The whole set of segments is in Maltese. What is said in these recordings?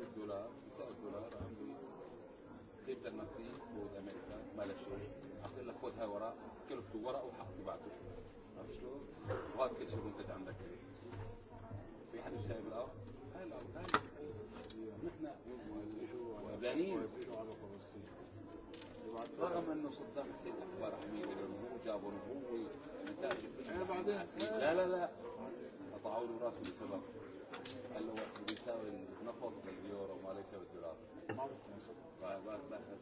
6 dolar, 9 dolar għamlu تقدر نقضي خذ امريكا ما لا شيء اقول لك خذها وراء كلفته وراء وحط بعده عرفت شلون؟ وهذا كل شيء منتج عندك في حد رغم انه صدام حسين اخبار حميده للجمهور جابوا نبوه نتائج لا لا لا قطعوا له راسه لسبب قال له واحد بيساوي النفط باليورو وماليزيا والدولار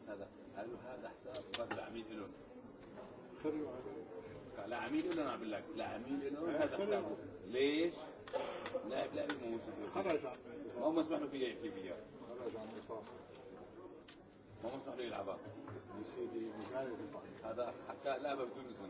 هذا قال له هذا لا عميل لهم عم لك لا عميل لهم هذا حسابه ليش؟ لاعب لاعب مو خرج ما مسموح له فيه يحكي فيها خرج عن النفاق ما مسموح له يلعبها يا سيدي هذا حكى لعبه بدون اذن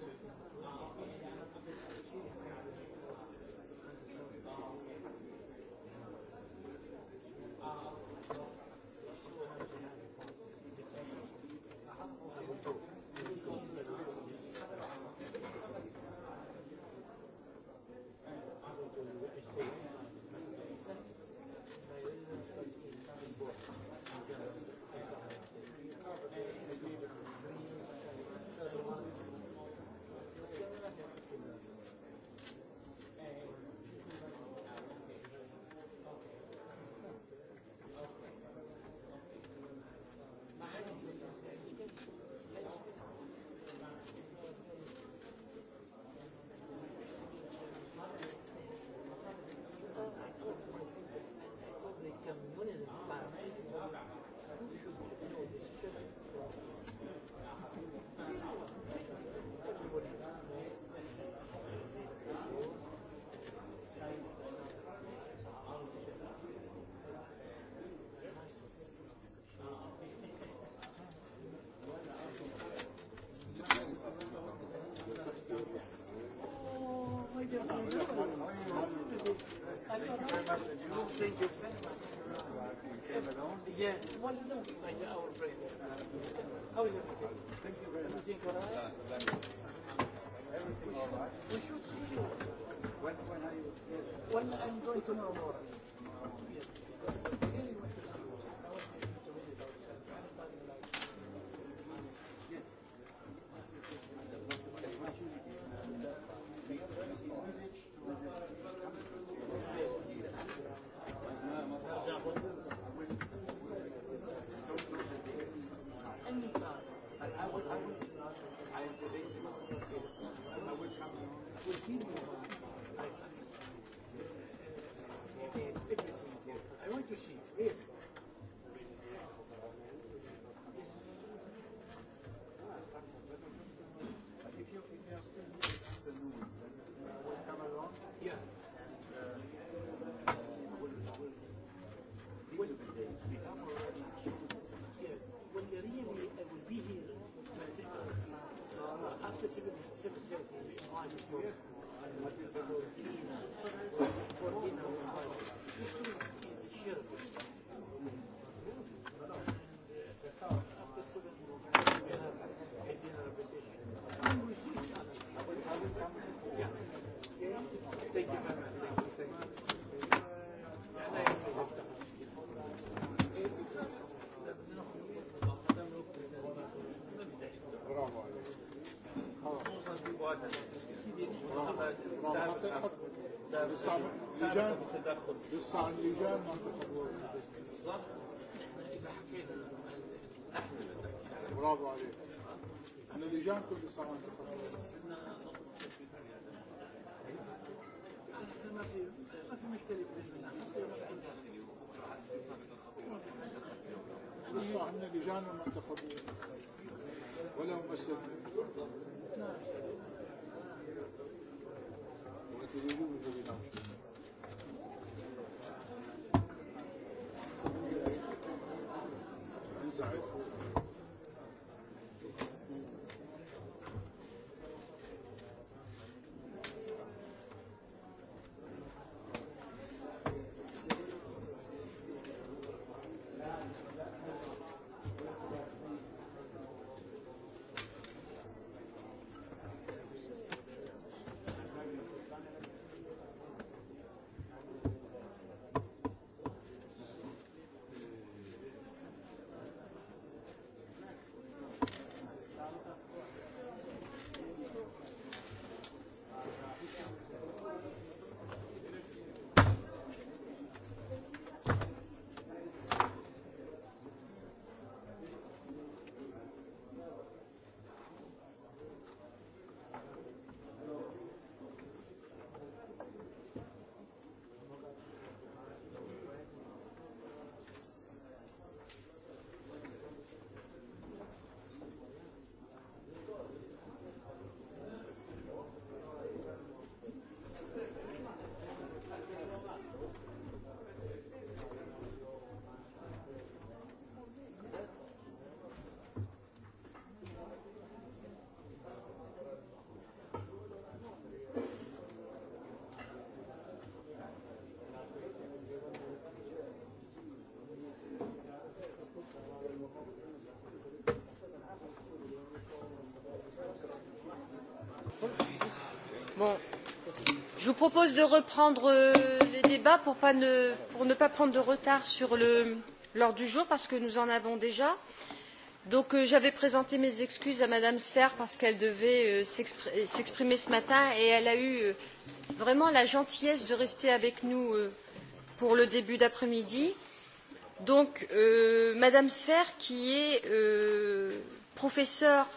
Thank you very much. If, yeah, well, no, my, our friend. How is everything? Thank you very much. Everything all right? We should see you. When, when are you? Yes. When I'm going tomorrow morning. Yes. لجان بالصعد لجان منطقة بالظبط إذا حكينا نحن برافو عليك أنا لجان كل صعد منطقة ما في ما في مشكلة Inside. vous propose de reprendre euh, les débats pour, pas ne, pour ne pas prendre de retard sur l'ordre du jour parce que nous en avons déjà. Donc euh, j'avais présenté mes excuses à Madame Sfer parce qu'elle devait euh, euh, s'exprimer ce matin et elle a eu euh, vraiment la gentillesse de rester avec nous euh, pour le début d'après-midi. Donc euh, Madame Sfer qui est euh, professeure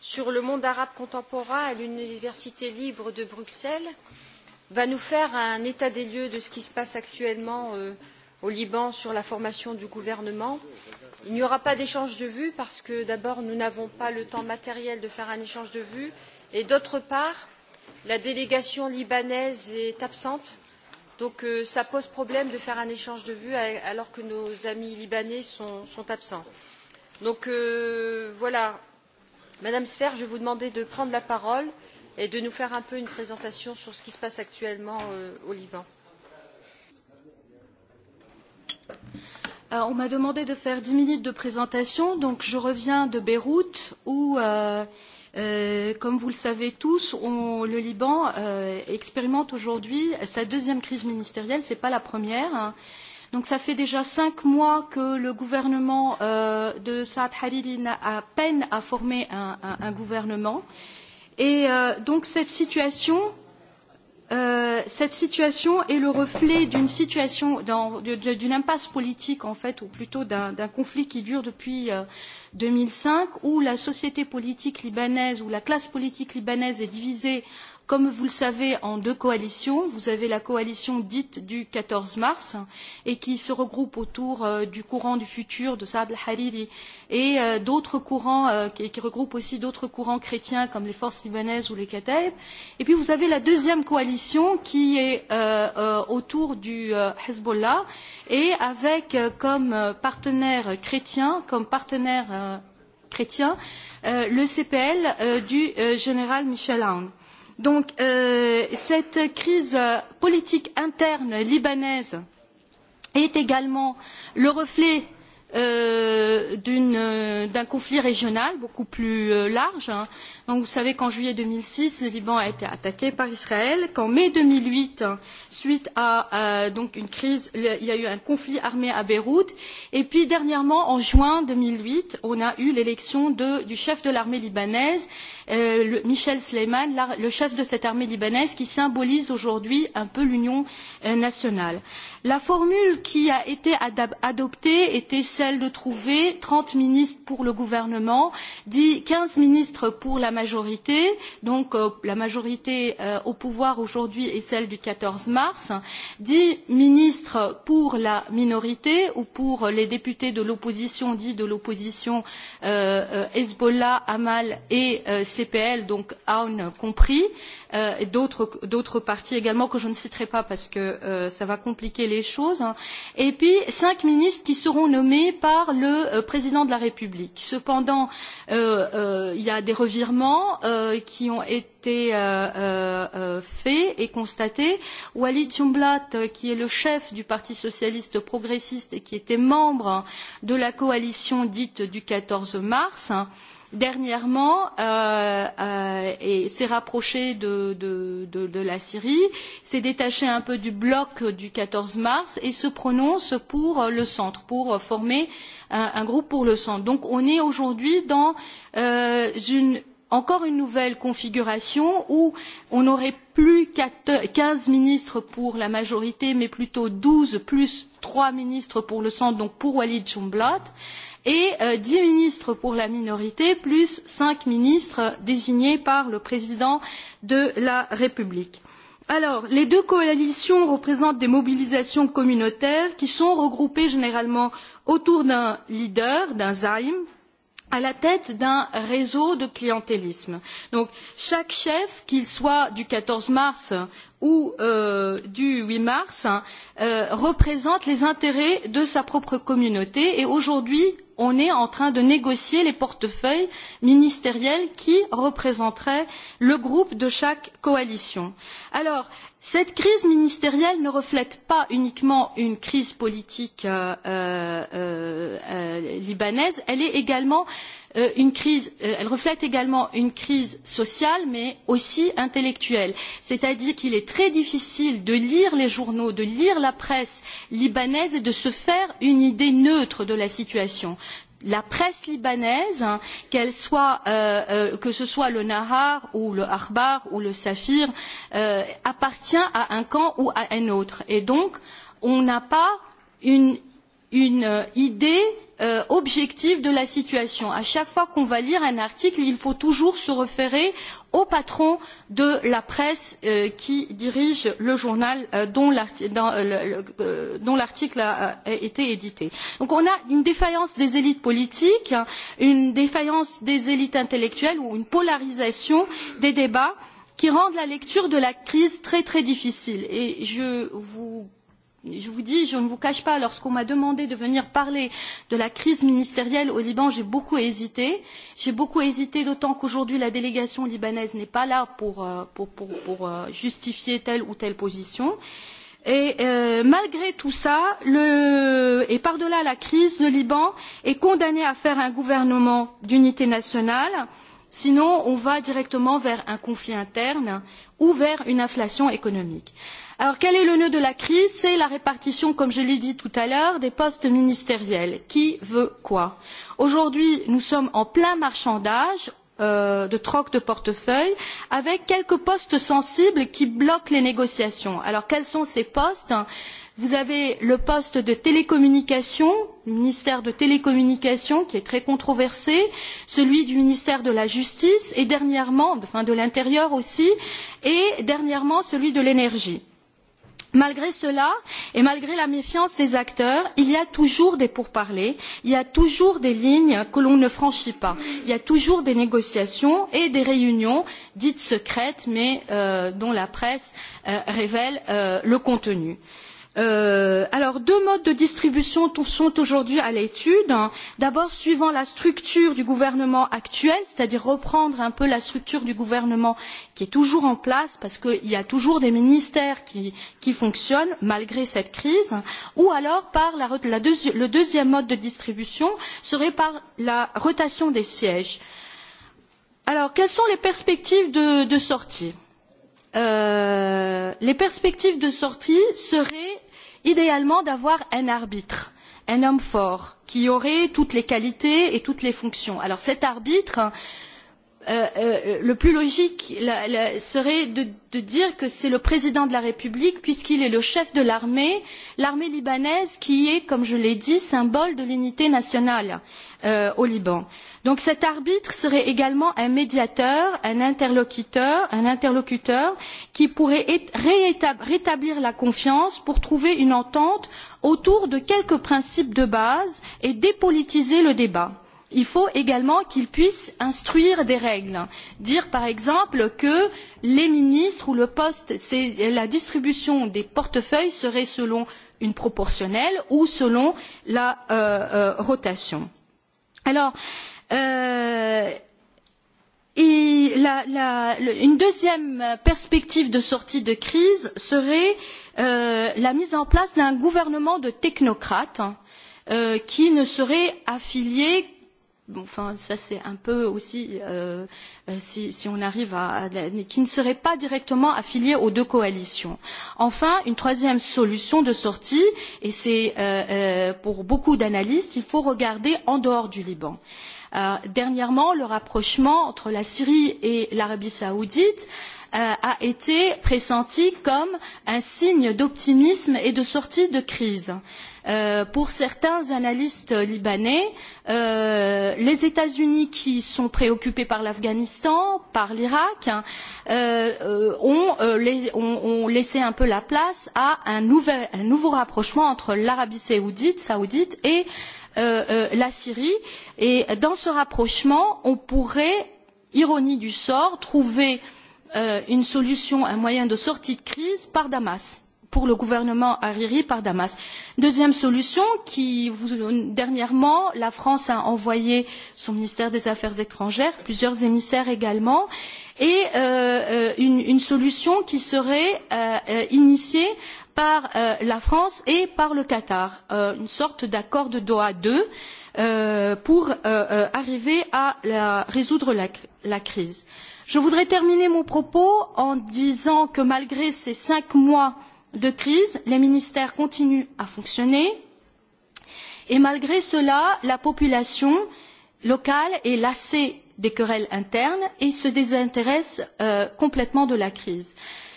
sur le monde arabe contemporain à l'Université libre de Bruxelles va nous faire un état des lieux de ce qui se passe actuellement euh, au Liban sur la formation du gouvernement. Il n'y aura pas d'échange de vues parce que d'abord nous n'avons pas le temps matériel de faire un échange de vues et d'autre part la délégation libanaise est absente donc euh, ça pose problème de faire un échange de vues alors que nos amis libanais sont, sont absents. Donc euh, voilà, Madame Sfer, je vais vous demander de prendre la parole et de nous faire un peu une présentation sur ce qui se passe actuellement euh, au Liban. Alors, on m'a demandé de faire dix minutes de présentation, donc je reviens de Beyrouth où, euh, euh, comme vous le savez tous, on, le Liban euh, expérimente aujourd'hui sa deuxième crise ministérielle, ce n'est pas la première. Hein. Donc ça fait déjà cinq mois que le gouvernement euh, de Saad Hariri a peine à former un, un, un gouvernement. Euh, Et euh, donc cette situation, euh, cette situation est le reflet d'une situation, d'une impasse politique en fait, ou plutôt d'un conflit qui dure depuis euh, 2005, où la société politique libanaise, où la classe politique libanaise est divisée Comme vous le savez, en deux coalitions, vous avez la coalition dite du 14 mars et qui se regroupe autour euh, du courant du futur de Saad al-Hariri et euh, d'autres courants euh, qui, qui regroupent aussi d'autres courants chrétiens comme les forces libanaises ou les Kataib. Et puis vous avez la deuxième coalition qui est euh, euh, autour du euh, Hezbollah et avec euh, comme partenaire chrétien, comme partenaire euh, chrétien, euh, le CPL euh, du euh, général Michel Aoun. Donc euh, cette crise politique interne libanaise est également le reflet Euh, euh, d'un conflit régional beaucoup plus euh, large. Hein. Donc vous savez qu'en juillet 2006, le Liban a été attaqué par Israël, qu'en mai 2008, suite à euh, donc une crise, il y a eu un conflit armé à Beyrouth, et puis dernièrement, en juin 2008, on a eu l'élection du chef de l'armée libanaise, euh, le, Michel Sleiman, la, le chef de cette armée libanaise qui symbolise aujourd'hui un peu l'union euh, nationale. La formule qui a été adoptée était celle de trouver trente ministres pour le gouvernement, dit quinze ministres pour la majorité, donc euh, la majorité euh, au pouvoir aujourd'hui est celle du quatorze mars, dix ministres pour la minorité ou pour les députés de l'opposition, dit de l'opposition euh, euh Hezbollah, Amal et euh, CPL, donc Aoun compris, euh, et d'autres partis également que je ne citerai pas parce que euh, ça va compliquer les choses. Et puis cinq ministres qui seront nommés par le euh, président de la République. Cependant, euh, euh, il y a des revirements euh, qui ont été été euh, euh, euh fait et constaté. Walid Jumblat, euh, qui est le chef du Parti socialiste progressiste et qui était membre de la coalition dite du 14 mars, euh, dernièrement euh, euh, et s'est rapproché de, de, de, de la Syrie, s'est détaché un peu du bloc du 14 mars et se prononce pour le centre, pour former un, un groupe pour le centre. Donc on est aujourd'hui dans euh, une encore une nouvelle configuration où on n'aurait plus quinze ministres pour la majorité, mais plutôt douze plus trois ministres pour le centre, donc pour Walid Chumblat et euh, dix ministres pour la minorité, plus cinq ministres désignés par le président de la République. Alors, les deux coalitions représentent des mobilisations communautaires qui sont regroupées généralement autour d'un leader, d'un Zaïm, à la tête d'un réseau de clientélisme. Donc chaque chef, qu'il soit du 14 mars ou euh, du 8 mars, euh, représente les intérêts de sa propre communauté et aujourd'hui, on est en train de négocier les portefeuilles ministériels qui représenteraient le groupe de chaque coalition. Alors, Cette crise ministérielle ne reflète pas uniquement une crise politique euh, euh, euh, libanaise, elle est également euh, une crise, euh, elle reflète également une crise sociale mais aussi intellectuelle. C'est-à-dire qu'il est très difficile de lire les journaux, de lire la presse libanaise et de se faire une idée neutre de la situation la presse libanaise, hein, qu'elle soit, euh, euh, que ce soit le Nahar ou le Akbar ou le Safir, euh, appartient à un camp ou à un autre. Et donc, on n'a pas une, une euh, idée euh, objectif de la situation. À chaque fois qu'on va lire un article, il faut toujours se référer au patron de la presse euh, qui dirige le journal euh, euh, euh, dont l'article a, a été édité. Donc on a une défaillance des élites politiques, une défaillance des élites intellectuelles ou une polarisation des débats qui rendent la lecture de la crise très très difficile. Et je vous je vous dis, je ne vous cache pas, lorsqu'on m'a demandé de venir parler de la crise ministérielle au Liban, j'ai beaucoup hésité. J'ai beaucoup hésité, d'autant qu'aujourd'hui la délégation libanaise n'est pas là pour, euh, pour, pour, pour euh, justifier telle ou telle position. Et euh, malgré tout cela, et par-delà la crise, le Liban est condamné à faire un gouvernement d'unité nationale. Sinon, on va directement vers un conflit interne ou vers une inflation économique. Alors quel est le nœud de la crise C'est la répartition, comme je l'ai dit tout à l'heure, des postes ministériels. Qui veut quoi Aujourd'hui, nous sommes en plein marchandage euh, de troc de portefeuille avec quelques postes sensibles qui bloquent les négociations. Alors quels sont ces postes Vous avez le poste de télécommunication, le ministère de télécommunications qui est très controversé, celui du ministère de la justice et dernièrement, enfin de l'intérieur aussi, et dernièrement celui de l'énergie. Malgré cela et malgré la méfiance des acteurs, il y a toujours des pourparlers, il y a toujours des lignes que l'on ne franchit pas, il y a toujours des négociations et des réunions dites secrètes mais euh, dont la presse euh, révèle euh, le contenu. Euh, Euh, alors, deux modes de distribution sont aujourd'hui à l'étude. D'abord, suivant la structure du gouvernement actuel, c'est-à-dire reprendre un peu la structure du gouvernement qui est toujours en place, parce qu'il y a toujours des ministères qui, qui fonctionnent malgré cette crise, ou alors par la, la deuxi le deuxième mode de distribution serait par la rotation des sièges. Alors, quelles sont les perspectives de, de sortie euh, les perspectives de sortie seraient idéalement d'avoir un arbitre un homme fort qui aurait toutes les qualités et toutes les fonctions. Alors cet arbitre, euh, euh, le plus logique la, la, serait de, de dire que c'est le président de la République puisqu'il est le chef de l'armée, l'armée libanaise qui est, comme je l'ai dit, symbole de l'unité nationale. Euh, euh, au Liban. Donc cet arbitre serait également un médiateur, un interlocuteur, un interlocuteur qui pourrait rétablir la confiance pour trouver une entente autour de quelques principes de base et dépolitiser le débat il faut également qu'il puisse instruire des règles. Dire par exemple que les ministres ou le poste, la distribution des portefeuilles serait selon une proportionnelle ou selon la euh, euh, rotation. Alors, euh, et la, la, le, une deuxième perspective de sortie de crise serait euh, la mise en place d'un gouvernement de technocrates hein, euh, qui ne serait affilié Bon, enfin, ça c'est un peu aussi euh, euh si, si on arrive à, à qui ne serait pas directement affilié aux deux coalitions. Enfin, une troisième solution de sortie, et c'est euh, euh, pour beaucoup d'analystes, il faut regarder en dehors du Liban. Euh, dernièrement, le rapprochement entre la Syrie et l'Arabie Saoudite euh, a été pressenti comme un signe d'optimisme et de sortie de crise. Euh, Euh, pour certains analystes libanais, euh, les États-Unis qui sont préoccupés par l'Afghanistan, par l'Irak, euh, ont, euh, ont, ont laissé un peu la place à un, nouvel, un nouveau rapprochement entre l'Arabie saoudite, saoudite et euh, euh, la Syrie. Et dans ce rapprochement, on pourrait, ironie du sort, trouver euh, une solution, un moyen de sortie de crise par Damas pour le gouvernement Hariri par Damas. Deuxième solution, qui, dernièrement, la France a envoyé son ministère des Affaires étrangères, plusieurs émissaires également, et euh, euh une, une solution qui serait euh, euh, initiée par euh, la France et par le Qatar, euh, une sorte d'accord de Doha 2 euh, pour euh, euh, arriver à la, résoudre la, la crise. Je voudrais terminer mon propos en disant que malgré ces cinq mois euh, de crise, les ministères continuent à fonctionner et malgré cela, la population locale est lassée des querelles internes et se désintéresse euh, complètement de la crise.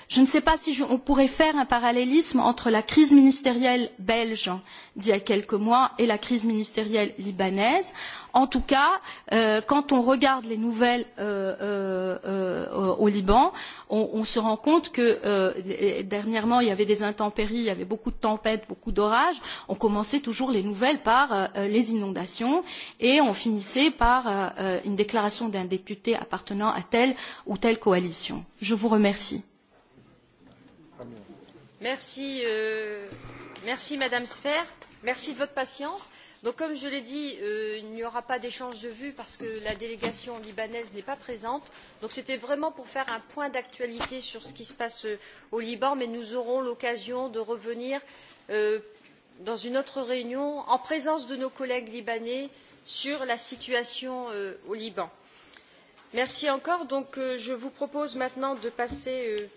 Je ne sais pas si je, on pourrait faire un parallélisme entre la crise ministérielle belge d'il y a quelques mois et la crise ministérielle libanaise. En tout cas, euh, quand on regarde les nouvelles euh, euh, euh au Liban, on, on se rend compte que euh, dernièrement, il y avait des intempéries, il y avait beaucoup de tempêtes, beaucoup d'orages. On commençait toujours les nouvelles par euh, euh les inondations et on finissait par euh, euh, une déclaration d'un député appartenant à telle ou telle coalition. Je vous remercie. Merci, euh, merci Madame Sfer. Merci de votre patience. Donc, comme je l'ai dit, euh, il n'y aura pas d'échange de vues parce que la délégation libanaise n'est pas présente. Donc, c'était vraiment pour faire un point d'actualité sur ce qui se passe euh, au Liban, mais nous aurons l'occasion de revenir euh, dans une autre réunion en présence de nos collègues libanais sur la situation euh, au Liban. Merci encore. Donc, euh, je vous propose maintenant de passer. Euh,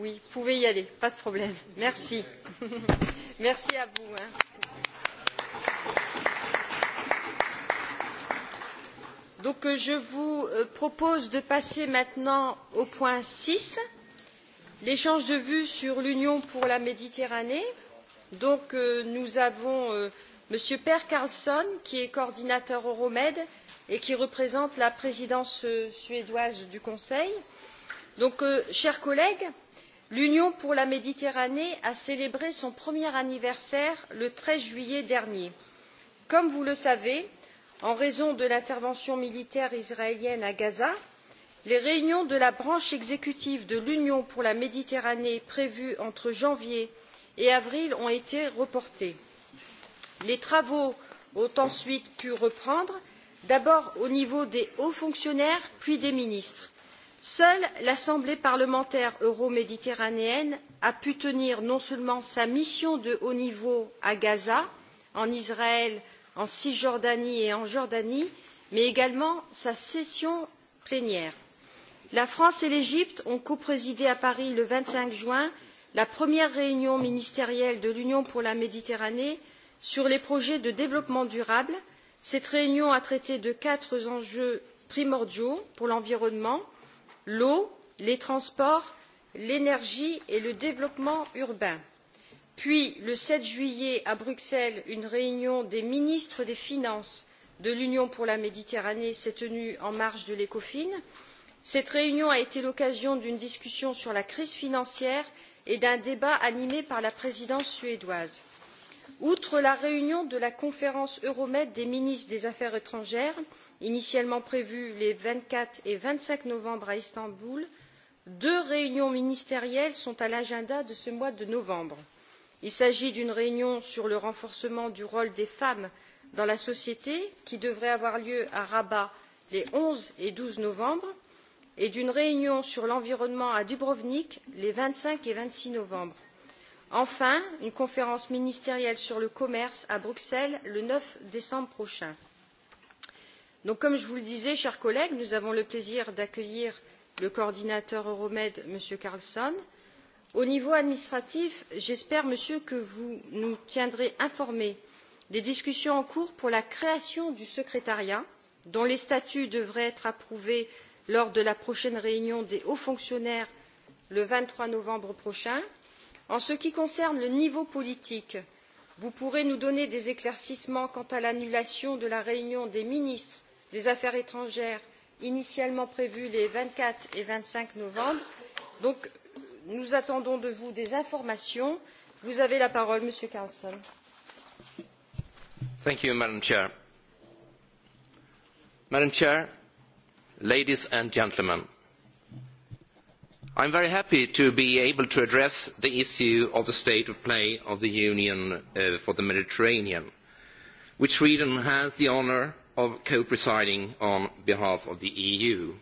Oui, vous pouvez y aller, pas de problème. Merci. Merci à vous. Hein. Donc euh, je vous euh, propose de passer maintenant au point 6, l'échange de vues sur l'Union pour la Méditerranée. Donc euh, nous avons euh, M. Per Carlsson qui est coordinateur Euromed et qui représente la présidence euh, suédoise du Conseil. Donc, euh, chers collègues, l'union pour la méditerranée a célébré son premier anniversaire le treize juillet dernier. comme vous le savez en raison de l'intervention militaire israélienne à gaza les réunions de la branche exécutive de l'union pour la méditerranée prévues entre janvier et avril ont été reportées. les travaux ont ensuite pu reprendre d'abord au niveau des hauts fonctionnaires puis des ministres Seule l'Assemblée parlementaire euroméditerranéenne a pu tenir non seulement sa mission de haut niveau à Gaza, en Israël, en Cisjordanie et en Jordanie, mais également sa session plénière. La France et l'Égypte ont coprésidé à Paris le vingt cinq juin la première réunion ministérielle de l'Union pour la Méditerranée sur les projets de développement durable. Cette réunion a traité de quatre enjeux primordiaux pour l'environnement, l'eau, les transports, l'énergie et le développement urbain. Puis, le sept juillet, à Bruxelles, une réunion des ministres des Finances de l'Union pour la Méditerranée s'est tenue en marge de l'ECOFIN. Cette réunion a été l'occasion d'une discussion sur la crise financière et d'un débat animé par la présidence suédoise. Outre la réunion de la conférence Euromed des ministres des Affaires étrangères, initialement prévues les vingt quatre et vingt cinq novembre à Istanbul, deux réunions ministérielles sont à l'agenda de ce mois de novembre. Il s'agit d'une réunion sur le renforcement du rôle des femmes dans la société qui devrait avoir lieu à Rabat les onze et douze novembre et d'une réunion sur l'environnement à Dubrovnik les vingt cinq et vingt six novembre. Enfin, une conférence ministérielle sur le commerce à Bruxelles le neuf décembre prochain. Donc, comme je vous le disais, chers collègues, nous avons le plaisir d'accueillir le coordinateur Euromed, M. Carlson. Au niveau administratif, j'espère, monsieur, que vous nous tiendrez informés des discussions en cours pour la création du secrétariat, dont les statuts devraient être approuvés lors de la prochaine réunion des hauts fonctionnaires le vingt trois novembre prochain. En ce qui concerne le niveau politique, vous pourrez nous donner des éclaircissements quant à l'annulation de la réunion des ministres des affaires étrangères initialement prévue les vingt quatre et vingt cinq novembre. Donc, nous attendons de vous des informations. Vous avez la parole, Monsieur Carlson. Thank you, Madam Chair. Madam Chair, ladies and gentlemen, I am very happy to be able to address the issue of the state of play of the Union uh, for the Mediterranean, which Sweden has the honour of co-presiding on behalf of the EU.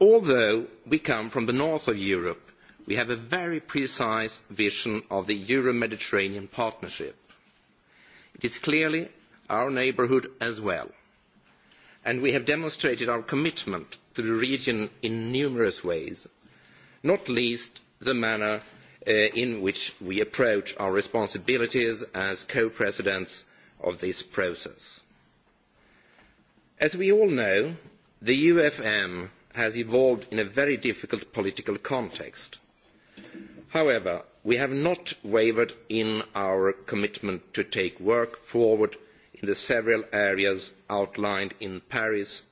Although we come from the north of Europe, we have a very precise vision of the Euro-Mediterranean partnership. It is clearly our neighbourhood as well, and we have demonstrated our commitment to the region in numerous ways, not least the manner uh, in which we approach our responsibilities as co-presidents of this process. As we all know, the UFM has evolved in a very difficult political context. However, we have not wavered in our commitment to take work forward in the several areas outlined in Paris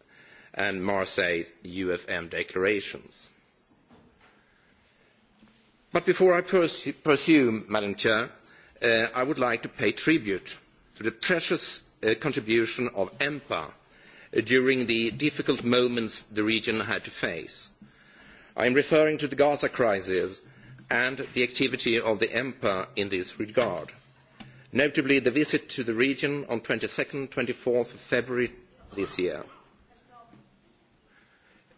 and Marseille's UFM declarations. But before I pursue, Madam Chair, uh, I would like to pay tribute to the precious uh, contribution of EMPA during the difficult moments the region had to face. I am referring to the Gaza crisis and the activity of the EMPA in this regard, notably the visit to the region on 22nd, 24th February this year.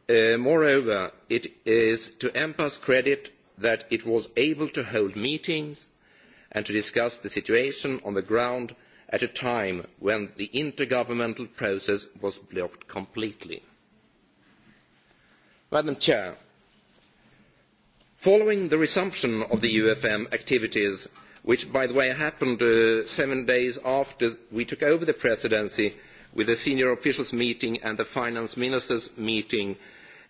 Uh, moreover, it is to EMPA's credit that it was able to hold meetings and to discuss the situation on the ground at a time when the intergovernmental process was blocked completely. Madam Chair, following the resumption of the UFM activities, which by the way happened uh, seven days after we took over the presidency with the senior officials meeting and the finance ministers meeting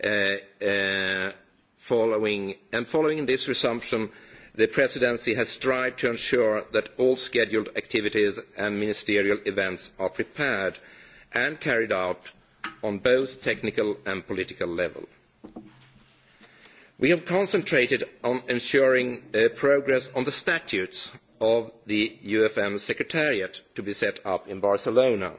uh, uh, following, and following this resumption, the presidency has strived to ensure that all scheduled activities and ministerial events are prepared and carried out on both technical and political level. We have concentrated on ensuring uh, progress on the statutes of the UFM Secretariat to be set up in Barcelona.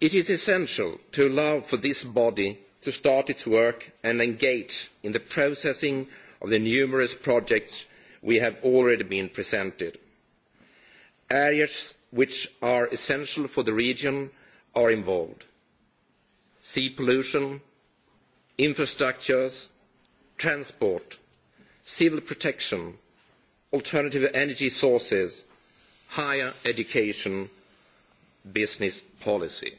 It is essential to allow for this body to start its work and engage in the processing of the numerous projects we have already been presented. Areas which are essential for the region are involved. Sea pollution, infrastructures, transport, civil protection, alternative energy sources, higher education, business policy.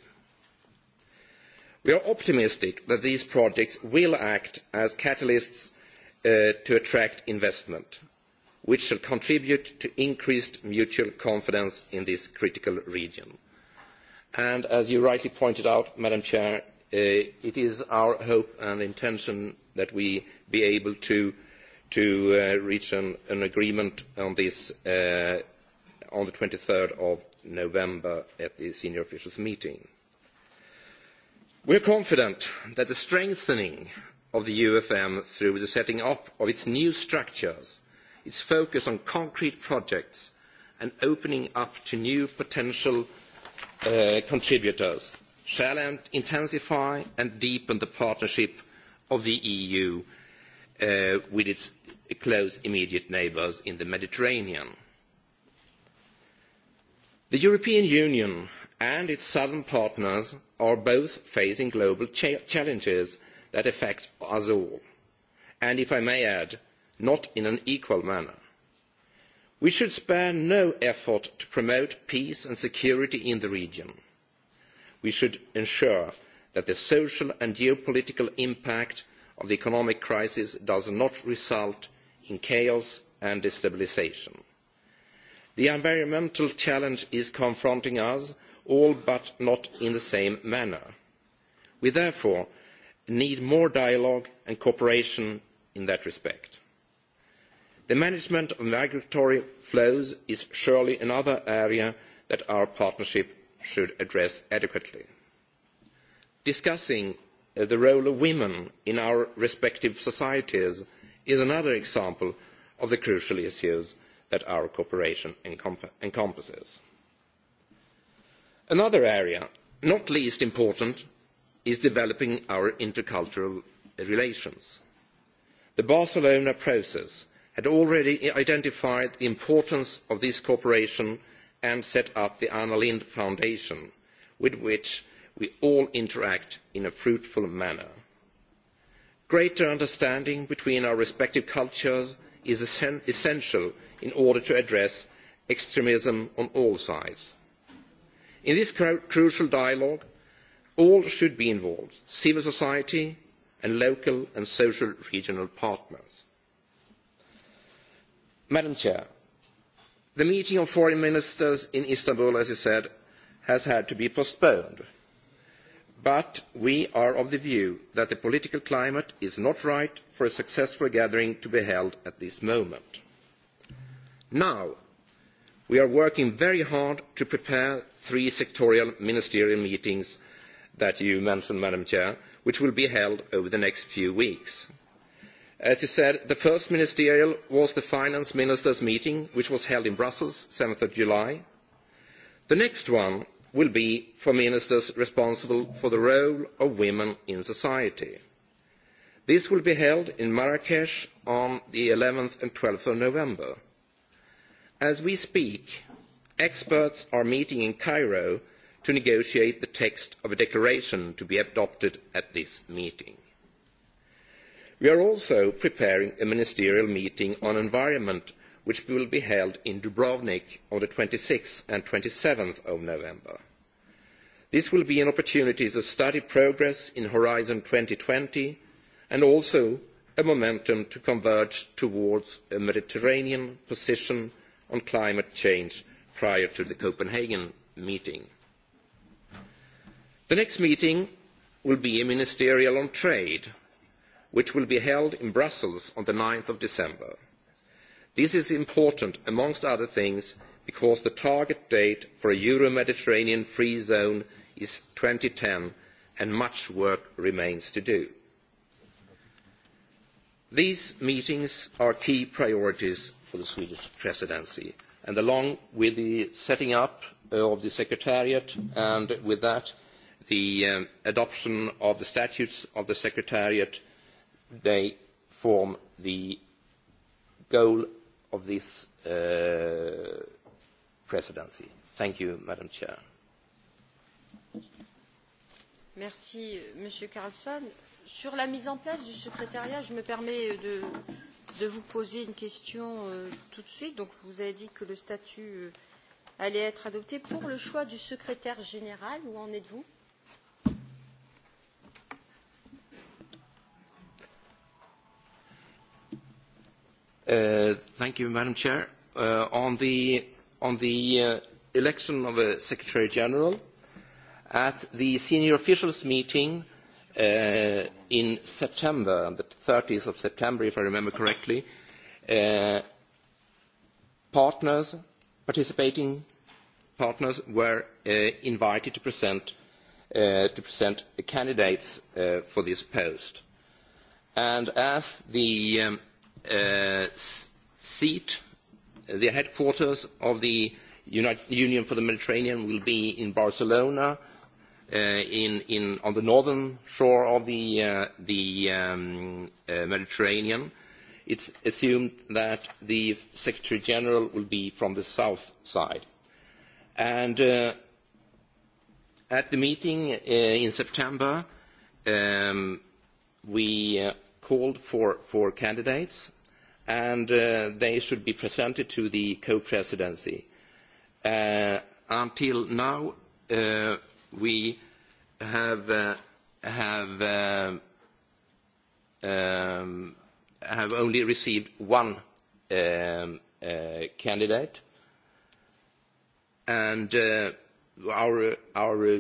We are optimistic that these projects will act as catalysts Uh, to attract investment, which shall contribute to increased mutual confidence in this critical region. And as you rightly pointed out, Madam Chair, uh, it is our hope and intention that we be able to, to uh, reach an, an agreement on this uh, on the 23rd of November at the senior officials meeting. We are confident that the strengthening of the UFM through the setting up of its new structures, its focus on concrete projects and opening up to new potential uh, contributors shall intensify and deepen the partnership of the EU uh, with its close immediate neighbours in the Mediterranean. The European Union and its southern partners are both facing global cha challenges that affect us all, and if I may add, not in an equal manner. We should spare no effort to promote peace and security in the region. We should ensure that the social and geopolitical impact of the economic crisis does not result in chaos and destabilisation. The environmental challenge is confronting us all but not in the same manner. We therefore need more dialogue and cooperation in that respect. The management of migratory flows is surely another area that our partnership should address adequately. Discussing uh, the role of women in our respective societies is another example of the crucial issues that our cooperation encompasses. Another area, not least important, is developing our intercultural relations. The Barcelona process had already identified the importance of this cooperation and set up the Anna Lindh Foundation, with which we all interact in a fruitful manner. Greater understanding between our respective cultures is essential in order to address extremism on all sides. In this crucial dialogue, All should be involved, civil society and local and social regional partners. Madam Chair, the meeting of foreign ministers in Istanbul, as you said, has had to be postponed. But we are of the view that the political climate is not right for a successful gathering to be held at this moment. Now, we are working very hard to prepare three sectorial ministerial meetings that you mentioned, Madam Chair, which will be held over the next few weeks. As you said, the first ministerial was the finance ministers meeting, which was held in Brussels, 7th of July. The next one will be for ministers responsible for the role of women in society. This will be held in Marrakesh on the 11th and 12th of November. As we speak, experts are meeting in Cairo to negotiate the text of a declaration to be adopted at this meeting. We are also preparing a ministerial meeting on environment which will be held in Dubrovnik on the 26th and 27th of November. This will be an opportunity to study progress in Horizon twenty and also a momentum to converge towards a Mediterranean position on climate change prior to the Copenhagen meeting. The next meeting will be a ministerial on trade, which will be held in Brussels on the 9th of December. This is important, amongst other things, because the target date for a Euro-Mediterranean free zone is ten and much work remains to do. These meetings are key priorities for the Swedish presidency, and along with the setting up of the Secretariat and with that the um, adoption of the statutes of the Secretariat, they form the goal of this uh, presidency. Thank you, Madam Chair. Merci, Monsieur Carlson. Sur la mise en place du secrétariat, je me permets de, de vous poser une question euh, tout de suite. Donc, vous avez dit que le statut euh, allait être adopté. Pour le choix du secrétaire général, où en êtes-vous Uh, thank you, Madam Chair. Uh, on the, on the uh, election of a uh, Secretary General, at the senior officials meeting uh, in September, the 30th of September, if I remember correctly, uh, partners, participating partners were uh, invited to present, uh, to present candidates uh, for this post. And as the um, uh, seat, uh, the headquarters of the United Union for the Mediterranean will be in Barcelona, uh, in, in, on the northern shore of the, uh, the um, uh, Mediterranean. It's assumed that the Secretary General will be from the south side. And uh, at the meeting uh, in September, um, we uh, called for, for candidates and uh, they should be presented to the co-presidency. Uh, until now, uh, we have, uh, have, uh, um, have only received one um, uh, candidate, and uh, our, our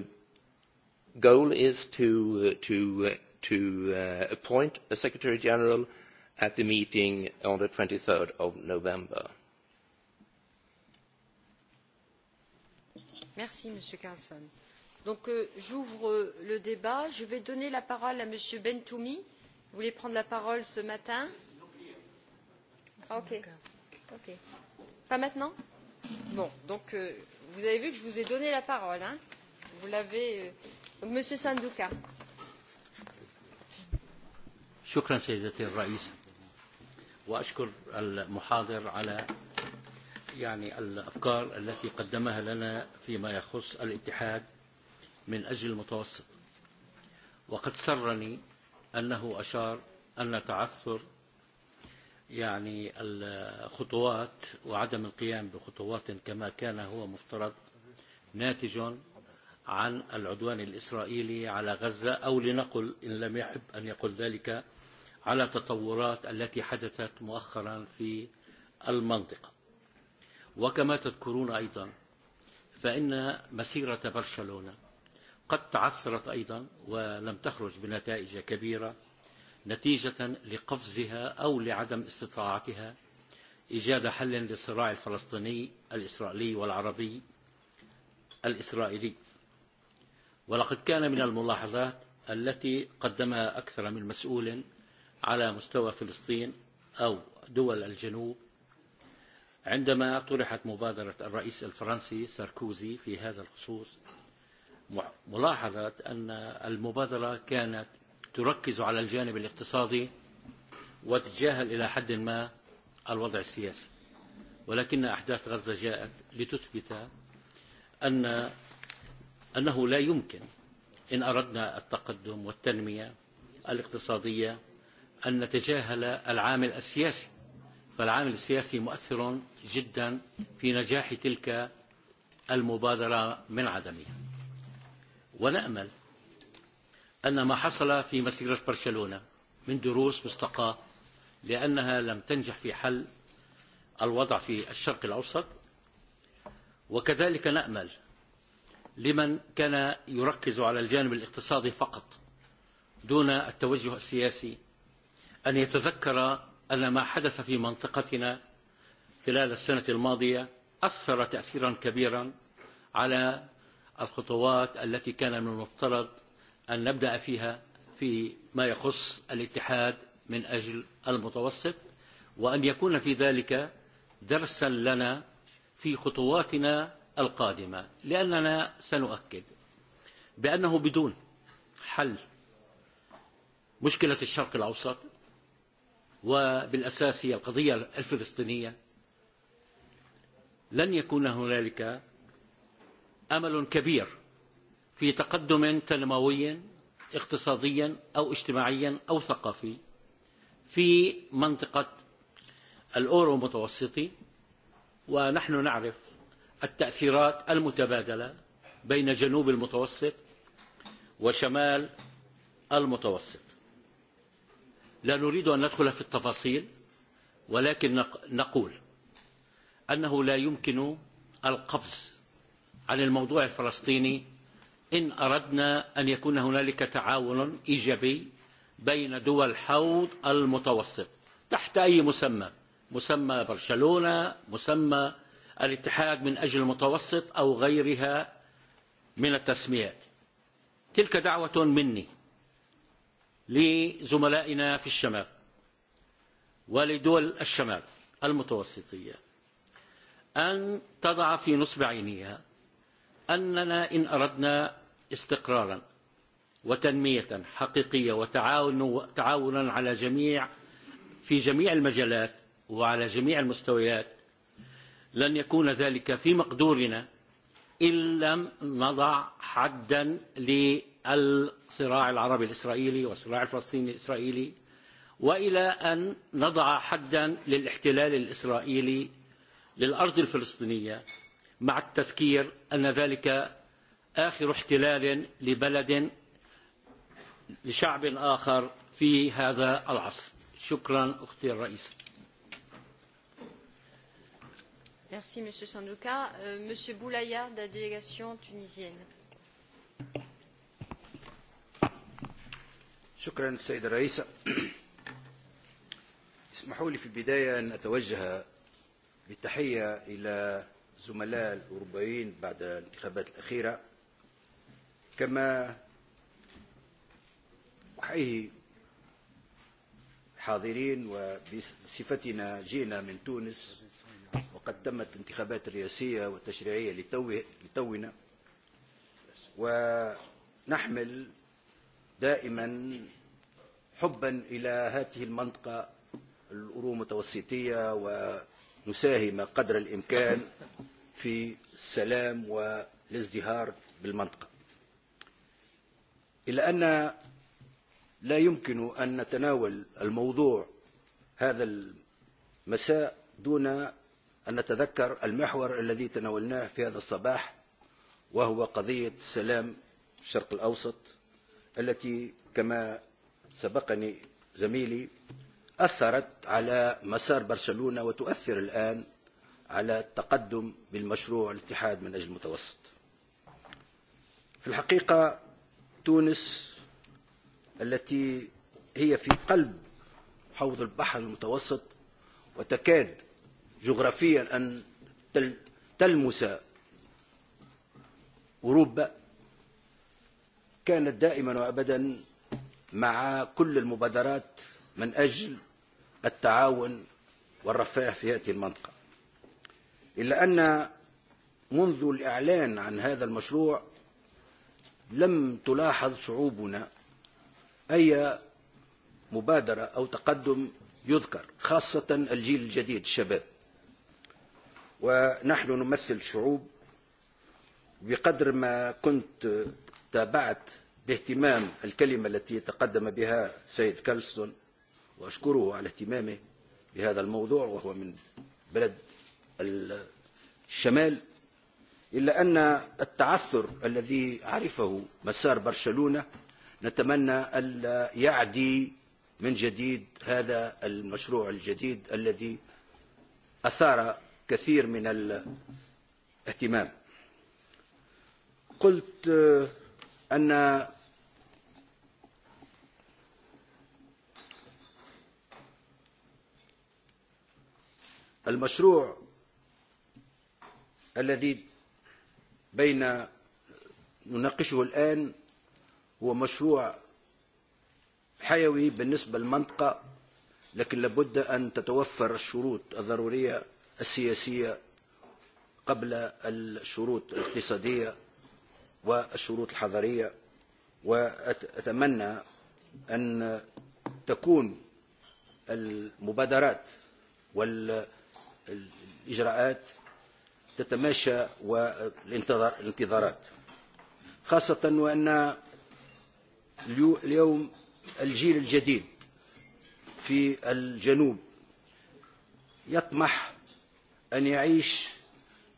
goal is to, uh, to, uh, to uh, appoint a secretary general – at the meeting on the 23rd of November. Merci, Monsieur Carlson. Donc, euh, j'ouvre le débat. Je vais donner la parole à Monsieur Bentoumi. Vous voulez prendre la parole ce matin ah, okay. ok. Pas maintenant Bon, donc, euh, vous avez vu que je vous ai donné la parole. Hein vous l'avez. Euh... Donc, Monsieur Sanduka. شكرا le Président. وأشكر المحاضر على يعني الأفكار التي قدمها لنا فيما يخص الاتحاد من أجل المتوسط وقد سرني أنه أشار أن تعثر يعني الخطوات وعدم القيام بخطوات كما كان هو مفترض ناتج عن العدوان الإسرائيلي على غزة أو لنقل إن لم يحب أن يقول ذلك على تطورات التي حدثت مؤخرا في المنطقة وكما تذكرون أيضا فإن مسيرة برشلونة قد تعثرت أيضا ولم تخرج بنتائج كبيرة نتيجة لقفزها أو لعدم استطاعتها إيجاد حل للصراع الفلسطيني الإسرائيلي والعربي الإسرائيلي ولقد كان من الملاحظات التي قدمها أكثر من مسؤول على مستوى فلسطين أو دول الجنوب عندما طرحت مبادرة الرئيس الفرنسي ساركوزي في هذا الخصوص ملاحظة أن المبادرة كانت تركز على الجانب الاقتصادي وتتجاهل إلى حد ما الوضع السياسي ولكن أحداث غزة جاءت لتثبت أن أنه لا يمكن إن أردنا التقدم والتنمية الاقتصادية أن نتجاهل العامل السياسي فالعامل السياسي مؤثر جدا في نجاح تلك المبادرة من عدمها ونأمل أن ما حصل في مسيرة برشلونة من دروس مستقاة لأنها لم تنجح في حل الوضع في الشرق الأوسط وكذلك نأمل لمن كان يركز على الجانب الاقتصادي فقط دون التوجه السياسي أن يتذكر أن ما حدث في منطقتنا خلال السنة الماضية أثر تأثيرا كبيرا على الخطوات التي كان من المفترض أن نبدأ فيها في ما يخص الاتحاد من أجل المتوسط وأن يكون في ذلك درسا لنا في خطواتنا القادمة لأننا سنؤكد بأنه بدون حل مشكلة الشرق الأوسط وبالأساس هي القضية الفلسطينية لن يكون هنالك أمل كبير في تقدم تنموي اقتصاديا أو اجتماعيا أو ثقافي في منطقة الأورو المتوسطي ونحن نعرف التأثيرات المتبادلة بين جنوب المتوسط وشمال المتوسط لا نريد أن ندخل في التفاصيل ولكن نقول أنه لا يمكن القفز عن الموضوع الفلسطيني إن أردنا أن يكون هنالك تعاون إيجابي بين دول حوض المتوسط تحت أي مسمى مسمى برشلونة مسمى الاتحاد من أجل المتوسط أو غيرها من التسميات تلك دعوة مني لزملائنا في الشمال ولدول الشمال المتوسطية أن تضع في نصب عينيها أننا إن أردنا استقرارا وتنمية حقيقية وتعاونا على جميع في جميع المجالات وعلى جميع المستويات لن يكون ذلك في مقدورنا إن لم نضع حدا للتنمية الصراع العربي الإسرائيلي والصراع الفلسطيني الإسرائيلي وإلى أن نضع حدا للاحتلال الإسرائيلي للأرض الفلسطينية مع التذكير أن ذلك آخر احتلال لبلد لشعب آخر في هذا العصر شكرا أختي الرئيس Merci Monsieur Sanduka. Euh, Monsieur Boulaya de la délégation tunisienne. شكرا السيد الرئيس اسمحوا لي في البداية أن أتوجه بالتحية إلى زملاء الأوروبيين بعد الانتخابات الأخيرة كما أحيي الحاضرين وبصفتنا جينا من تونس وقد تمت الانتخابات الرئاسية والتشريعية لتونا ونحمل دائما حبا إلى هذه المنطقة الأورو متوسطية ومساهمة قدر الإمكان في السلام والازدهار بالمنطقة إلا أن لا يمكن أن نتناول الموضوع هذا المساء دون أن نتذكر المحور الذي تناولناه في هذا الصباح وهو قضية السلام الشرق الأوسط التي كما سبقني زميلي أثرت على مسار برشلونة وتؤثر الآن على التقدم بالمشروع الاتحاد من أجل المتوسط في الحقيقة تونس التي هي في قلب حوض البحر المتوسط وتكاد جغرافيا أن تلمس أوروبا كانت دائما وأبدا مع كل المبادرات من أجل التعاون والرفاه في هذه المنطقة إلا أن منذ الإعلان عن هذا المشروع لم تلاحظ شعوبنا أي مبادرة أو تقدم يذكر خاصة الجيل الجديد الشباب ونحن نمثل شعوب بقدر ما كنت تابعت باهتمام الكلمة التي تقدم بها سيد كالستون وأشكره على اهتمامه بهذا الموضوع وهو من بلد الشمال إلا أن التعثر الذي عرفه مسار برشلونة نتمنى أن يعدي من جديد هذا المشروع الجديد الذي أثار كثير من الاهتمام قلت أن المشروع الذي بين نناقشه الآن هو مشروع حيوي بالنسبة للمنطقة لكن لابد أن تتوفر الشروط الضرورية السياسية قبل الشروط الاقتصادية والشروط الحضرية وأتمنى أن تكون المبادرات والإجراءات تتماشى والانتظارات خاصة وأن اليوم الجيل الجديد في الجنوب يطمح أن يعيش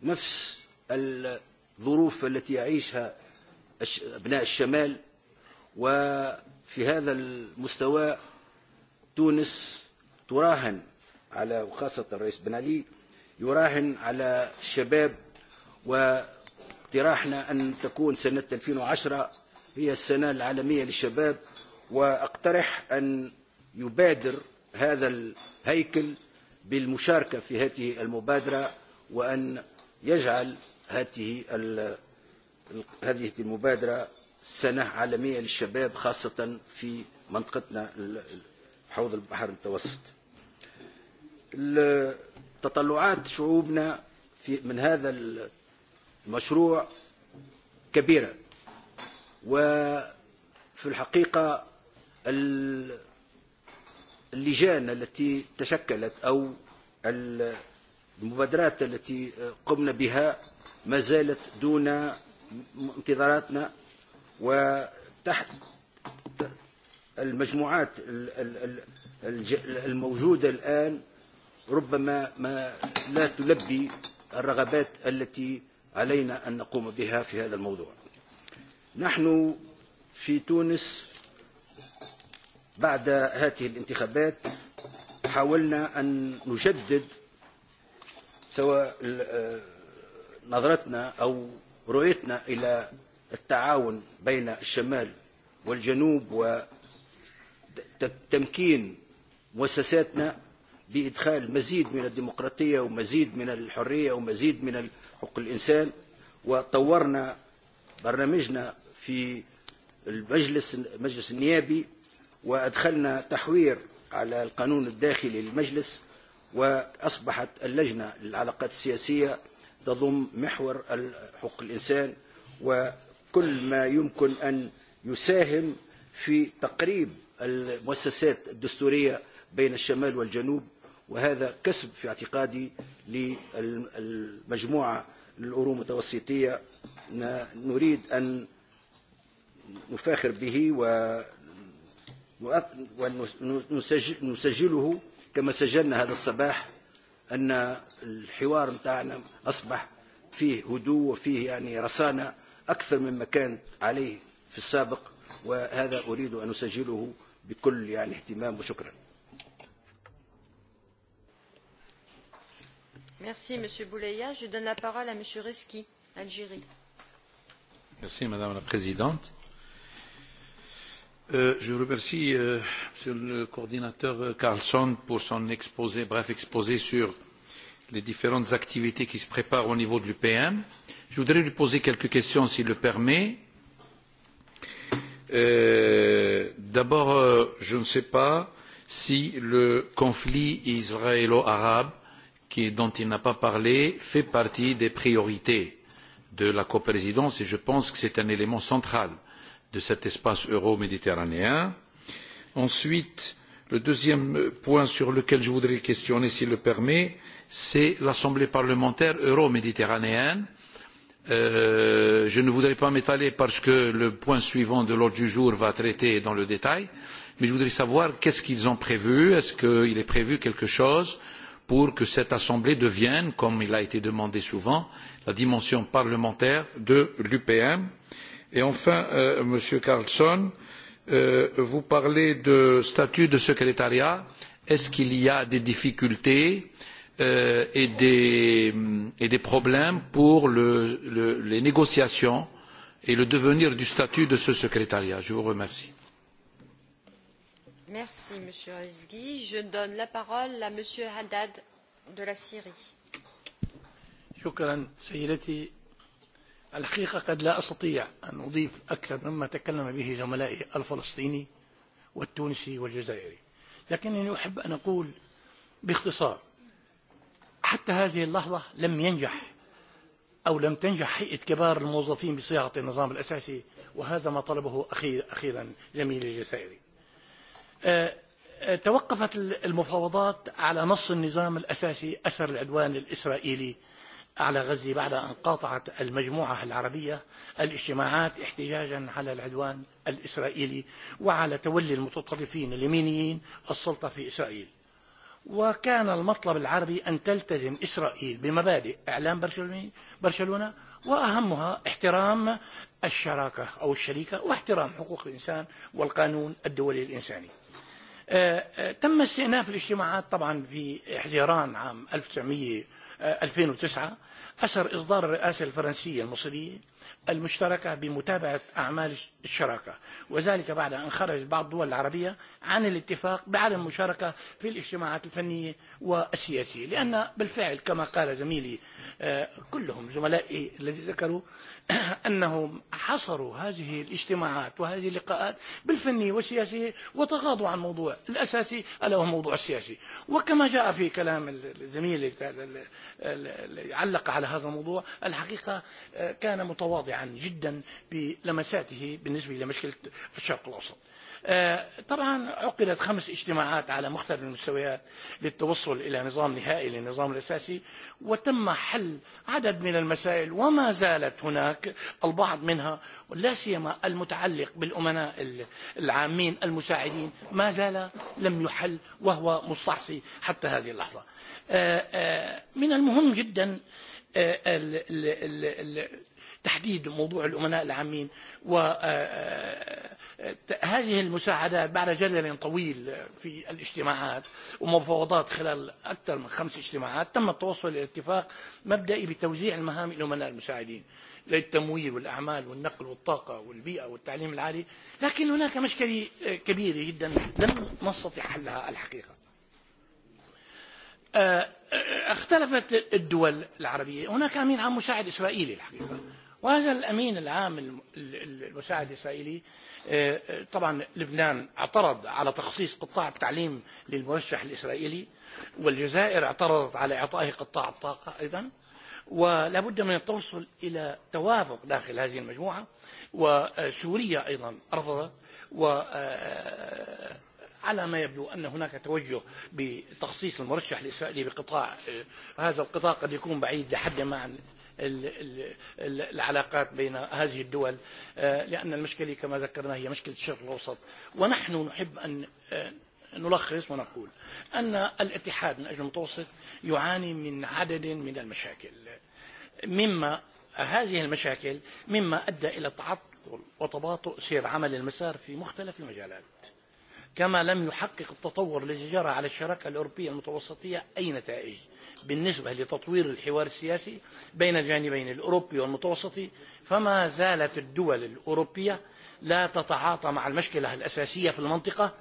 نفس الظروف التي يعيشها أبناء الشمال وفي هذا المستوى تونس تراهن على وخاصة الرئيس بن علي يراهن على الشباب واقتراحنا أن تكون سنة 2010 هي السنة العالمية للشباب وأقترح أن يبادر هذا الهيكل بالمشاركة في هذه المبادرة وأن يجعل هذه هذه المبادرة سنة عالمية للشباب خاصة في منطقتنا حوض البحر المتوسط تطلعات شعوبنا في من هذا المشروع كبيرة وفي الحقيقة اللجان التي تشكلت أو المبادرات التي قمنا بها ما زالت دون انتظاراتنا وتحت المجموعات الموجودة الآن ربما ما لا تلبي الرغبات التي علينا أن نقوم بها في هذا الموضوع نحن في تونس بعد هذه الانتخابات حاولنا أن نجدد سواء نظرتنا أو رؤيتنا إلى التعاون بين الشمال والجنوب وتمكين مؤسساتنا بإدخال مزيد من الديمقراطية ومزيد من الحرية ومزيد من حق الإنسان وطورنا برنامجنا في المجلس المجلس النيابي وأدخلنا تحوير على القانون الداخلي للمجلس وأصبحت اللجنة للعلاقات السياسية تضم محور حقوق الإنسان وكل ما يمكن أن يساهم في تقريب المؤسسات الدستورية بين الشمال والجنوب وهذا كسب في اعتقادي للمجموعة للأروم متوسطية نريد أن نفاخر به ونسجله كما سجلنا هذا الصباح أن الحوار متاعنا أصبح فيه هدوء وفيه يعني رصانة أكثر مما كان عليه في السابق وهذا أريد أن أسجله بكل يعني اهتمام وشكرا Merci Monsieur Bouleya. Je donne la parole à Monsieur Reski, Algérie. Merci Madame la Présidente. Euh, je remercie euh, Monsieur le coordinateur euh, Carlson pour son exposé, bref exposé sur les différentes activités qui se préparent au niveau de l'UPM. Je voudrais lui poser quelques questions s'il le permet. Euh, D'abord, euh, je ne sais pas si le conflit israélo-arabe dont il n'a pas parlé fait partie des priorités de la coprésidence et je pense que c'est un élément central de cet espace euro-méditerranéen. Ensuite, le deuxième point sur lequel je voudrais questionner, s'il le permet, c'est l'Assemblée parlementaire euro-méditerranéenne. Euh, je ne voudrais pas m'étaler parce que le point suivant de l'ordre du jour va traiter dans le détail, mais je voudrais savoir qu'est-ce qu'ils ont prévu, est-ce qu'il est prévu quelque chose pour que cette Assemblée devienne, comme il a été demandé souvent, la dimension parlementaire de l'UPM. Euh, Et enfin, euh, Monsieur Carlson, euh, vous parlez de statut de secrétariat. Est-ce qu'il y a des difficultés euh, et, des, mm, et des problèmes pour le, le, les négociations et le devenir du statut de ce secrétariat Je vous remercie. Merci, Monsieur Azghi. Je donne la parole à Monsieur Haddad de la Syrie. شكرا سيدتي الحقيقة قد لا أستطيع أن أضيف أكثر مما تكلم به زملائي الفلسطيني والتونسي والجزائري لكنني أحب أن أقول باختصار حتى هذه اللحظة لم ينجح أو لم تنجح حيئة كبار الموظفين بصياغة النظام الأساسي وهذا ما طلبه أخير أخيرا جميل الجزائري توقفت المفاوضات على نص النظام الأساسي أثر العدوان الإسرائيلي على غزة بعد أن قاطعت المجموعة العربية الاجتماعات احتجاجا على العدوان الإسرائيلي وعلى تولي المتطرفين اليمينيين السلطة في إسرائيل وكان المطلب العربي أن تلتزم إسرائيل بمبادئ إعلام برشلونة وأهمها احترام الشراكة أو الشريكة واحترام حقوق الإنسان والقانون الدولي الإنساني تم استئناف الاجتماعات طبعا في حزيران عام 1900 2009 أثر إصدار الرئاسة الفرنسية المصرية المشتركة بمتابعة أعمال الشراكة وذلك بعد أن خرج بعض الدول العربية عن الاتفاق بعدم المشاركة في الاجتماعات الفنية والسياسية لأن بالفعل كما قال زميلي كلهم زملائي الذي ذكروا أنهم حصروا هذه الاجتماعات وهذه اللقاءات بالفنية والسياسية وتغاضوا عن الموضوع الأساسي ألا هو موضوع السياسي وكما جاء في كلام الزميل علق الحق على هذا الموضوع الحقيقة كان متواضعا جدا بلمساته بالنسبة لمشكلة الشرق الأوسط طبعا عقدت خمس اجتماعات على مختلف المستويات للتوصل إلى نظام نهائي للنظام الأساسي وتم حل عدد من المسائل وما زالت هناك البعض منها لا سيما المتعلق بالأمناء العامين المساعدين ما زال لم يحل وهو مستعصي حتى هذه اللحظة من المهم جدا تحديد موضوع الأمناء العامين وهذه المساعدات بعد جدل طويل في الاجتماعات ومفاوضات خلال أكثر من خمس اجتماعات تم التوصل إلى اتفاق مبدئي بتوزيع المهام الأمناء المساعدين للتمويل والأعمال والنقل والطاقة والبيئة والتعليم العالي لكن هناك مشكلة كبيرة جدا لم نستطع حلها الحقيقة اختلفت الدول العربية هناك أمين عام مساعد إسرائيلي الحقيقة وهذا الأمين العام المساعد الإسرائيلي طبعا لبنان اعترض على تخصيص قطاع التعليم للمرشح الإسرائيلي والجزائر اعترضت على إعطائه قطاع الطاقة أيضا ولا بد من التوصل إلى توافق داخل هذه المجموعة وسوريا أيضا رفضت و على ما يبدو أن هناك توجه بتخصيص المرشح الإسرائيلي بقطاع هذا القطاع قد يكون بعيد لحد ما عن العلاقات بين هذه الدول لأن المشكلة كما ذكرنا هي مشكلة الشرق الأوسط ونحن نحب أن نلخص ونقول أن الاتحاد من أجل المتوسط يعاني من عدد من المشاكل مما هذه المشاكل مما أدى إلى تعطل وتباطؤ سير عمل المسار في مختلف المجالات كما لم يحقق التطور الذي جرى على الشراكة الأوروبية المتوسطية أي نتائج بالنسبة لتطوير الحوار السياسي بين جانبين الأوروبي والمتوسطي فما زالت الدول الأوروبية لا تتعاطى مع المشكلة الأساسية في المنطقة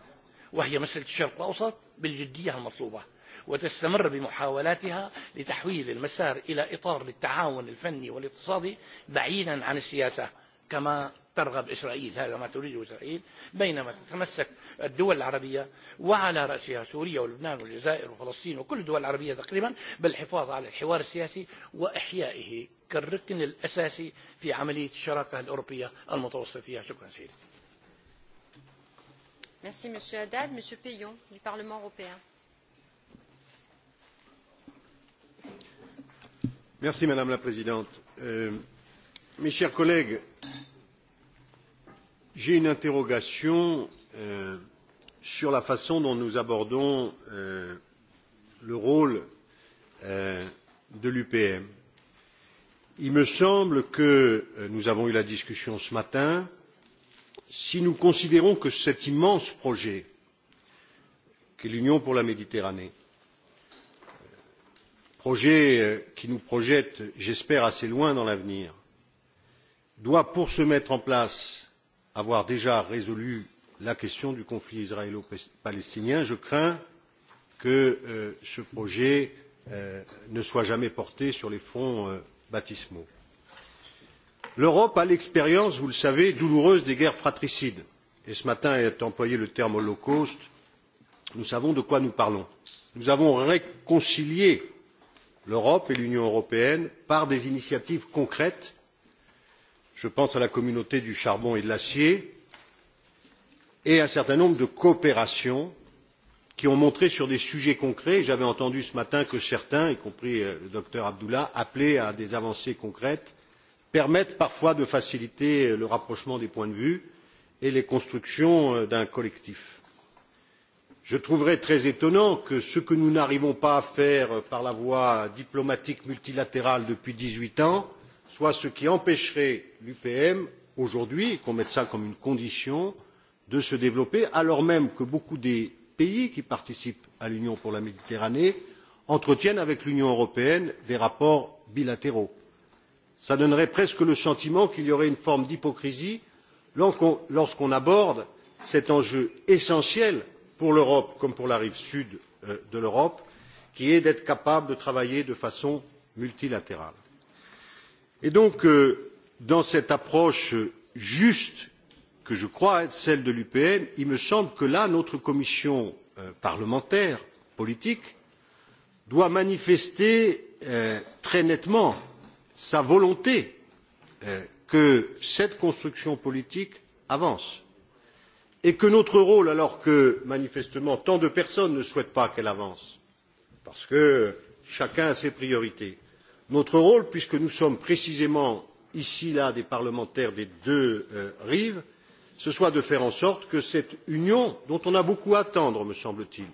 وهي مسألة الشرق الأوسط بالجدية المطلوبة وتستمر بمحاولاتها لتحويل المسار إلى إطار للتعاون الفني والاقتصادي بعيدا عن السياسة كما ترغب إسرائيل هذا ما تريده إسرائيل بينما تتمسك الدول العربية وعلى رأسها سوريا ولبنان والجزائر وفلسطين وكل الدول العربية تقريبا بالحفاظ على الحوار السياسي وإحيائه كالركن الأساسي في عملية الشراكة الأوروبية المتوسط فيها شكرا سيدي Merci Monsieur Haddad. Monsieur Payon du Parlement européen. Merci Madame la Présidente. Euh, mes chers collègues, J'ai une interrogation euh, sur la façon dont nous abordons euh, le rôle euh, de l'UPM. Il me semble que euh, nous avons eu la discussion ce matin. Si nous considérons que cet immense projet qu'est l'Union pour la Méditerranée, projet euh, qui nous projette, j'espère, assez loin dans l'avenir, doit, pour se mettre en place, avoir déjà résolu la question du conflit israélo palestinien, je crains que euh, ce projet euh, ne soit jamais porté sur les fronts euh, baptismaux. L'Europe a l'expérience, vous le savez, douloureuse des guerres fratricides et ce matin est employé le terme holocauste, nous savons de quoi nous parlons. Nous avons réconcilié l'Europe et l'Union européenne par des initiatives concrètes je pense à la communauté du charbon et de l'acier et un certain nombre de coopérations qui ont montré sur des sujets concrets j'avais entendu ce matin que certains y compris euh, le docteur Abdullah appelaient à des avancées concrètes permettent parfois de faciliter euh, le rapprochement des points de vue et les constructions euh, d'un collectif. Je trouverais très étonnant que ce que nous n'arrivons pas à faire par la voie diplomatique multilatérale depuis dix huit ans soit ce qui empêcherait l'UPM aujourd'hui, qu'on mette cela comme une condition, de se développer, alors même que beaucoup des pays qui participent à l'Union pour la Méditerranée entretiennent avec l'Union européenne des rapports bilatéraux. Cela donnerait presque le sentiment qu'il y aurait une forme d'hypocrisie lorsqu'on aborde cet enjeu essentiel pour l'Europe comme pour la rive sud euh, de l'Europe, qui est d'être capable de travailler de façon multilatérale. Et donc, euh, dans cette approche juste, que je crois être celle de l'UPM, il me semble que là, notre commission euh, parlementaire, politique, doit manifester euh, très nettement sa volonté que cette construction politique avance et que notre rôle alors que manifestement tant de personnes ne souhaitent pas qu'elle avance parce que chacun a ses priorités notre rôle, puisque nous sommes précisément ici là des parlementaires des deux euh, rives, ce soit de faire en sorte que cette union, dont on a beaucoup à attendre, me semble-t-il,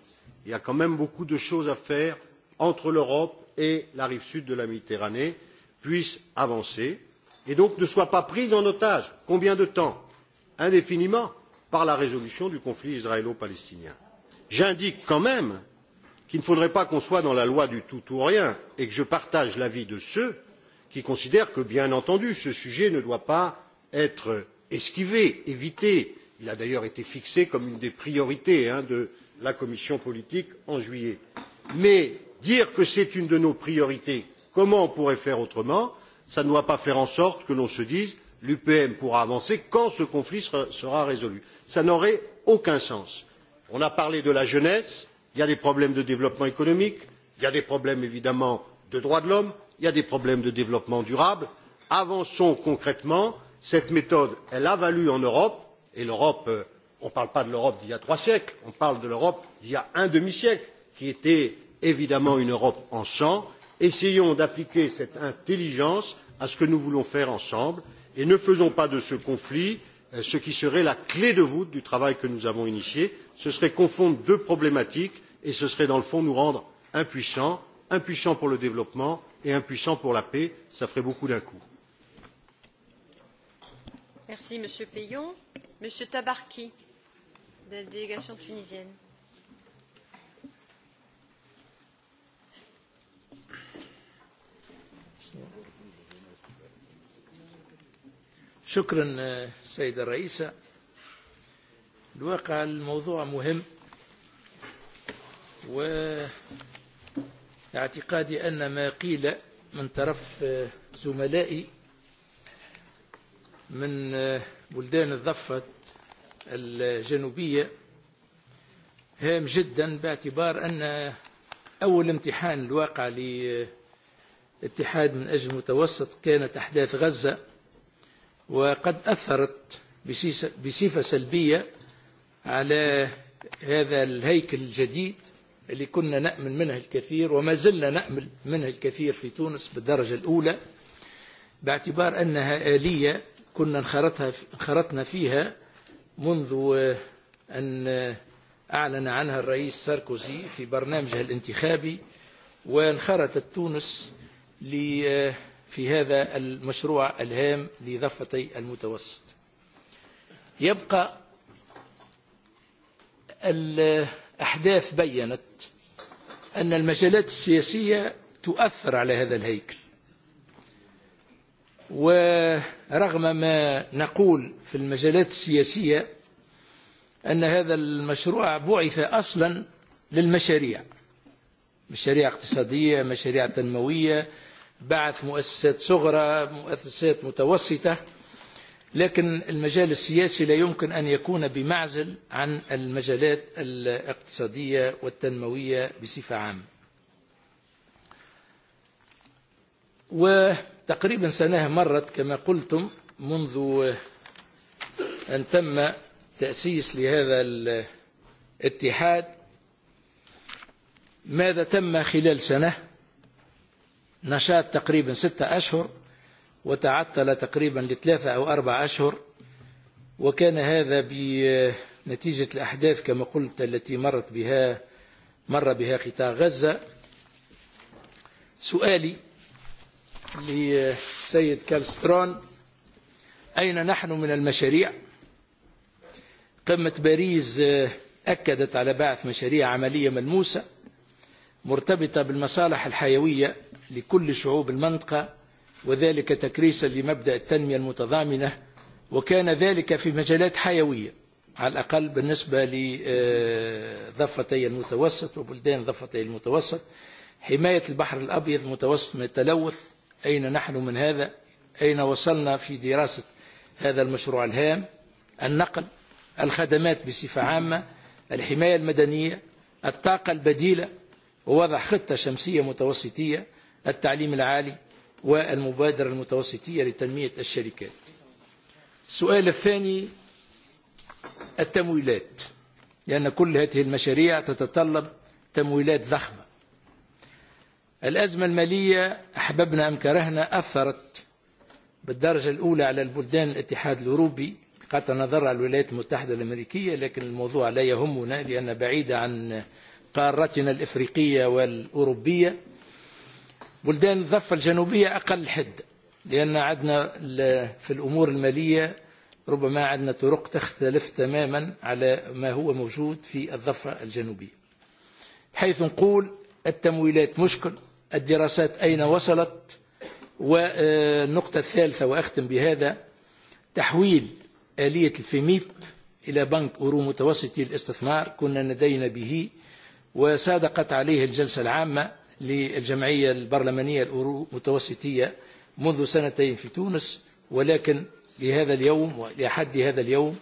il y a quand même beaucoup de choses à faire entre l'Europe et la rive sud de la Méditerranée, puisse avancer et donc ne soit pas prise en otage combien de temps indéfiniment par la résolution du conflit israélo palestinien. J'indique quand même qu'il ne faudrait pas qu'on soit dans la loi du tout ou rien et que je partage l'avis de ceux qui considèrent que bien entendu ce sujet ne doit pas être esquivé évité il a d'ailleurs été fixé comme une des priorités hein, de la commission politique en juillet mais dire que c'est une de nos priorités comment on pourrait faire autrement cela ne doit pas faire en sorte que l'on se dise l'upm pourra avancer quand ce conflit sera, sera résolu. cela n'aurait aucun sens. on a parlé de la jeunesse Il y a des problèmes de développement économique, il y a des problèmes évidemment de droits de l'homme, il y a des problèmes de développement durable. Avançons concrètement. Cette méthode, elle a valu en Europe, et l'Europe, euh, on ne parle pas de l'Europe d'il y a trois siècles, on parle de l'Europe d'il y a un demi-siècle, qui était évidemment une Europe en sang. Essayons d'appliquer cette intelligence à ce que nous voulons faire ensemble et ne faisons pas de ce conflit Euh, ce qui serait la clé de voûte du travail que nous avons initié. Ce serait confondre deux problématiques et ce serait dans le fond nous rendre impuissants, impuissants pour le développement et impuissants pour la paix. Ça ferait beaucoup d'un coup. Merci Monsieur Peillon, Monsieur Tabarki, de la délégation tunisienne. شكرا سيدة الرئيسة الواقع الموضوع مهم واعتقادي أن ما قيل من طرف زملائي من بلدان الضفة الجنوبية هام جدا باعتبار أن أول امتحان الواقع لاتحاد من أجل المتوسط كانت أحداث غزة وقد أثرت بصفة سلبية على هذا الهيكل الجديد اللي كنا نأمل منه الكثير وما زلنا نأمل منه الكثير في تونس بالدرجة الأولى باعتبار أنها آلية كنا انخرطها انخرطنا فيها منذ أن أعلن عنها الرئيس ساركوزي في برنامجها الانتخابي وانخرطت تونس لأسفل في هذا المشروع الهام لضفتي المتوسط يبقى الأحداث بيّنت أن المجالات السياسية تؤثر على هذا الهيكل ورغم ما نقول في المجالات السياسية أن هذا المشروع بعث أصلا للمشاريع مشاريع اقتصادية مشاريع تنموية بعث مؤسسات صغرى مؤسسات متوسطة لكن المجال السياسي لا يمكن أن يكون بمعزل عن المجالات الاقتصادية والتنموية بصفة عامة وتقريبا سنة مرت كما قلتم منذ أن تم تأسيس لهذا الاتحاد ماذا تم خلال سنة؟ نشاط تقريبا ستة أشهر وتعطل تقريبا لثلاثة أو أربعة أشهر وكان هذا بنتيجة الأحداث كما قلت التي مرت بها مر بها قطاع غزة سؤالي للسيد كالسترون أين نحن من المشاريع قمة باريس أكدت على بعث مشاريع عملية ملموسة مرتبطة بالمصالح الحيوية لكل شعوب المنطقة وذلك تكريسا لمبدأ التنمية المتضامنة وكان ذلك في مجالات حيوية على الأقل بالنسبة لضفتي المتوسط وبلدان ضفتي المتوسط حماية البحر الأبيض متوسط من التلوث أين نحن من هذا أين وصلنا في دراسة هذا المشروع الهام النقل الخدمات بصفة عامة الحماية المدنية الطاقة البديلة ووضع خطة شمسية متوسطية التعليم العالي والمبادرة المتوسطية لتنمية الشركات السؤال الثاني التمويلات لأن كل هذه المشاريع تتطلب تمويلات ضخمة الأزمة المالية أحببنا أم كرهنا أثرت بالدرجة الأولى على البلدان الاتحاد الأوروبي قد نظر على الولايات المتحدة الأمريكية لكن الموضوع لا يهمنا لأن بعيدة عن قارتنا الإفريقية والأوروبية بلدان الضفة الجنوبية أقل حد لأن عدنا في الأمور المالية ربما عدنا طرق تختلف تماما على ما هو موجود في الضفة الجنوبية حيث نقول التمويلات مشكل الدراسات أين وصلت والنقطة الثالثة وأختم بهذا تحويل آلية الفيميب إلى بنك أورو متوسطي الاستثمار كنا لدينا به وصادقت عليه الجلسة العامة للجمعية البرلمانية المتوسطية منذ سنتين في تونس ولكن لهذا اليوم ولحد هذا اليوم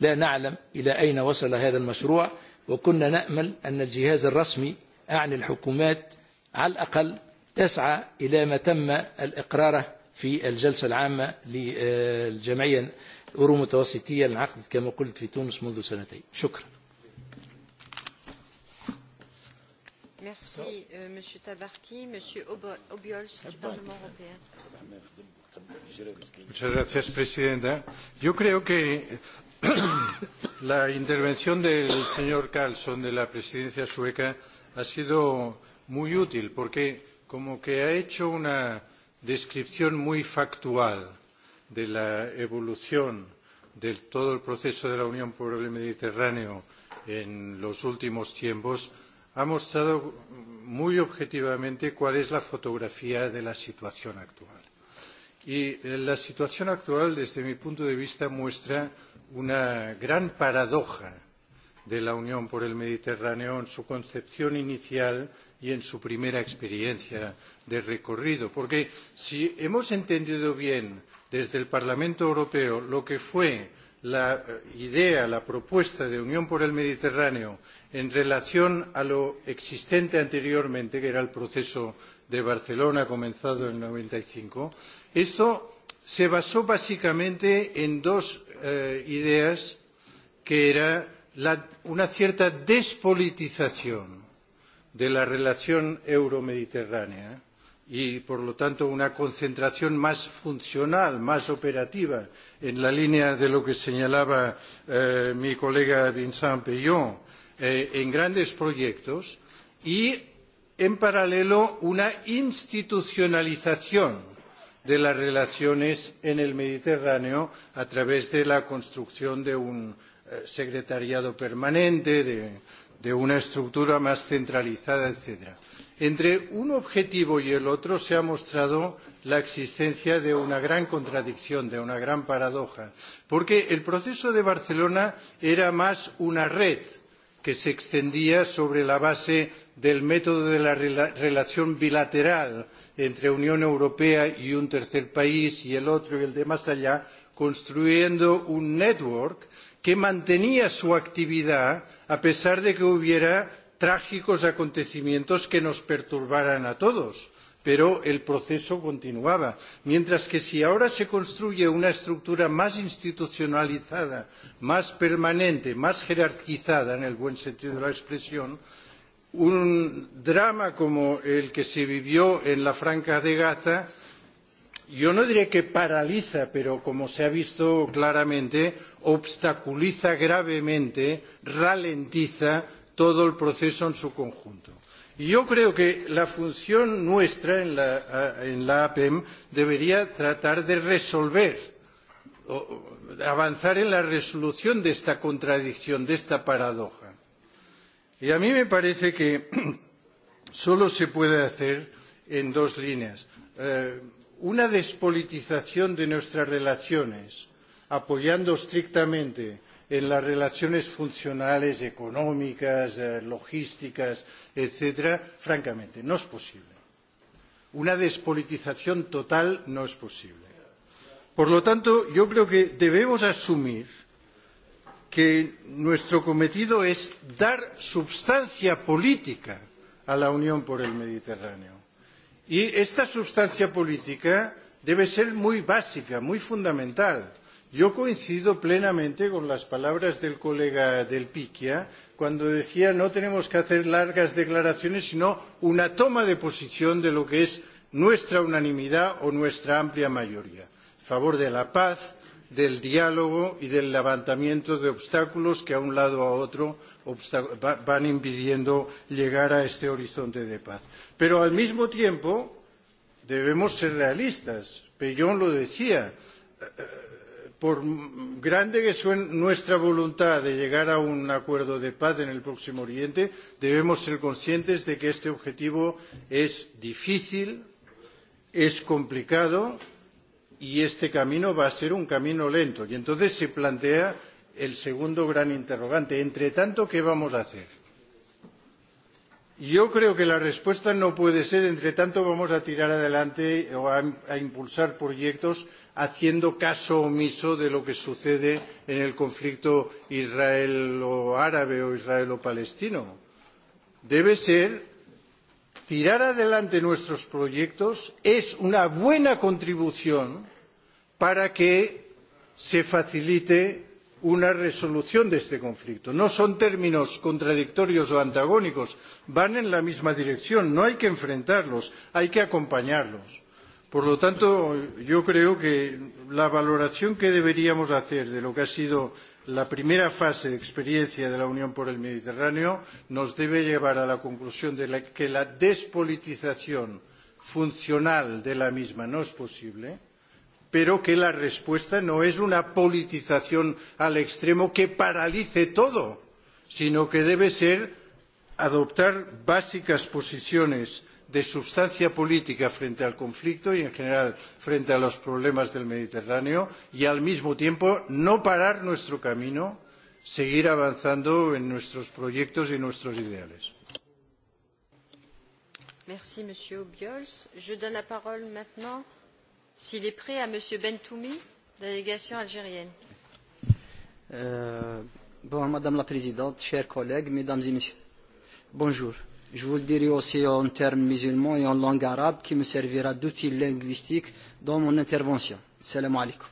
لا نعلم إلى أين وصل هذا المشروع وكنا نأمل أن الجهاز الرسمي أعني الحكومات على الأقل تسعى إلى ما تم الإقرار في الجلسة العامة للجمعية الأورو متوسطية العقد كما قلت في تونس منذ سنتين شكراً Merci, euh, Tabarki. Obiols, du Parlement européen. Muchas gracias, Presidenta. Yo creo que la intervención del señor Carlson de la presidencia sueca ha sido muy útil porque como que ha hecho una descripción muy factual de la evolución de todo el proceso de la Unión por el Mediterráneo en los últimos tiempos ha mostrado muy objetivamente cuál es la fotografía de la situación actual. Y eh, la situación actual, desde mi punto de vista, muestra una gran paradoja de la Unión por el Mediterráneo en su concepción inicial y en su primera experiencia de recorrido. Porque si hemos entendido bien desde el Parlamento Europeo lo que fue la eh, idea, la propuesta de Unión por el Mediterráneo en relación a lo existente anteriormente, que era el proceso de Barcelona comenzado en noventa y cinco, esto se basó básicamente en dos eh, ideas que era la, una cierta despolitización de la relación euromediterránea y por lo tanto una concentración más funcional, más operativa, en la línea de lo que señalaba eh, mi colega Vincent Peillon, eh, en grandes proyectos y, en paralelo, una institucionalización de las relaciones en el Mediterráneo a través de la construcción de un eh, secretariado permanente, de, de una estructura más centralizada, etc. Entre un objetivo y el otro se ha mostrado la existencia de una gran contradicción, de una gran paradoja, porque el proceso de Barcelona era más una red que se extendía sobre la base del método de la relación bilateral entre Unión Europea y un tercer país y el otro y el de más allá, construyendo un network que mantenía su actividad a pesar de que hubiera trágicos acontecimientos que nos perturbaran a todos pero el proceso continuaba. Mientras que si ahora se construye una estructura más institucionalizada, más permanente, más jerarquizada, en el buen sentido de la expresión, un drama como el que se vivió en la Franca de Gaza, yo no diré que paraliza, pero como se ha visto claramente, obstaculiza gravemente, ralentiza todo el proceso en su conjunto. Yo creo que la función nuestra en la, eh, en la APEM debería tratar de resolver, o avanzar en la resolución de esta contradicción, de esta paradoja. Y a mí me parece que solo se puede hacer en dos líneas. Eh, una despolitización de nuestras relaciones, apoyando estrictamente en las relaciones funcionales, económicas, eh, logísticas, etcétera, francamente, no es posible. Una despolitización total no es posible. Por lo tanto, yo creo que debemos asumir que nuestro cometido es dar substancia política a la Unión por el Mediterráneo. Y esta substancia política debe ser muy básica, muy fundamental Yo coincido plenamente con las palabras del colega del Piquia cuando decía no tenemos que hacer largas declaraciones, sino una toma de posición de lo que es nuestra unanimidad o nuestra amplia mayoría a favor de la paz, del diálogo y del levantamiento de obstáculos que a un lado o a otro van impidiendo llegar a este horizonte de paz. Pero al mismo tiempo debemos ser realistas. Pellón lo decía. Eh, por grande que sea nuestra voluntad de llegar a un acuerdo de paz en el próximo Oriente, debemos ser conscientes de que este objetivo es difícil, es complicado y este camino va a ser un camino lento. Y entonces se plantea el segundo gran interrogante. Entre tanto, ¿qué vamos a hacer? Yo creo que la respuesta no puede ser, entre tanto vamos a tirar adelante o a, a impulsar proyectos haciendo caso omiso de lo que sucede en el conflicto israelo-árabe o israelo-palestino. Debe ser tirar adelante nuestros proyectos es una buena contribución para que se facilite una resolución de este conflicto. No son términos contradictorios o antagónicos, van en la misma dirección, no hay que enfrentarlos, hay que acompañarlos. Por lo tanto, yo creo que la valoración que deberíamos hacer de lo que ha sido la primera fase de experiencia de la Unión por el Mediterráneo nos debe llevar a la conclusión de la que la despolitización funcional de la misma no es posible pero que la respuesta no es una politización al extremo que paralice todo, sino que debe ser adoptar básicas posiciones de sustancia política frente al conflicto y en general frente a los problemas del Mediterráneo y al mismo tiempo no parar nuestro camino, seguir avanzando en nuestros proyectos y nuestros ideales. Merci, Monsieur Obiols. Je donne la parole maintenant s'il est prêt à M. Bentoumi, délégation algérienne. Euh, bon, Madame la Présidente, chers collègues, Mesdames et Messieurs, bonjour. Je vous le dirai aussi en termes musulmans et en langue arabe qui me servira d'outil linguistique dans mon intervention. Salam alaikum.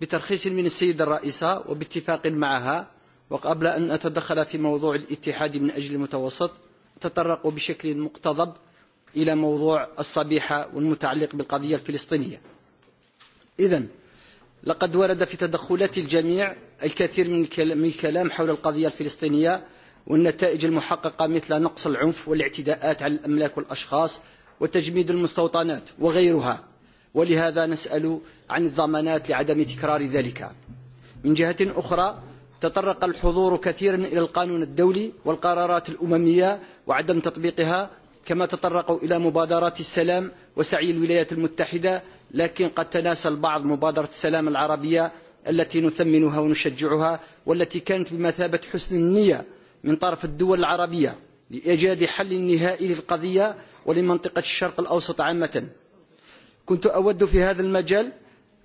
بترخيص من السيدة الرئيسة وباتفاق معها وقبل أن أتدخل في موضوع الاتحاد من أجل المتوسط تطرق بشكل مقتضب إلى موضوع الصبيحة والمتعلق بالقضية الفلسطينية إذن لقد ورد في تدخلات الجميع الكثير من الكلام حول القضية الفلسطينية والنتائج المحققة مثل نقص العنف والاعتداءات على الأملاك والأشخاص وتجميد المستوطنات وغيرها ولهذا نسأل عن الضمانات لعدم تكرار ذلك من جهة أخرى تطرق الحضور كثيرا إلى القانون الدولي والقرارات الأممية وعدم تطبيقها كما تطرقوا إلى مبادرات السلام وسعي الولايات المتحدة لكن قد تناسى البعض مبادرة السلام العربية التي نثمنها ونشجعها والتي كانت بمثابة حسن النية من طرف الدول العربية لإيجاد حل نهائي للقضية ولمنطقة الشرق الأوسط عامة كنت أود في هذا المجال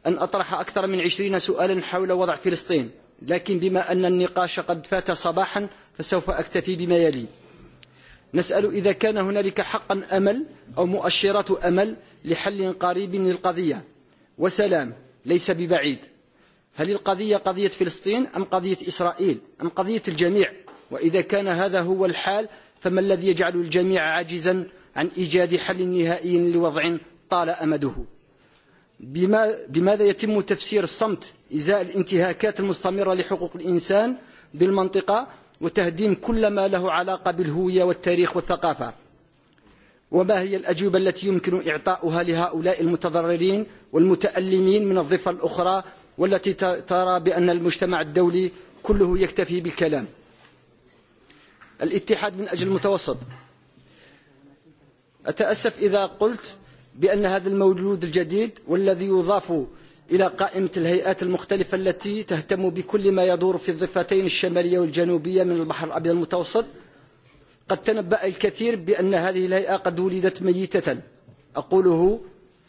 أن أطرح أكثر من عشرين سؤالا حول وضع فلسطين لكن بما أن النقاش قد فات صباحا فسوف أكتفي بما يلي نسأل إذا كان هنالك حقا أمل أو مؤشرات أمل لحل قريب للقضية وسلام ليس ببعيد هل القضية قضية فلسطين أم قضية إسرائيل أم قضية الجميع وإذا كان هذا هو الحال فما الذي يجعل الجميع عاجزا عن إيجاد حل نهائي لوضع طال أمده بما بماذا يتم تفسير الصمت إزاء الانتهاكات المستمرة لحقوق الإنسان بالمنطقة وتهديم كل ما له علاقة بالهوية والتاريخ والثقافة وما هي الأجوبة التي يمكن إعطاؤها لهؤلاء المتضررين والمتألمين من الضفة الأخرى والتي ترى بأن المجتمع الدولي كله يكتفي بالكلام الاتحاد من أجل المتوسط أتأسف إذا قلت بأن هذا المولود الجديد والذي يضاف إلى قائمة الهيئات المختلفة التي تهتم بكل ما يدور في الضفتين الشمالية والجنوبية من البحر الأبيض المتوسط قد تنبأ الكثير بأن هذه الهيئة قد ولدت ميتة أقوله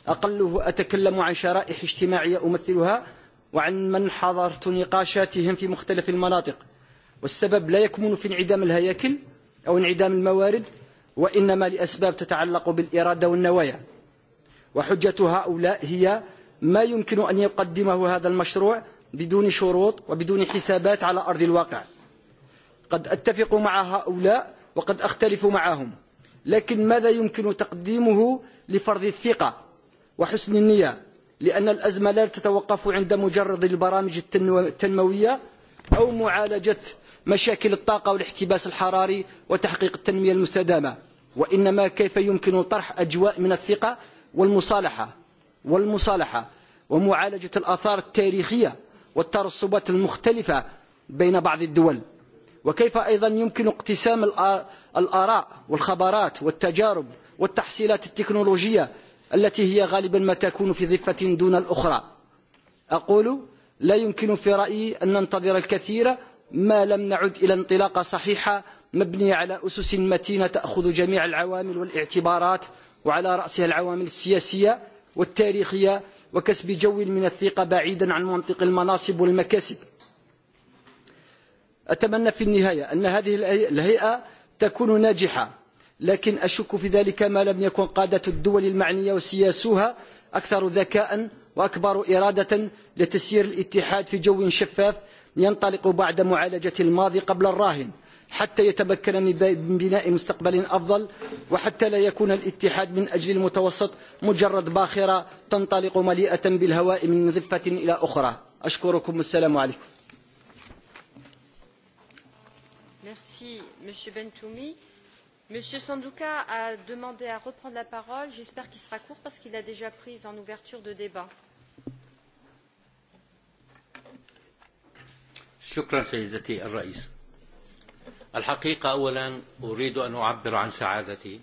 أقله أتكلم عن شرائح اجتماعية أمثلها وعن من حضرت نقاشاتهم في مختلف المناطق والسبب لا يكمن في انعدام الهياكل أو انعدام الموارد وإنما لأسباب تتعلق بالإرادة والنوايا وحجة هؤلاء هي ما يمكن أن يقدمه هذا المشروع بدون شروط وبدون حسابات على أرض الواقع قد أتفق مع هؤلاء وقد أختلف معهم لكن ماذا يمكن تقديمه لفرض الثقة وحسن النية لأن الأزمة لا تتوقف عند مجرد البرامج التنموية أو معالجة مشاكل الطاقة والاحتباس الحراري وتحقيق التنمية المستدامة وإنما كيف يمكن طرح أجواء من الثقة والمصالحة والمصالحة ومعالجة الآثار التاريخية والترصبات المختلفة بين بعض الدول وكيف أيضا يمكن اقتسام الآراء والخبرات والتجارب والتحصيلات التكنولوجية التي هي غالبا ما تكون في ضفة دون الأخرى أقول لا يمكن في رأيي أن ننتظر الكثير ما لم نعد إلى انطلاقة صحيحة مبنية على أسس متينة تأخذ جميع العوامل والاعتبارات وعلى رأسها العوامل السياسية والتاريخية وكسب جو من الثقة بعيدا عن منطق المناصب والمكاسب أتمنى في النهاية أن هذه الهيئة تكون ناجحة لكن أشك في ذلك ما لم يكن قادة الدول المعنية وسياسوها أكثر ذكاء وأكبر إرادة لتسيير الاتحاد في جو شفاف ينطلق بعد معالجة الماضي قبل الراهن حتى يتمكن من بناء مستقبل أفضل وحتى لا يكون الاتحاد من أجل المتوسط مجرد باخرة تنطلق مليئة بالهواء من ضفة إلى أخرى أشكركم والسلام عليكم Merci, Monsieur Bentoumi. Monsieur Sanduka a demandé à reprendre la parole. J'espère qu'il sera court parce qu'il a déjà pris en ouverture de débat. شكرا سيدتي الرئيس الحقيقة أولا أريد أن أعبر عن سعادتي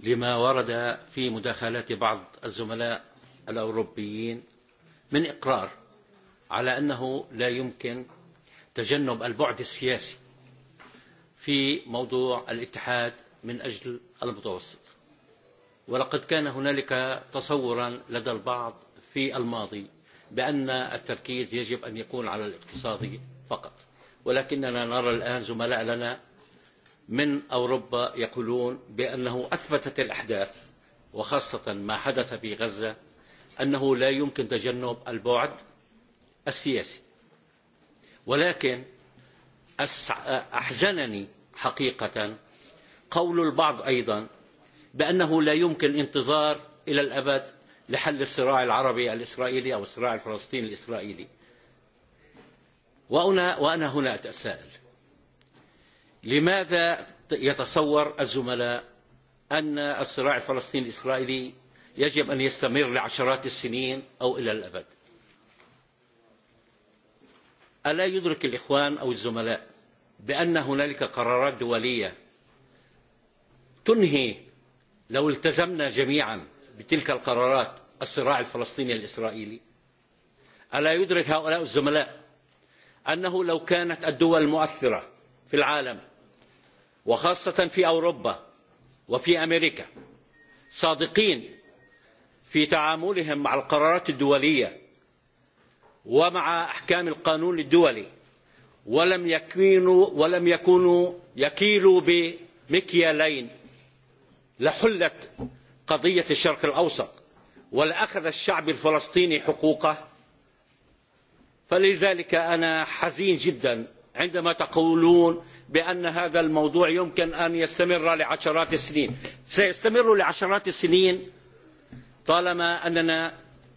لما ورد في مداخلات بعض الزملاء الأوروبيين من إقرار على أنه لا يمكن تجنب البعد السياسي في موضوع الاتحاد من أجل المتوسط ولقد كان هنالك تصورا لدى البعض في الماضي بأن التركيز يجب أن يكون على الاقتصاد فقط ولكننا نرى الآن زملاء لنا من أوروبا يقولون بأنه أثبتت الأحداث وخاصة ما حدث في غزة أنه لا يمكن تجنب البعد السياسي ولكن أحزنني حقيقة قول البعض أيضا بأنه لا يمكن انتظار إلى الأبد لحل الصراع العربي الإسرائيلي أو الصراع الفلسطيني الإسرائيلي وأنا, وأنا هنا أتساءل لماذا يتصور الزملاء أن الصراع الفلسطيني الإسرائيلي يجب أن يستمر لعشرات السنين أو إلى الأبد ألا يدرك الإخوان أو الزملاء بأن هنالك قرارات دولية تنهي لو التزمنا جميعا بتلك القرارات الصراع الفلسطيني الإسرائيلي ألا يدرك هؤلاء الزملاء أنه لو كانت الدول المؤثرة في العالم وخاصة في أوروبا وفي أمريكا صادقين في تعاملهم مع القرارات الدولية ومع أحكام القانون الدولي ولم يكونوا ولم يكونوا يكيلوا بمكيالين لحلت قضية الشرق الأوسط ولأخذ الشعب الفلسطيني حقوقه فلذلك أنا حزين جدا عندما تقولون بأن هذا الموضوع يمكن أن يستمر لعشرات السنين سيستمر لعشرات السنين طالما أننا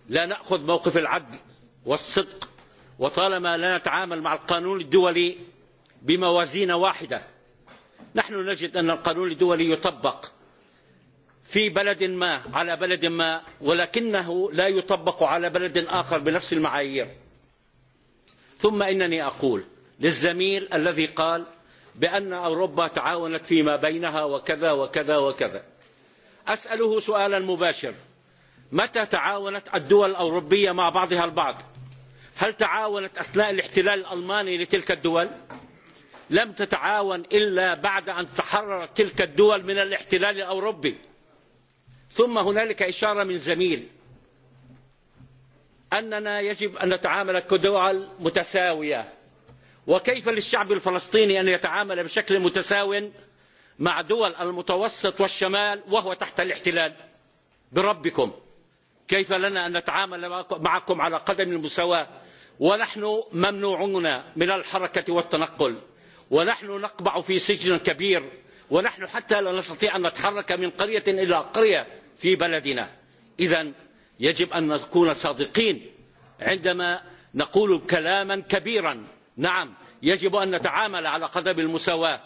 لا نأخذ موقف العدل والصدق وطالما لا نتعامل مع القانون الدولي بموازين واحدة نحن نجد أن القانون الدولي يطبق في بلد ما على بلد ما ولكنه لا يطبق على بلد آخر بنفس المعايير ثم إنني أقول للزميل الذي قال بأن أوروبا تعاونت فيما بينها وكذا وكذا وكذا أسأله سؤالا مباشر متى تعاونت الدول الأوروبية مع بعضها البعض هل تعاونت أثناء الاحتلال الألماني لتلك الدول لم تتعاون إلا بعد أن تحررت تلك الدول من الاحتلال الأوروبي ثم هنالك إشارة من زميل أننا يجب أن نتعامل كدول متساوية وكيف للشعب الفلسطيني أن يتعامل بشكل متساو مع دول المتوسط والشمال وهو تحت الاحتلال بربكم كيف لنا أن نتعامل معكم على قدم المساواة ونحن ممنوعون من الحركة والتنقل ونحن نقبع في سجن كبير ونحن حتى لا نستطيع أن نتحرك من قرية إلى قرية في بلدنا إذا يجب أن نكون صادقين عندما نقول كلاما كبيرا نعم يجب أن نتعامل على قدم المساواة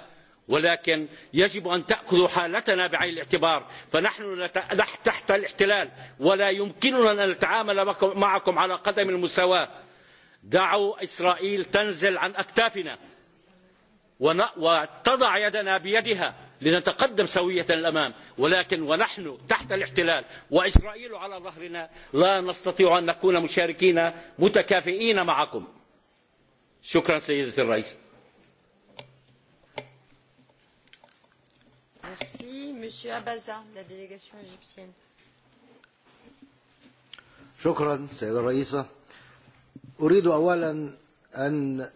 ولكن يجب أن تأخذوا حالتنا بعين الاعتبار فنحن تحت الاحتلال ولا يمكننا أن نتعامل معكم على قدم المساواة دعوا إسرائيل تنزل عن أكتافنا وتضع يدنا بيدها لنتقدم سوية الأمام ولكن ونحن تحت الاحتلال وإسرائيل على ظهرنا لا نستطيع أن نكون مشاركين متكافئين معكم شكرا سيدة الرئيس Merci. Monsieur Abaza, la délégation égyptienne. شكرا سيدة الرئيسة أريد أولا أن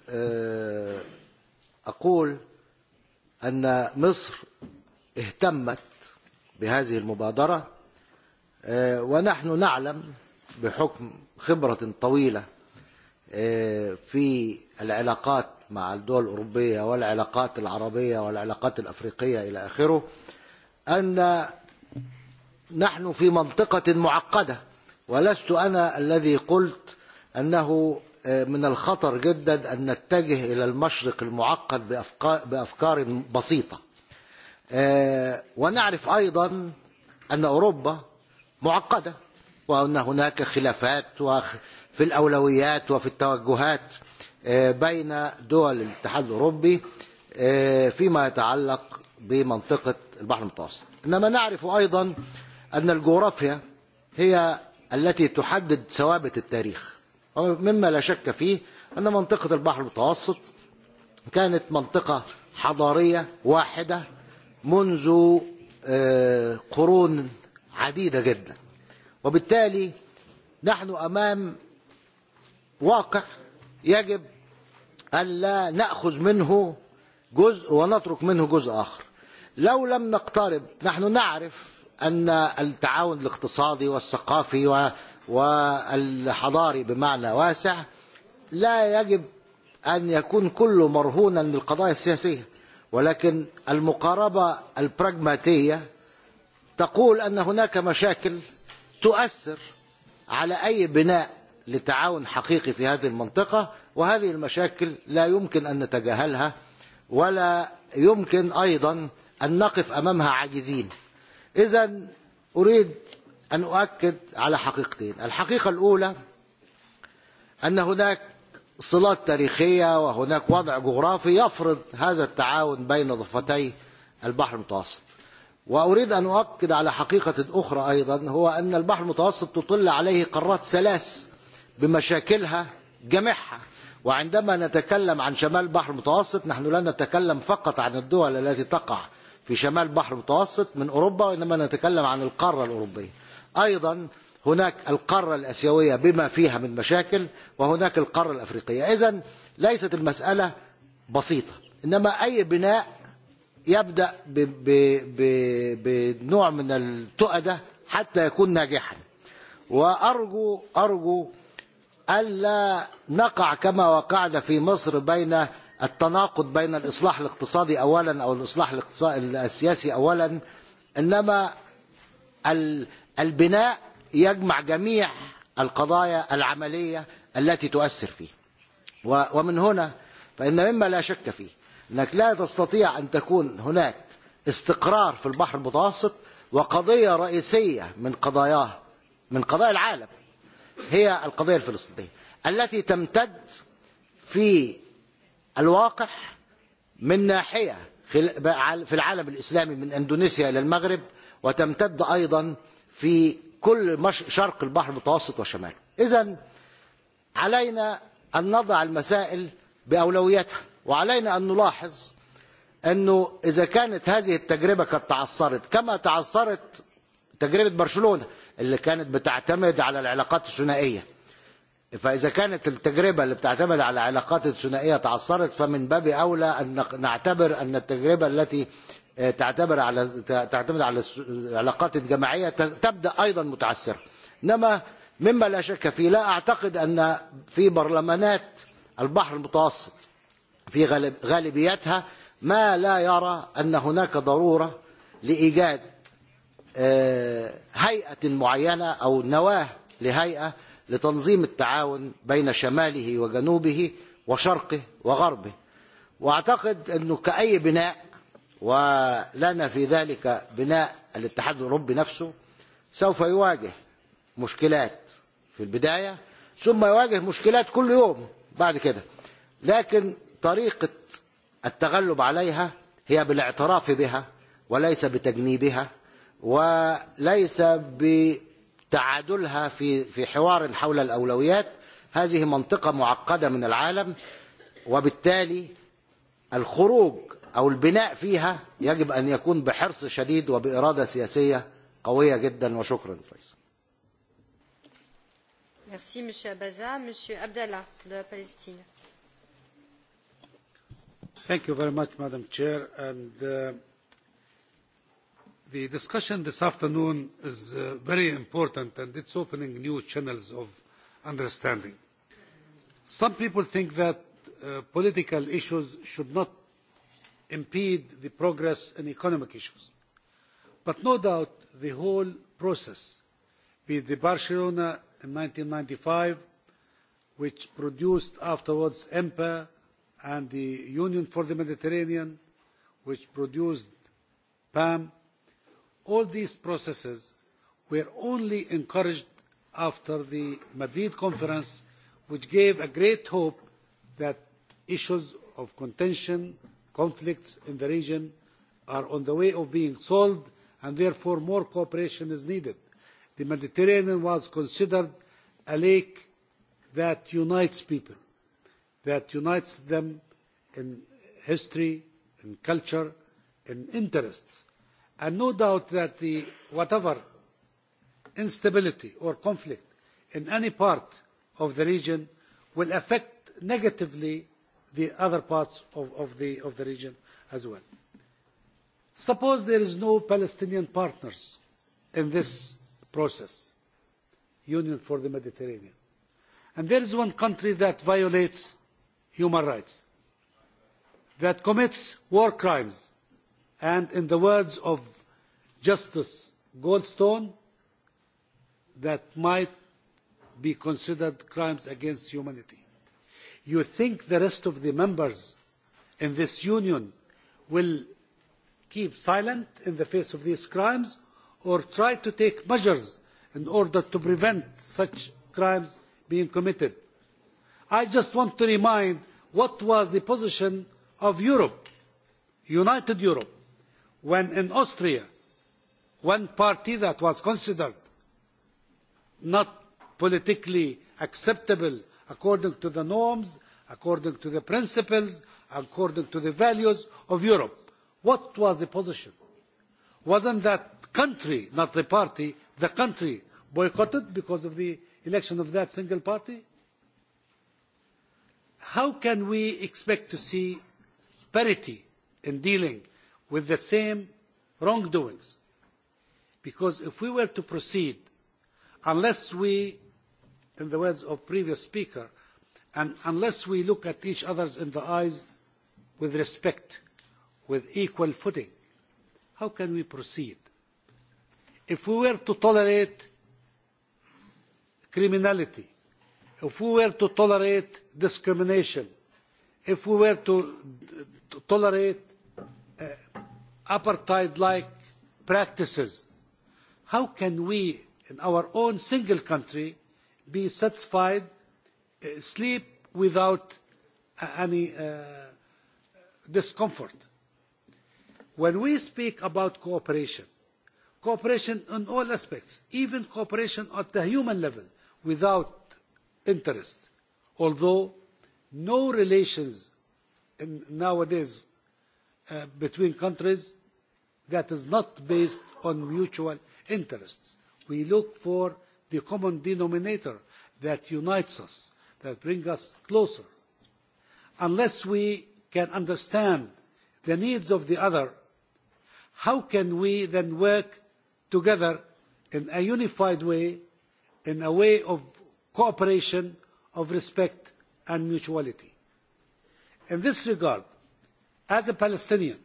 أقول أن مصر اهتمت بهذه المبادرة ونحن نعلم بحكم خبرة طويلة في العلاقات مع الدول الأوروبية والعلاقات العربية والعلاقات الأفريقية إلى آخره أن نحن في منطقة معقدة ولست أنا الذي قلت أنه من الخطر جدا أن نتجه إلى المشرق المعقد بأفكار بسيطة ونعرف أيضا أن أوروبا معقدة وأن هناك خلافات في الأولويات وفي التوجهات بين دول الاتحاد الأوروبي فيما يتعلق بمنطقة البحر المتوسط إنما نعرف أيضا أن الجغرافيا هي التي تحدد ثوابت التاريخ مما لا شك فيه أن منطقة البحر المتوسط كانت منطقة حضارية واحدة منذ قرون عديدة جدا وبالتالي نحن أمام واقع يجب أن لا نأخذ منه جزء ونترك منه جزء آخر لو لم نقترب نحن نعرف أن التعاون الاقتصادي والثقافي والحضاري بمعنى واسع لا يجب أن يكون كله مرهونا للقضايا السياسية ولكن المقاربة البراغماتية تقول أن هناك مشاكل تؤثر على أي بناء لتعاون حقيقي في هذه المنطقة وهذه المشاكل لا يمكن أن نتجاهلها ولا يمكن أيضا أن نقف أمامها عاجزين إذا أريد أن أؤكد على حقيقتين الحقيقة الأولى أن هناك صلات تاريخية وهناك وضع جغرافي يفرض هذا التعاون بين ضفتي البحر المتوسط وأريد أن أؤكد على حقيقة أخرى أيضا هو أن البحر المتوسط تطل عليه قارات ثلاث بمشاكلها جميعها وعندما نتكلم عن شمال البحر المتوسط نحن لا نتكلم فقط عن الدول التي تقع في شمال البحر المتوسط من أوروبا وإنما نتكلم عن القارة الأوروبية أيضا هناك القارة الأسيوية بما فيها من مشاكل وهناك القارة الأفريقية إذن ليست المسألة بسيطة إنما أي بناء يبدأ بنوع من التؤدة حتى يكون ناجحا وأرجو أرجو ألا نقع كما وقعنا في مصر بين التناقض بين الإصلاح الاقتصادي أولا أو الإصلاح السياسي أولا إنما البناء يجمع جميع القضايا العملية التي تؤثر فيه ومن هنا فإن مما لا شك فيه أنك لا تستطيع أن تكون هناك استقرار في البحر المتوسط وقضية رئيسية من قضاياه من قضايا العالم هي القضية الفلسطينية التي تمتد في الواقع من ناحية في العالم الإسلامي من أندونيسيا إلى المغرب وتمتد أيضا في كل شرق البحر المتوسط وشماله إذا علينا أن نضع المسائل بأولوياتها وعلينا أن نلاحظ أنه إذا كانت هذه التجربة قد تعثرت كما تعثرت تجربة برشلونة اللي كانت بتعتمد على العلاقات الثنائية فإذا كانت التجربة اللي بتعتمد على العلاقات الثنائية تعثرت فمن باب أولى أن نعتبر أن التجربة التي تعتبر على تعتمد على العلاقات الجماعية تبدأ أيضا متعسرة إنما مما لا شك فيه لا أعتقد أن في برلمانات البحر المتوسط في غالبيتها ما لا يرى أن هناك ضرورة لإيجاد هيئة معينة أو نواة لهيئة لتنظيم التعاون بين شماله وجنوبه وشرقه وغربه وأعتقد أنه كأي بناء ولنا في ذلك بناء الاتحاد الأوروبي نفسه سوف يواجه مشكلات في البداية ثم يواجه مشكلات كل يوم بعد كده لكن طريقة التغلب عليها هي بالاعتراف بها وليس بتجنيبها وليس بتعادلها في في حوار حول الأولويات هذه منطقة معقدة من العالم وبالتالي الخروج أو البناء فيها يجب أن يكون بحرص شديد وبإرادة سياسية قوية جدا وشكرا رئيس Merci, Monsieur Abaza. Monsieur Abdallah, de Palestine. Thank you very much, Madam Chair. And uh, the discussion this afternoon is uh, very important and it's opening new channels of understanding. Some people think that uh, political issues should not impede the progress in economic issues. But no doubt the whole process, be it the Barcelona in ninety five, which produced afterwards EMPA and the Union for the Mediterranean, which produced PAM, all these processes were only encouraged after the Madrid conference, which gave a great hope that issues of contention conflicts in the region are on the way of being solved and therefore more cooperation is needed. The Mediterranean was considered a lake that unites people, that unites them in history, in culture, in interests. And no doubt that the, whatever instability or conflict in any part of the region will affect negatively the other parts of, of, the, of the region as well. Suppose there is no Palestinian partners in this process, Union for the Mediterranean. And there is one country that violates human rights, that commits war crimes, and in the words of Justice Goldstone, that might be considered crimes against humanity you think the rest of the members in this union will keep silent in the face of these crimes or try to take measures in order to prevent such crimes being committed. I just want to remind what was the position of Europe, United Europe, when in Austria, one party that was considered not politically acceptable according to the norms, according to the principles, according to the values of Europe. What was the position? Wasn't that country, not the party, the country boycotted because of the election of that single party? How can we expect to see parity in dealing with the same wrongdoings? Because if we were to proceed, unless we in the words of previous speaker, and unless we look at each other in the eyes with respect, with equal footing, how can we proceed? If we were to tolerate criminality, if we were to tolerate discrimination, if we were to, to tolerate uh, apartheid-like practices, how can we, in our own single country, be satisfied, uh, sleep without uh, any uh, discomfort. When we speak about cooperation, cooperation on all aspects, even cooperation at the human level, without interest, although no relations in, nowadays uh, between countries that is not based on mutual interests. We look for the common denominator that unites us, that brings us closer. Unless we can understand the needs of the other, how can we then work together in a unified way, in a way of cooperation, of respect and mutuality? In this regard, as a Palestinian,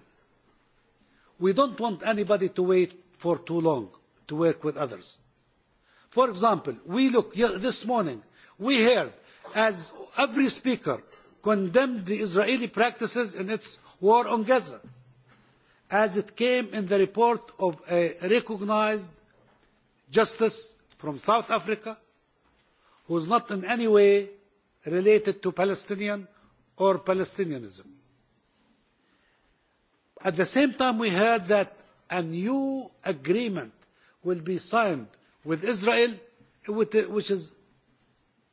we don't want anybody to wait for too long to work with others. For example, we look this morning, we heard as every speaker condemned the Israeli practices in its war on Gaza, as it came in the report of a recognized justice from South Africa, who is not in any way related to Palestinian or Palestinianism. At the same time, we heard that a new agreement will be signed with Israel, which is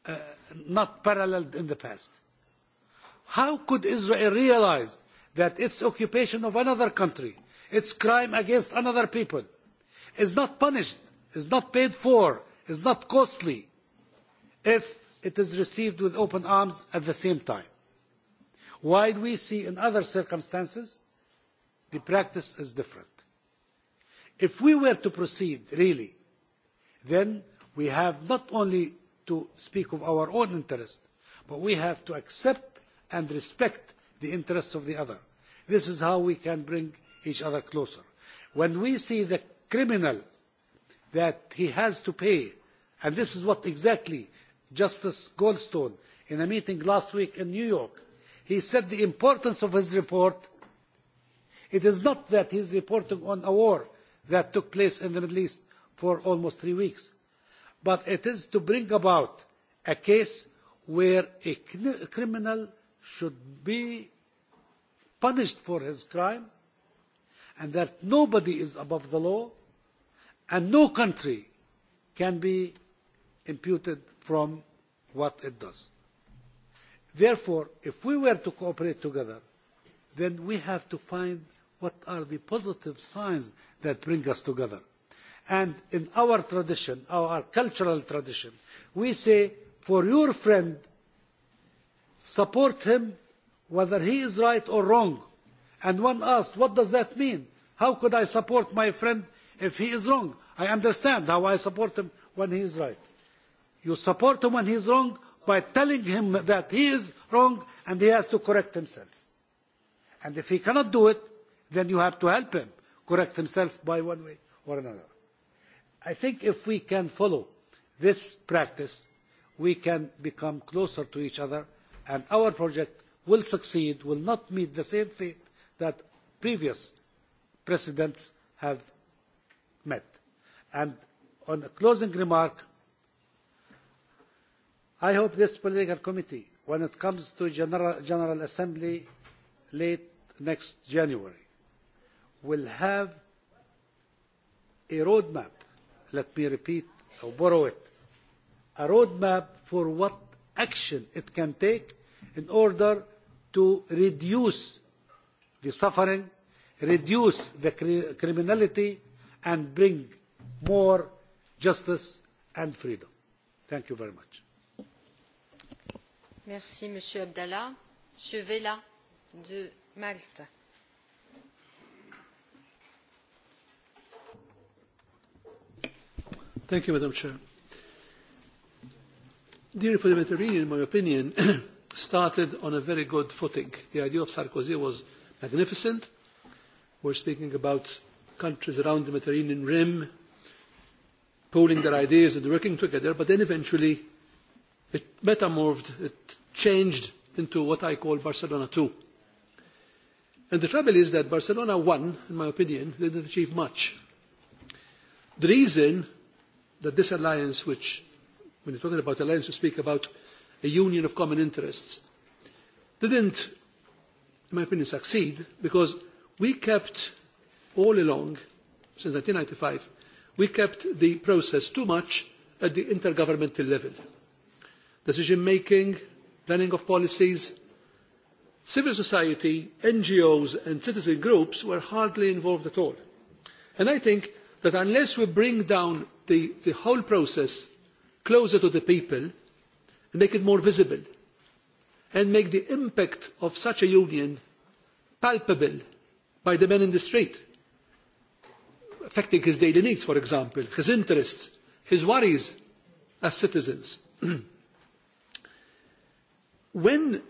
uh, not paralleled in the past. How could Israel realize that its occupation of another country, its crime against another people, is not punished, is not paid for, is not costly, if it is received with open arms at the same time? Why do we see in other circumstances the practice is different? If we were to proceed, really, then we have not only to speak of our own interest, but we have to accept and respect the interests of the other. This is how we can bring each other closer. When we see the criminal that he has to pay, and this is what exactly Justice Goldstone in a meeting last week in New York, he said the importance of his report. It is not that he is reporting on a war that took place in the Middle East for almost three weeks. But it is to bring about a case where a criminal should be punished for his crime and that nobody is above the law and no country can be imputed from what it does. Therefore, if we were to cooperate together, then we have to find what are the positive signs that bring us together. And in our tradition, our cultural tradition, we say, for your friend, support him whether he is right or wrong. And one asked, what does that mean? How could I support my friend if he is wrong? I understand how I support him when he is right. You support him when he is wrong by telling him that he is wrong and he has to correct himself. And if he cannot do it, then you have to help him correct himself by one way or another. I think if we can follow this practice, we can become closer to each other and our project will succeed, will not meet the same fate that previous Presidents have met. And on a closing remark, I hope this political committee, when it comes to General, General Assembly late next January, will have a roadmap let me repeat or borrow it, a roadmap for what action it can take in order to reduce the suffering, reduce the cr criminality, and bring more justice and freedom. Thank you very much. Merci, Monsieur Abdallah. vais là de Malte. Thank you, Madam Chair. The parliamentarian, in my opinion, started on a very good footing. The idea of Sarkozy was magnificent. We're speaking about countries around the Mediterranean Rim pooling their ideas and working together, but then eventually it metamorphed, it changed into what I call Barcelona 2. And the trouble is that Barcelona 1, in my opinion, didn't achieve much. The reason that this alliance, which, when you're talking about alliance, you speak about a union of common interests, didn't, in my opinion, succeed because we kept all along, since ninety five, we kept the process too much at the intergovernmental level. Decision making, planning of policies, civil society, NGOs and citizen groups were hardly involved at all. And I think that unless we bring down the, the whole process closer to the people, and make it more visible, and make the impact of such a union palpable by the man in the street, affecting his daily needs, for example, his interests, his worries as citizens. when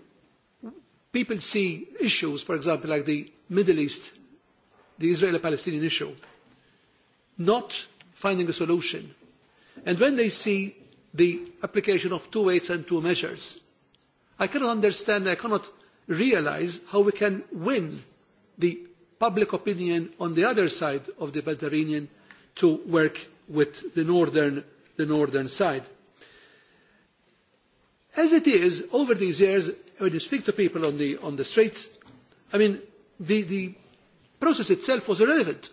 people see issues, for example, like the Middle East, the Israeli-Palestinian issue, not finding a solution. And when they see the application of two weights and two measures, I cannot understand, I cannot realise how we can win the public opinion on the other side of the Mediterranean to work with the northern, the northern side. As it is, over these years, when you speak to people on the, on the streets, I mean, the, the process itself was irrelevant.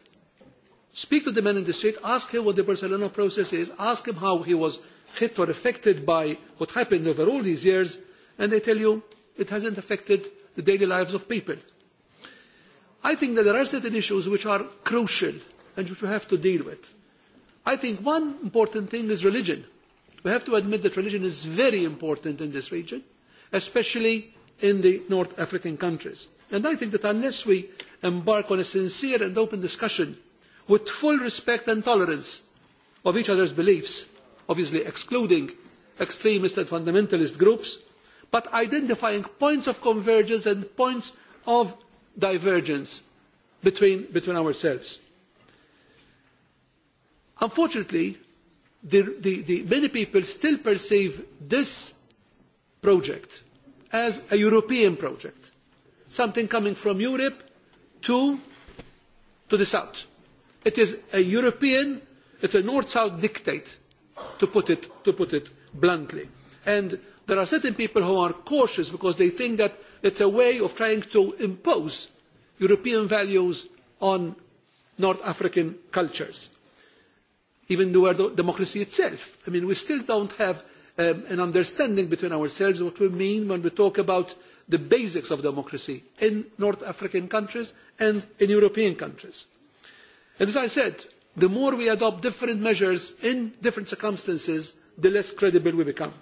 Speak to the man in the street, ask him what the Barcelona process is, ask him how he was hit or affected by what happened over all these years, and they tell you it hasn't affected the daily lives of people. I think that there are certain issues which are crucial and which we have to deal with. I think one important thing is religion. We have to admit that religion is very important in this region, especially in the North African countries. And I think that unless we embark on a sincere and open discussion with full respect and tolerance of each other's beliefs, obviously excluding extremist and fundamentalist groups, but identifying points of convergence and points of divergence between, between ourselves. Unfortunately, the, the, the many people still perceive this project as a European project, something coming from Europe to, to the south It is a European, it's a North-South dictate, to put, it, to put it bluntly. And there are certain people who are cautious because they think that it's a way of trying to impose European values on North African cultures. Even the word democracy itself. I mean, we still don't have um, an understanding between ourselves what we mean when we talk about the basics of democracy in North African countries and in European countries. As I said, the more we adopt different measures in different circumstances, the less credible we become.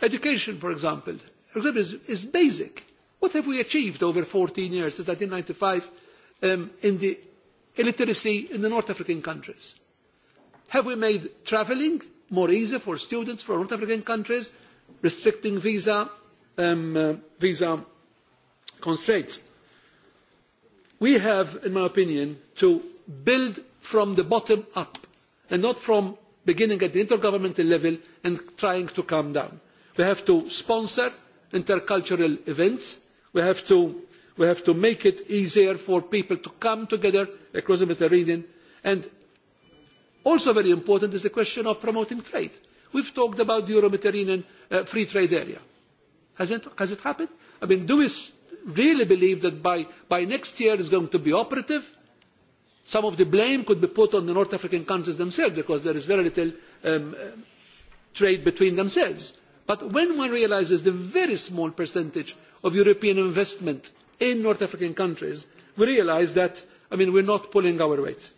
Education, for example, is, is basic. What have we achieved over 14 years since 1995 um, in the illiteracy in the North African countries? Have we made travelling more easy for students from North African countries, restricting visa, um, uh, visa constraints? We have, in my opinion, to build from the bottom up and not from beginning at the intergovernmental level and trying to come down. We have to sponsor intercultural events. We have to, we have to make it easier for people to come together across the Mediterranean. And also very important is the question of promoting trade. We've talked about the Euro-Mediterranean uh, free trade area. Has it, has it happened? I mean, do we really believe that by, by next year it's going to be operative? Some of the blame could be put on the North African countries themselves because there is very little um, uh, trade between themselves. But when one realises the very small percentage of European investment in North African countries, we realise that, I mean, we're not pulling our weight.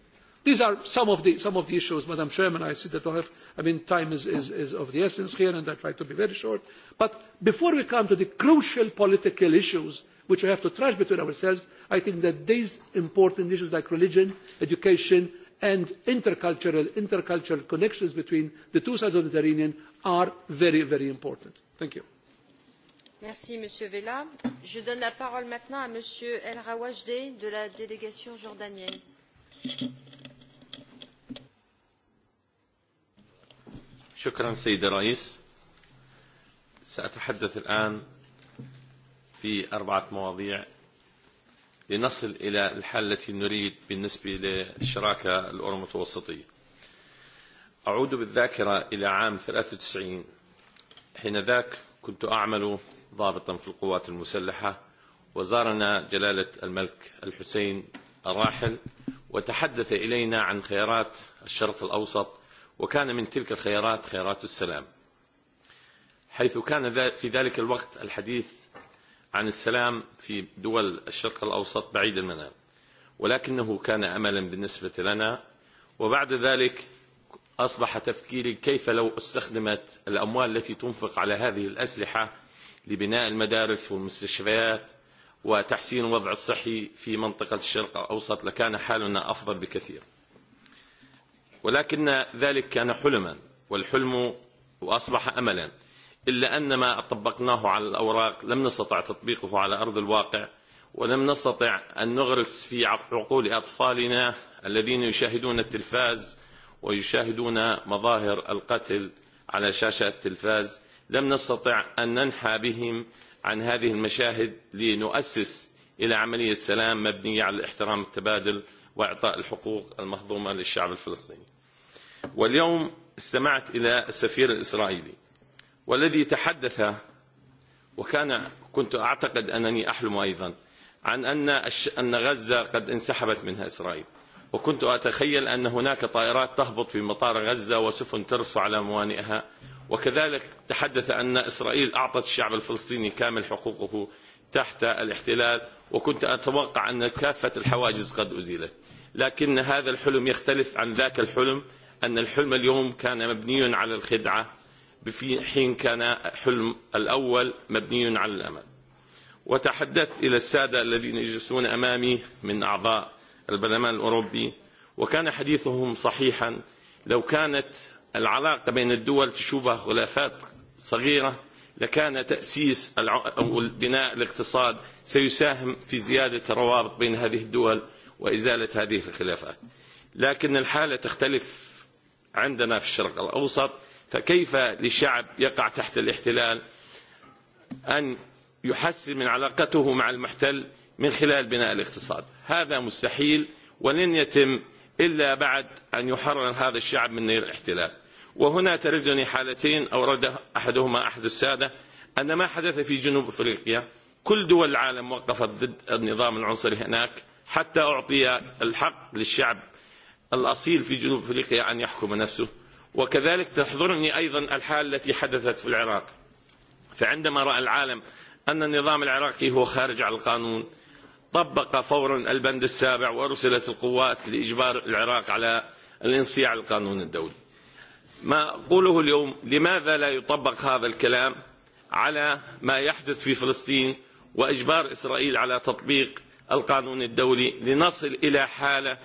These are some of the, some of the issues, Madam Chairman. I see that we uh, have, I mean, time is, is, is of the essence here, and I try to be very short. But before we come to the crucial political issues which we have to trash between ourselves, I think that these important issues like religion, education, and intercultural, intercultural connections between the two sides of the Mediterranean are very, very important. Thank you. Merci, Monsieur Je donne la parole maintenant à Monsieur El Rawajde de la délégation jordanienne. شكرا سيد الرئيس سأتحدث الآن في أربعة مواضيع لنصل إلى الحل التي نريد بالنسبة للشراكة الأورو متوسطية أعود بالذاكرة إلى عام 93 حينذاك كنت أعمل ضابطا في القوات المسلحة وزارنا جلالة الملك الحسين الراحل وتحدث إلينا عن خيارات الشرق الأوسط وكان من تلك الخيارات خيارات السلام حيث كان في ذلك الوقت الحديث عن السلام في دول الشرق الأوسط بعيد المنام ولكنه كان أملا بالنسبة لنا وبعد ذلك أصبح تفكيري كيف لو استخدمت الأموال التي تنفق على هذه الأسلحة لبناء المدارس والمستشفيات وتحسين الوضع الصحي في منطقة الشرق الأوسط لكان حالنا أفضل بكثير ولكن ذلك كان حلما والحلم وأصبح أملا إلا أن ما طبقناه على الأوراق لم نستطع تطبيقه على أرض الواقع ولم نستطع أن نغرس في عقول أطفالنا الذين يشاهدون التلفاز ويشاهدون مظاهر القتل على شاشة التلفاز لم نستطع أن ننحى بهم عن هذه المشاهد لنؤسس إلى عملية سلام مبنية على الاحترام التبادل وإعطاء الحقوق المهضومة للشعب الفلسطيني واليوم استمعت إلى السفير الإسرائيلي والذي تحدث وكان كنت أعتقد أنني أحلم أيضا عن أن, أن غزة قد انسحبت منها إسرائيل وكنت أتخيل أن هناك طائرات تهبط في مطار غزة وسفن ترس على موانئها وكذلك تحدث أن إسرائيل أعطت الشعب الفلسطيني كامل حقوقه تحت الاحتلال وكنت أتوقع أن كافة الحواجز قد أزيلت لكن هذا الحلم يختلف عن ذاك الحلم أن الحلم اليوم كان مبني على الخدعة في حين كان حلم الأول مبني على الأمل وتحدثت إلى السادة الذين يجلسون أمامي من أعضاء البرلمان الأوروبي وكان حديثهم صحيحا لو كانت العلاقة بين الدول تشوبها خلافات صغيرة لكان تأسيس أو بناء الاقتصاد سيساهم في زيادة الروابط بين هذه الدول وإزالة هذه الخلافات لكن الحالة تختلف عندنا في الشرق الأوسط فكيف للشعب يقع تحت الاحتلال أن يحسن من علاقته مع المحتل من خلال بناء الاقتصاد هذا مستحيل ولن يتم إلا بعد أن يحرر هذا الشعب من نير الاحتلال وهنا تردني حالتين أورد أحدهما أحد السادة أن ما حدث في جنوب أفريقيا كل دول العالم وقفت ضد النظام العنصري هناك حتى أعطي الحق للشعب الأصيل في جنوب أفريقيا أن يحكم نفسه وكذلك تحضرني أيضا الحال التي حدثت في العراق فعندما رأى العالم أن النظام العراقي هو خارج على القانون طبق فورا البند السابع وأرسلت القوات لإجبار العراق على الانصياع القانون الدولي ما أقوله اليوم لماذا لا يطبق هذا الكلام على ما يحدث في فلسطين وإجبار إسرائيل على تطبيق القانون الدولي لنصل إلى حالة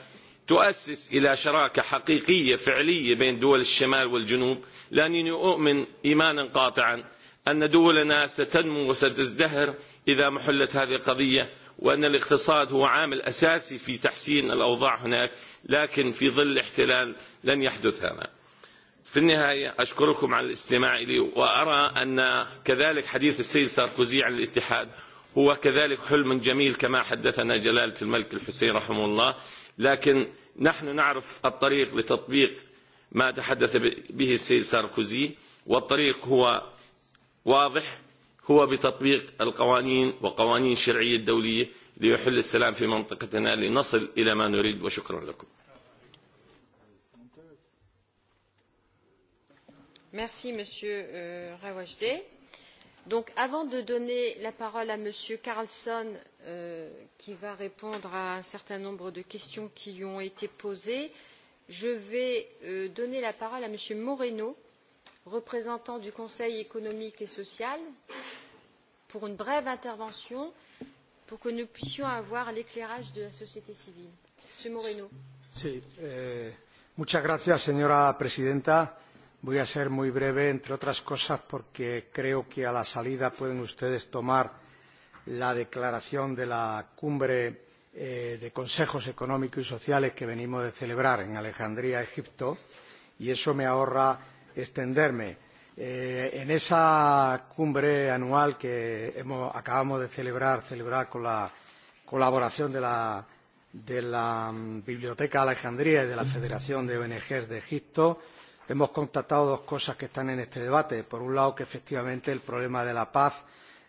تؤسس إلى شراكة حقيقية فعلية بين دول الشمال والجنوب لأنني أؤمن إيمانا قاطعا أن دولنا ستنمو وستزدهر إذا محلت هذه القضية وأن الاقتصاد هو عامل أساسي في تحسين الأوضاع هناك لكن في ظل الاحتلال لن يحدث هذا في النهاية أشكركم على الاستماع إلي وأرى أن كذلك حديث السيد ساركوزي عن الاتحاد هو كذلك حلم جميل كما حدثنا جلالة الملك الحسين رحمه الله لكن نحن نعرف الطريق لتطبيق ما تحدث به السيد ساركوزي والطريق هو واضح هو بتطبيق القوانين وقوانين الشرعية الدولية ليحل السلام في منطقتنا لنصل إلى ما نريد وشكرا لكم Merci, Monsieur euh, Rawajde. Donc, avant de donner la parole à Monsieur Carlson euh, Euh, qui va répondre à un certain nombre de questions qui ont été posées. Je vais euh, donner la parole à M. Moreno, représentant du Conseil économique et social, pour une brève intervention, pour que nous puissions avoir l'éclairage de la société civile. Monsieur Moreno. Sí, eh, muchas gracias, señora presidenta. Voy a ser muy breve, entre otras cosas, porque creo que a la salida pueden ustedes tomar la declaración de la cumbre eh, de consejos económicos y sociales que venimos de celebrar en Alejandría, Egipto, y eso me ahorra extenderme. Eh, en esa cumbre anual que hemos, acabamos de celebrar, celebrar con la colaboración de la, de la mm, Biblioteca Alejandría y de la Federación de ONG de Egipto, hemos constatado dos cosas que están en este debate. Por un lado, que efectivamente el problema de la paz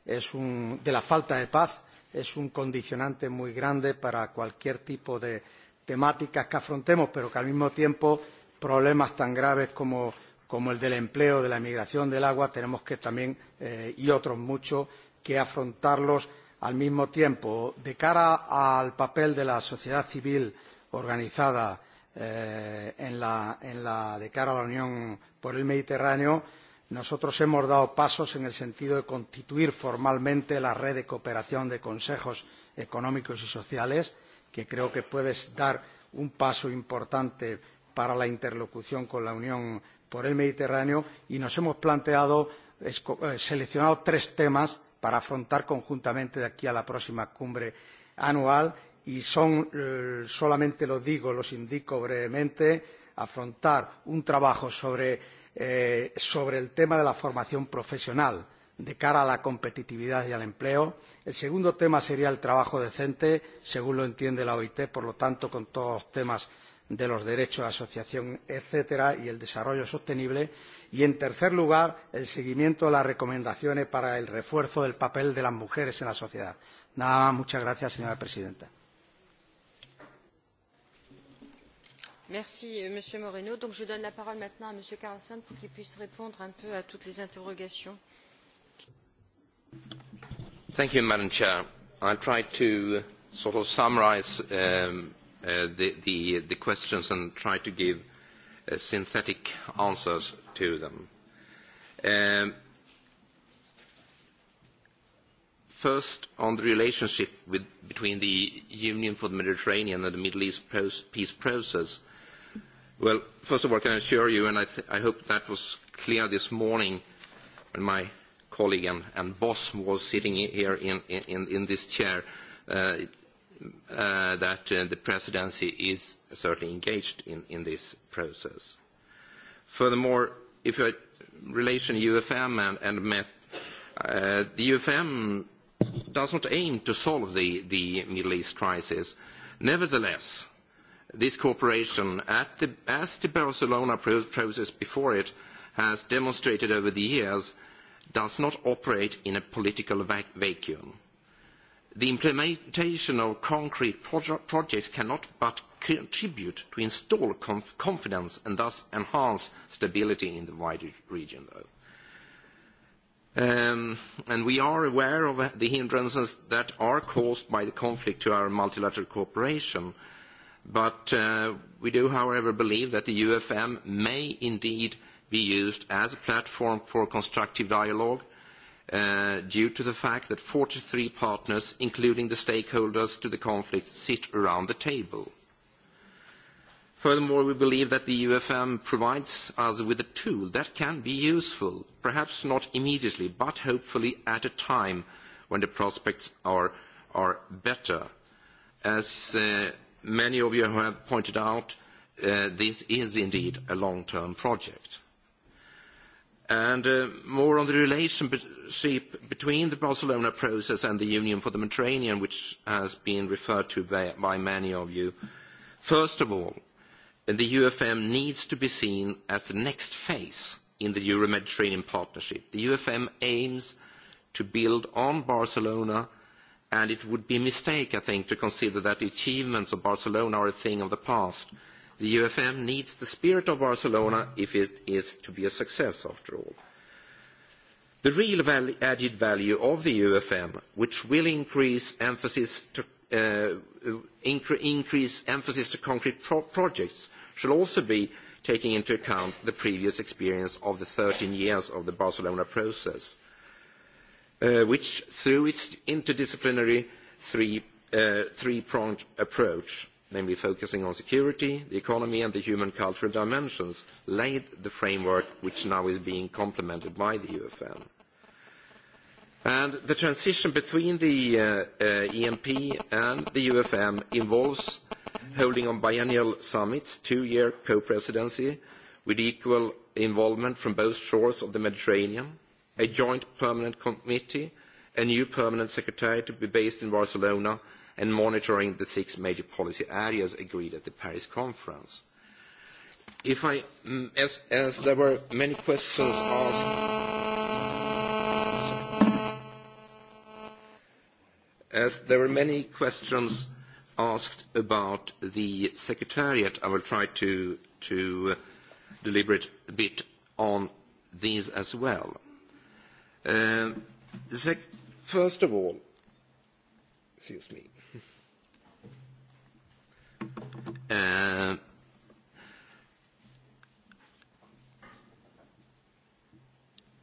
es un, de la falta de paz es un condicionante muy grande para cualquier tipo de temáticas que afrontemos, pero que al mismo tiempo problemas tan graves como, como el del empleo, de la inmigración, del agua, tenemos que también, eh, y otros muchos, que afrontarlos al mismo tiempo. De cara al papel de la sociedad civil organizada eh, en la, en la, de cara a la Unión por el Mediterráneo, Nosotros hemos dado pasos en el sentido de constituir formalmente la red de cooperación de consejos económicos y sociales, que creo que puede dar un paso importante para la interlocución con la Unión por el Mediterráneo, y nos hemos planteado, eh, seleccionado tres temas para afrontar conjuntamente de aquí a la próxima cumbre anual, y son, eh, solamente los digo, los indico brevemente, afrontar un trabajo sobre eh, sobre el tema de la formación profesional de cara a la competitividad y al empleo. El segundo tema sería el trabajo decente, según lo entiende la OIT, por lo tanto, con todos los temas de los derechos de asociación, etcétera, y el desarrollo sostenible. Y, en tercer lugar, el seguimiento de las recomendaciones para el refuerzo del papel de las mujeres en la sociedad. Nada más, muchas gracias, señora presidenta. Merci, euh, Monsieur Moreno. Donc, je donne la parole maintenant à Monsieur Carlson pour qu'il puisse répondre un peu à toutes les interrogations. Thank you, Madam Chair. I'll try to uh, sort of summarize um, uh, the, the, the questions and try to give uh, synthetic answers to them. Um, First, on the relationship with, between the Union for the Mediterranean and the Middle East peace process, Well, first of all, can I assure you, and I, th I hope that was clear this morning when my colleague and, and boss was sitting here in, in, in this chair, uh, uh, that uh, the presidency is certainly engaged in, in this process. Furthermore, if I relation UFM and, and MEP, uh, the UFM does not aim to solve the, the Middle East crisis. Nevertheless, This cooperation, the, as the Barcelona process before it has demonstrated over the years, does not operate in a political vac vacuum. The implementation of concrete projects cannot but contribute to install conf confidence and thus enhance stability in the wider region, though. Um, and we are aware of the hindrances that are caused by the conflict to our multilateral cooperation, But uh, we do, however, believe that the UFM may indeed be used as a platform for constructive dialogue uh, due to the fact that 43 partners, including the stakeholders to the conflict, sit around the table. Furthermore, we believe that the UFM provides us with a tool that can be useful, perhaps not immediately, but hopefully at a time when the prospects are, are better. As uh, many of you have pointed out, uh, this is indeed a long-term project. And uh, more on the relationship between the Barcelona process and the Union for the Mediterranean, which has been referred to by, by many of you. First of all, the UFM needs to be seen as the next phase in the Euro-Mediterranean partnership. The UFM aims to build on Barcelona – and it would be a mistake, I think, to consider that the achievements of Barcelona are a thing of the past. The UFM needs the spirit of Barcelona if it is to be a success, after all. The real added value of the UFM, which will increase emphasis to, uh, incre increase emphasis to concrete pro projects, should also be taking into account the previous experience of the 13 years of the Barcelona process. Uh, which, through its interdisciplinary three, uh, three-pronged approach, namely focusing on security, the economy and the human cultural dimensions, laid the framework which now is being complemented by the UFM. And the transition between the uh, uh, EMP and the UFM involves holding on biennial summits, two-year co-presidency, with equal involvement from both shores of the Mediterranean, a joint permanent committee, a new permanent secretariat to be based in Barcelona, and monitoring the six major policy areas agreed at the Paris conference. If I, mm, as, as there were many questions asked, as there were many questions asked about the secretariat, I will try to, to deliberate a bit on these as well sec um, first of all, excuse me, uh,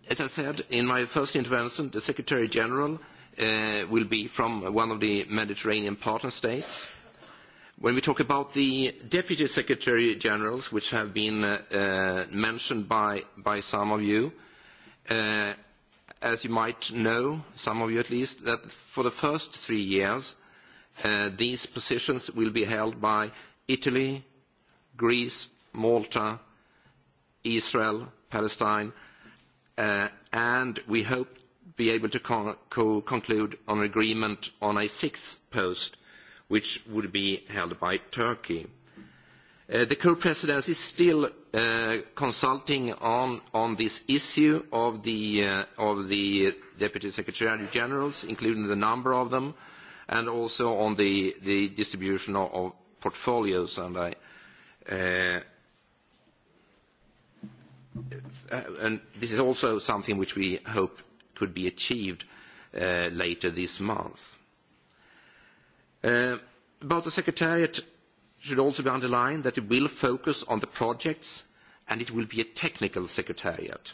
as I said in my first intervention, the Secretary General uh, will be from one of the Mediterranean partner states. When we talk about the Deputy Secretary Generals, which have been uh, uh, mentioned by, by some of you, uh, as you might know, some of you at least, that for the first three years, uh, these positions will be held by Italy, Greece, Malta, Israel, Palestine, uh, and we hope be able to con co conclude on an agreement on a sixth post, which would be held by Turkey. Uh, the co-presidency still Uh, consulting on, on this issue of the, uh, of the Deputy Secretary Generals, including the number of them, and also on the, the distribution of, of portfolios. And I, uh, and this is also something which we hope could be achieved uh, later this month. Uh, about the Secretariat should also be underlined that it will focus on the projects and it will be a technical secretariat.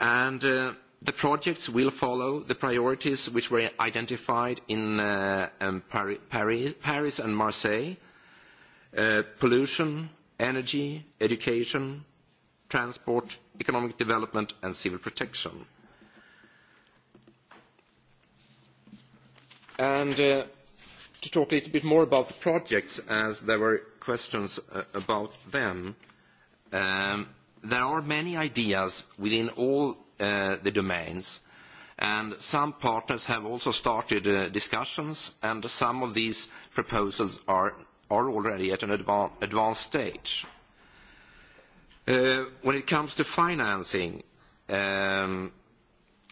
And uh, the projects will follow the priorities which were identified in uh, um, Paris, Paris, and Marseille, uh, pollution, energy, education, transport, economic development and civil protection. And uh, to talk a little bit more about the projects as there were questions uh, about them, uh, Um, there are many ideas within all uh, the domains, and some partners have also started uh, discussions, and some of these proposals are, are already at an advan advanced stage. Uh, when it comes to financing, um,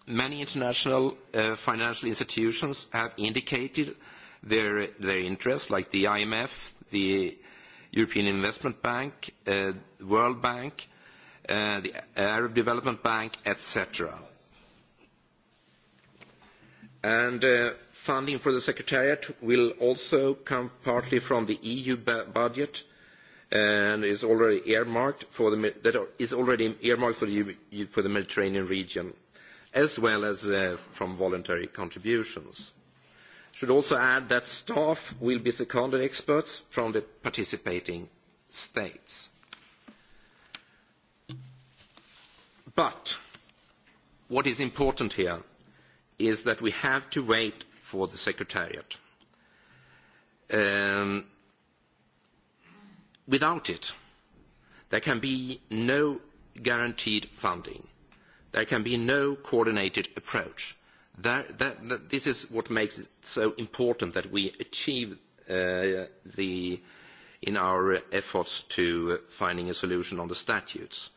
many international uh, financial institutions have indicated their, their interest, like the IMF, the European Investment Bank, uh, World Bank, uh, the Arab Development Bank, etc. And uh, funding for the Secretariat will also come partly from the EU budget and is already earmarked for the, that is already earmarked for the, for the Mediterranean region, as well as uh, from voluntary contributions should also add that staff will be seconded experts from the participating states. But what is important here is that we have to wait for the Secretariat. Um, without it, there can be no guaranteed funding. There can be no coordinated approach That, that, that this is what makes it so important that we achieve uh, the, in our efforts to finding a solution on the statutes,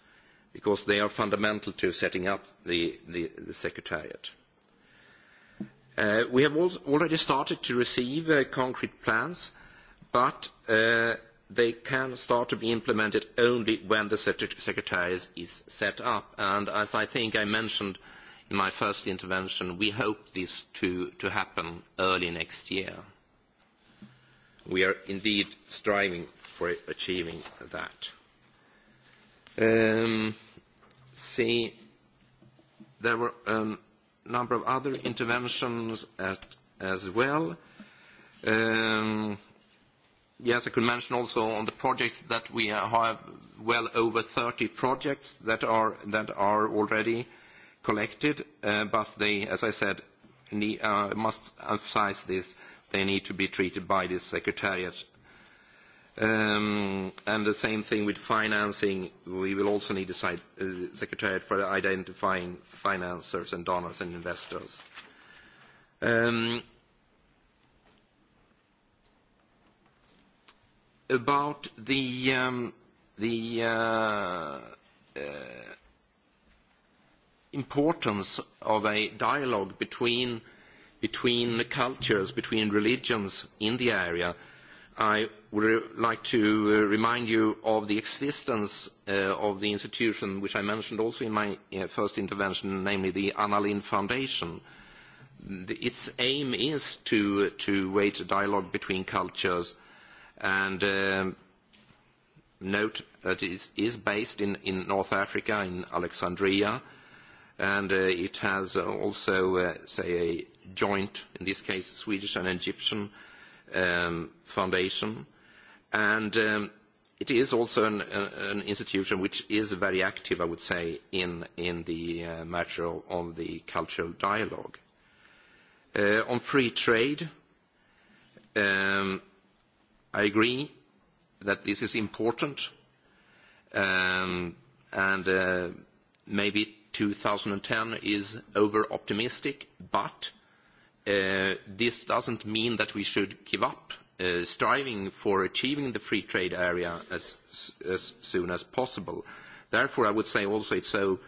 because they are fundamental to setting up the, the, the Secretariat. Uh, we have already started to receive uh, concrete plans, but uh, they can start to be implemented only when the Secretariat is set up. And as I think I mentioned my first intervention, we hope this to, to happen early next year. We are indeed striving for achieving that. Um, see, there were a um, number of other interventions at, as well. Um, yes, I could mention also on the projects that we have well over 30 projects that are, that are already uh, collected, uh, but they, as I said, need, uh, must emphasize this, they need to be treated by the Secretariat. Um, and the same thing with financing, we will also need a side, uh, Secretariat for identifying financiers and donors and investors. Um, about the, um, the uh, uh, importance of a dialogue between, between the cultures, between religions in the area, I would like to uh, remind you of the existence uh, of the institution which I mentioned also in my uh, first intervention, namely the Anna Lindh Foundation. The, its aim is to, to wage a dialogue between cultures and um, note that it is, is based in, in North Africa, in Alexandria, and uh, it has uh, also, uh, say, a joint, in this case, Swedish and Egyptian um, foundation. And um, it is also an, uh, an institution which is very active, I would say, in, in the uh, matter of, on the cultural dialogue. Uh, on free trade, um, I agree that this is important, um, and uh, maybe 2010 is over-optimistic, but uh, this doesn't mean that we should give up uh, striving for achieving the free trade area as, as soon as possible. Therefore, I would say also it's so,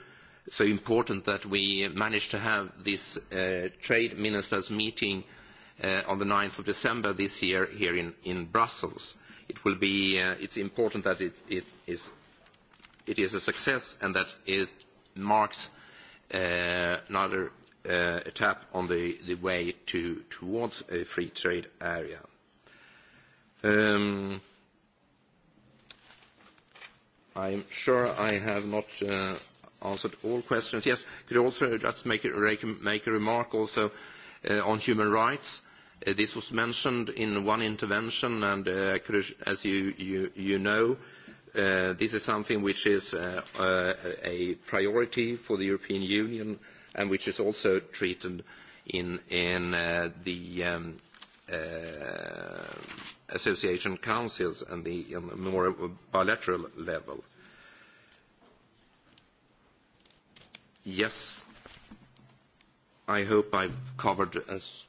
so important that we managed to have this uh, trade ministers meeting uh, on the 9th of December this year here in, in Brussels. It will be, uh, it's important that it, it, is, it is a success and that it marks uh, another uh, tap on the, the way to, towards a free trade area. Um, I'm sure I have not uh, answered all questions. Yes, could also just make a, make a remark also uh, on human rights. Uh, this was mentioned in one intervention, and uh, as you, you, you know, uh, Uh, this is something which is uh, uh, a priority for the European Union and which is also treated in, in uh, the um, uh, association councils and the in more bilateral level. Yes, I hope I've covered as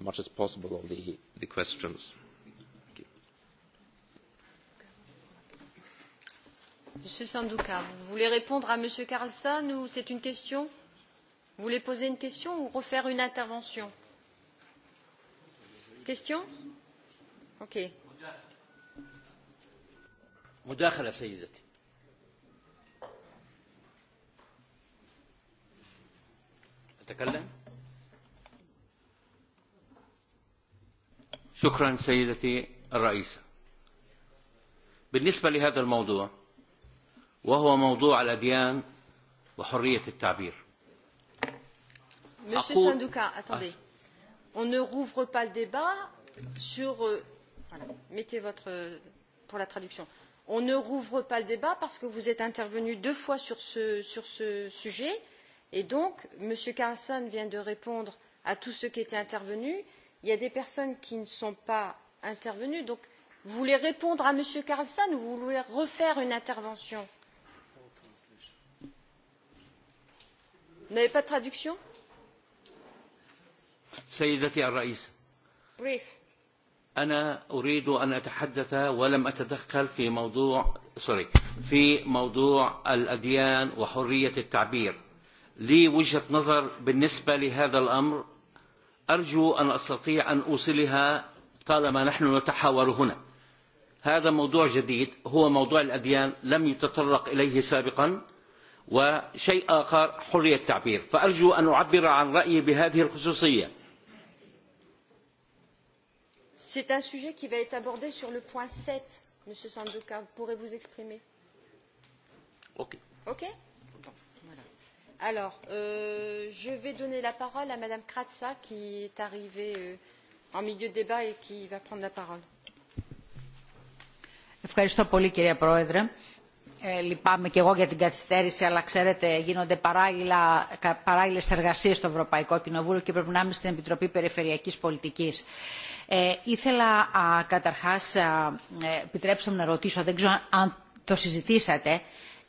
much as possible of the, the questions. Monsieur Sanduka, vous voulez répondre à Monsieur Carlson ou c'est une question Vous voulez poser une question ou refaire une intervention Question Ok. مداخلة سيدتي أتكلم شكرا سيدتي الرئيسة بالنسبة لهذا الموضوع وهو موضوع الأديان وحرية التعبير Monsieur أقول... Sanduka, attendez. On ne rouvre pas le débat sur... Euh, voilà, mettez votre... pour la traduction. On ne rouvre pas le débat parce que vous êtes intervenu deux fois sur ce, sur ce sujet. Et donc, M. Carlson vient de répondre à tous ceux qui étaient intervenus. Il y a des personnes qui ne sont pas intervenues. Donc, vous voulez répondre à M. Carlson ou vous voulez refaire une intervention n'avez pas de traduction سيدتي الرئيس بريف أنا أريد أن أتحدث ولم أتدخل في موضوع سوري في موضوع الأديان وحرية التعبير لي وجهة نظر بالنسبة لهذا الأمر أرجو أن أستطيع أن أوصلها طالما نحن نتحاور هنا هذا موضوع جديد هو موضوع الأديان لم يتطرق إليه سابقا وشيء آخر حرية التعبير فأرجو أن أعبر عن رأيي بهذه الخصوصية C'est un sujet qui va être abordé sur le point 7, M. Sanduka. Vous pourrez vous exprimer Ok. Ok voilà. Alors, euh, je vais donner la parole à Mme Kratza, qui est arrivée euh, en milieu de débat et qui va prendre la parole. Merci beaucoup, Mme la Présidente λυπάμαι και εγώ για την καθυστέρηση, αλλά ξέρετε γίνονται παράλληλα, εργασίε στο Ευρωπαϊκό Κοινοβούλιο και πρέπει να είμαι στην Επιτροπή Περιφερειακή Πολιτική. Ε, ήθελα α, καταρχάς, α, ε, επιτρέψτε μου να ρωτήσω, δεν ξέρω αν το συζητήσατε,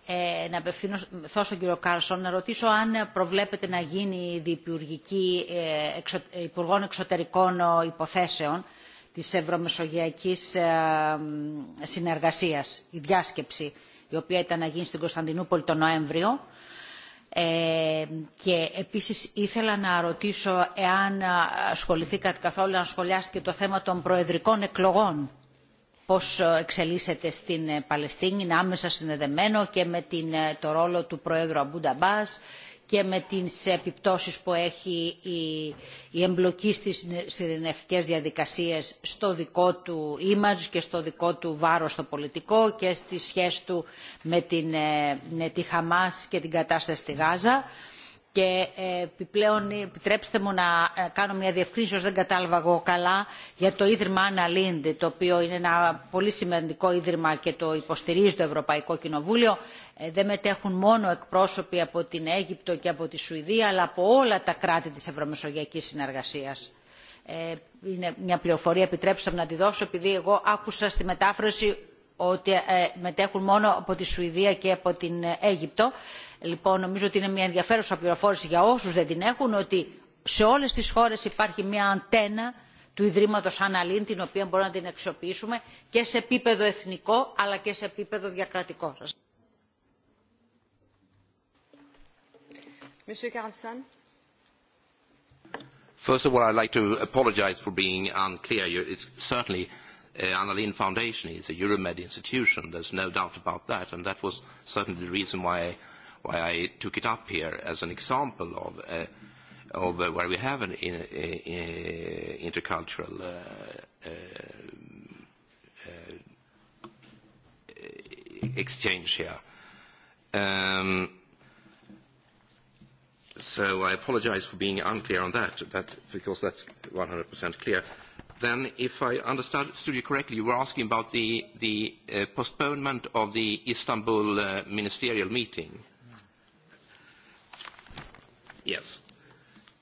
ε, να απευθύνω στον κύριο Κάρσον, να ρωτήσω αν προβλέπετε να γίνει διπουργική ε, εξω, Υπουργών Εξωτερικών Υποθέσεων της Ευρωμεσογειακής ε, Συνεργασίας, η διάσκεψη η οποία ήταν να γίνει στην Κωνσταντινούπολη τον Νοέμβριο. Ε, και επίσης ήθελα να ρωτήσω εάν ασχοληθήκατε καθόλου να σχολιάσετε το θέμα των προεδρικών εκλογών πώς εξελίσσεται στην Παλαιστίνη, είναι άμεσα συνδεδεμένο και με την, το ρόλο του Προέδρου Αμπούντα Μπάς, και με τις επιπτώσεις που έχει η, η εμπλοκή στις ειρηνευτικές διαδικασίες στο δικό του image και στο δικό του βάρος στο πολιτικό και στη σχέση του με, την, με τη Χαμάς και την κατάσταση στη Γάζα. Mm. Και επιπλέον επιτρέψτε μου να κάνω μια διευκρίνηση όσο δεν κατάλαβα εγώ καλά για το Ίδρυμα Άννα το οποίο είναι ένα πολύ σημαντικό Ίδρυμα και το υποστηρίζει το Ευρωπαϊκό Κοινοβούλιο. Δεν μετέχουν μόνο εκπρόσωποι από την Αίγυπτο και από τη Σουηδία, αλλά από όλα τα κράτη της Ευρωμεσογειακής Συνεργασίας. Είναι μια πληροφορία, επιτρέψτε μου να τη δώσω, επειδή εγώ άκουσα στη μετάφραση ότι μετέχουν μόνο από τη Σουηδία και από την Αίγυπτο. Λοιπόν, νομίζω ότι είναι μια ενδιαφέρουσα πληροφόρηση για όσους δεν την έχουν, ότι σε όλες τις χώρες υπάρχει μια αντένα του Ιδρύματος Αναλύν, την οποία μπορούμε να την αξιοποιήσουμε και σε επίπεδο εθνικό, αλλά και σε επίπεδο διακρατικό. Monsieur Carlson. First of all, I'd like to apologize for being unclear. It's certainly uh, Annalene Foundation is a Euromed institution. There's no doubt about that. And that was certainly the reason why I why I took it up here as an example of, uh, of uh, where we have an in, uh, uh, intercultural uh, uh, uh, exchange here. Um, so I apologize for being unclear on that, but because that's 100% clear. Then, if I understood you correctly, you were asking about the, the uh, postponement of the Istanbul uh, ministerial meeting. Yes.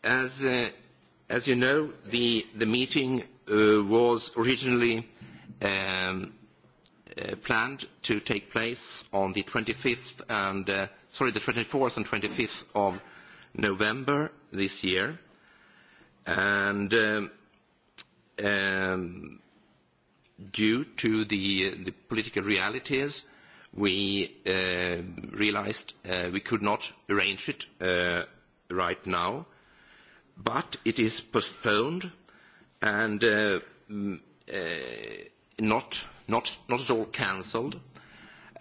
As, uh, as you know, the, the meeting uh, was originally um, uh, planned to take place on the 25th and, uh, sorry, the 24th and 25th of November this year. And um, um, due to the, the political realities, we uh, realized uh, we could not arrange it uh, right now, but it is postponed and uh, mm, uh, not, not, not at all cancelled.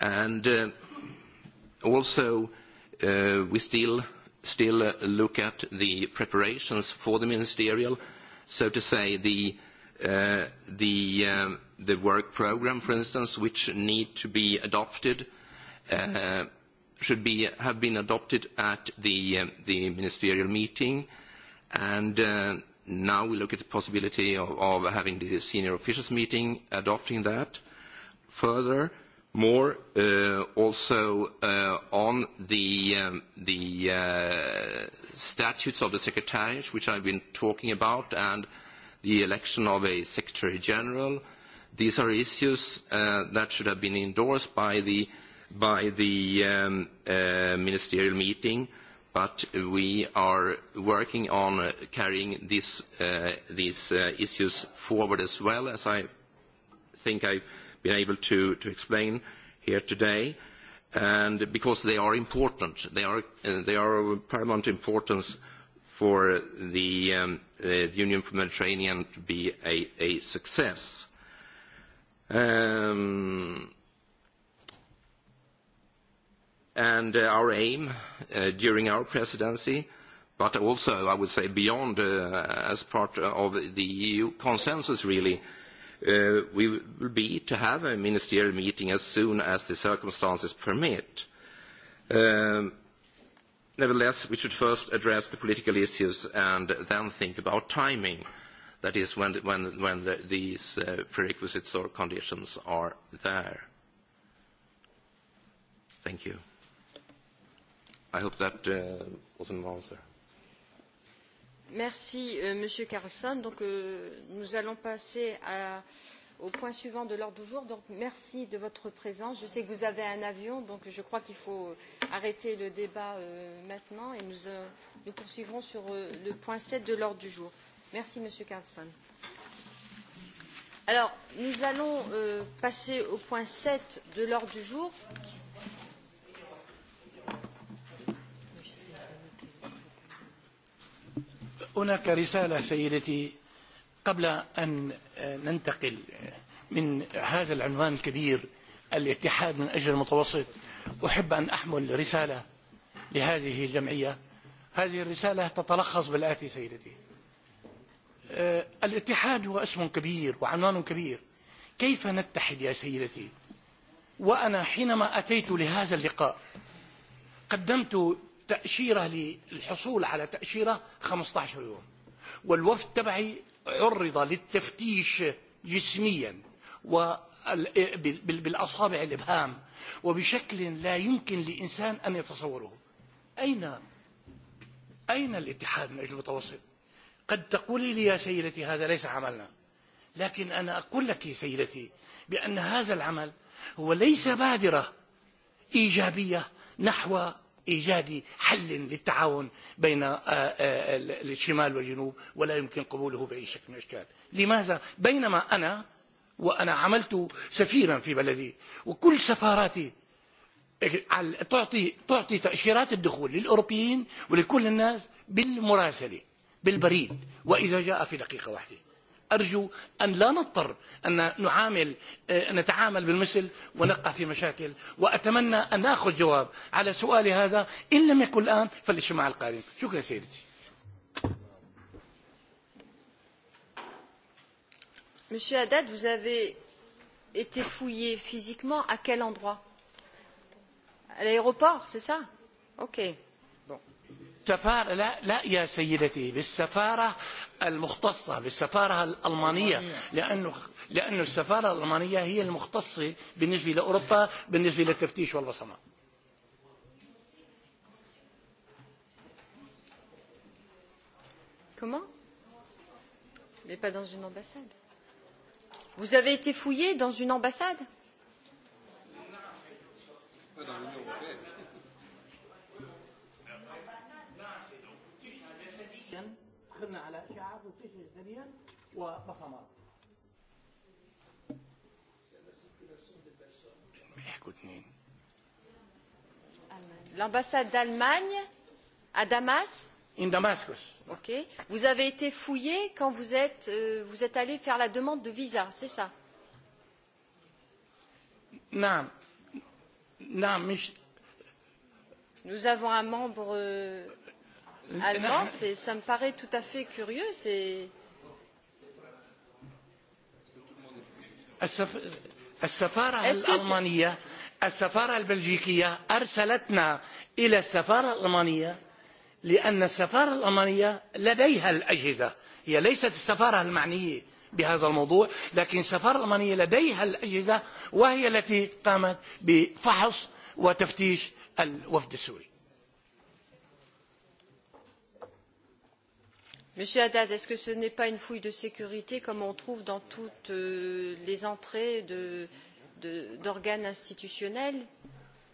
And uh, also, uh, we still, still uh, look at the preparations for the ministerial, so to say, the, uh, the, um, the work program, for instance, which need to be adopted. Uh, should be, have been adopted at the, um, the ministerial meeting and uh, now we look at the possibility of, of having the senior officials meeting adopting that. Further, more uh, also uh, on the, um, the uh, statutes of the secretariat, which I've been talking about, and the election of a secretary general. These are issues uh, that should have been endorsed by the uh, by the um, uh, ministerial meeting, but we are working on uh, carrying this, uh, these uh, issues forward as well, as I think I've been able to, to explain here today, and because they are important. They are, uh, they are of paramount importance for the, um, uh, the Union for the Mediterranean to be a, a success. Um, and uh, our aim uh, during our presidency, but also, I would say, beyond uh, as part of the EU consensus, really, uh, we will be to have a ministerial meeting as soon as the circumstances permit. Um, nevertheless, we should first address the political issues and then think about timing. That is, when, when, when the, these uh, prerequisites or conditions are there. Thank you. I hope that uh, was an answer. Merci, uh, Monsieur Carlson. Donc, uh, nous allons passer à, au point suivant de l'ordre du jour. Donc, merci de votre présence. Je sais que vous avez un avion, donc je crois qu'il faut arrêter le débat euh, maintenant et nous, euh, nous poursuivrons sur euh, le point 7 de l'ordre du jour. Merci, Monsieur Carlson. Alors, nous allons euh, passer au point 7 de l'ordre du jour. هناك رسالة سيدتي قبل أن ننتقل من هذا العنوان الكبير الاتحاد من أجل المتوسط أحب أن أحمل رسالة لهذه الجمعية هذه الرسالة تتلخص بالآتي سيدتي الاتحاد هو اسم كبير وعنوان كبير كيف نتحد يا سيدتي وأنا حينما أتيت لهذا اللقاء قدمت تأشيرة للحصول على تأشيرة 15 يوم والوفد تبعي عرض للتفتيش جسميا بالأصابع الإبهام وبشكل لا يمكن لإنسان أن يتصوره أين أين الاتحاد من أجل المتوسط قد تقول لي يا سيدتي هذا ليس عملنا لكن أنا أقول لك يا سيدتي بأن هذا العمل هو ليس بادرة إيجابية نحو إيجاد حل للتعاون بين الشمال والجنوب ولا يمكن قبوله بأي شكل من الأشكال لماذا؟ بينما أنا وأنا عملت سفيرا في بلدي وكل سفاراتي تعطي تعطي تأشيرات الدخول للأوروبيين ولكل الناس بالمراسلة بالبريد وإذا جاء في دقيقة واحدة أرجو أن لا نضطر أن نعامل أن نتعامل بالمثل ونقع في مشاكل وأتمنى أن أخذ جواب على سؤالي هذا إن لم يكن الآن فالاجتماع القادم شكرا سيدتي Monsieur Haddad, vous avez été fouillé physiquement à quel endroit À l'aéroport, c'est ça Ok. بالسفارة لا لا يا سيدتي بالسفارة المختصة بالسفارة الألمانية لأنه لأن السفارة الألمانية هي المختصة بالنسبة لأوروبا بالنسبة للتفتيش والبصمة Comment Mais pas dans une ambassade. Vous avez été fouillé dans une ambassade Pas dans l'Union européenne. دخلنا على أشعة منتشرة ثانيا وبصمات L'ambassade d'Allemagne à Damas In Damascus. Ok. Vous avez été fouillé quand vous êtes, euh, vous êtes allé faire la demande de visa, c'est ça Non. Non, mais... Nous avons un membre... Euh allemand, ça me paraît tout à fait curieux. C'est... السفارة الألمانية السفارة البلجيكية أرسلتنا إلى السفارة الألمانية لأن السفارة الألمانية لديها الأجهزة هي ليست السفارة المعنية بهذا الموضوع لكن السفارة الألمانية لديها الأجهزة وهي التي قامت بفحص وتفتيش الوفد السوري Monsieur Haddad, est-ce que ce n'est pas une fouille de sécurité comme on trouve dans toutes euh, les entrées d'organes de, de, institutionnels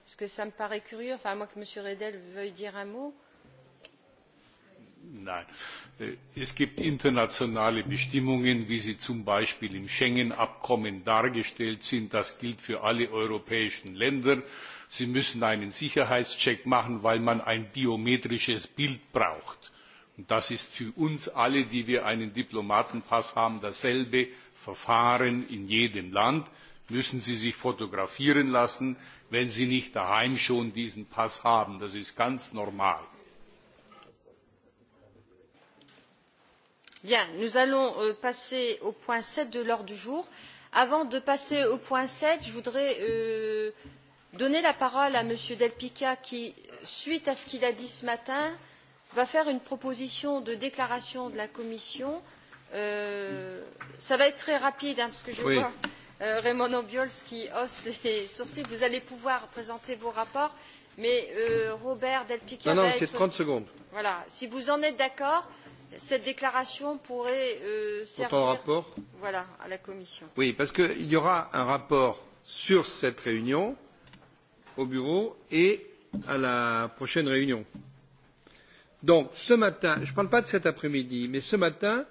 Est-ce que ça me paraît curieux, enfin, moi que M. Redel veuille dire un mot. Nein. Äh, es gibt internationale Bestimmungen, wie sie zum Beispiel im Schengen-Abkommen dargestellt sind. Das gilt für alle europäischen Länder. Sie müssen einen Sicherheitscheck machen, weil man ein biometrisches Bild braucht. Und das ist für uns alle, die wir einen Diplomatenpass haben, dasselbe Verfahren in jedem Land. Müssen Sie sich fotografieren lassen, wenn Sie nicht daheim schon diesen Pass haben. Das ist ganz normal. Bien, nous allons euh, passer au point 7 de l'ordre du jour. Avant de passer au point 7, je voudrais euh, donner la parole à M. Delpica qui, suite à ce qu'il a dit ce matin, euh, va faire une proposition de déclaration de la Commission. Euh, ça va être très rapide, hein, parce que je oui. vois euh, Raymond Obiols qui hausse les sourcils. Vous allez pouvoir présenter vos rapports, mais euh, Robert Delpique... Non, non, c'est être... 30 secondes. Voilà. Si vous en êtes d'accord, cette déclaration pourrait euh, servir... Pour ton rapport Voilà, à la Commission. Oui, parce qu'il y aura un rapport sur cette réunion au bureau et à la prochaine réunion. Donc, ce matin, je ne parle pas de cet après-midi, mais ce matin,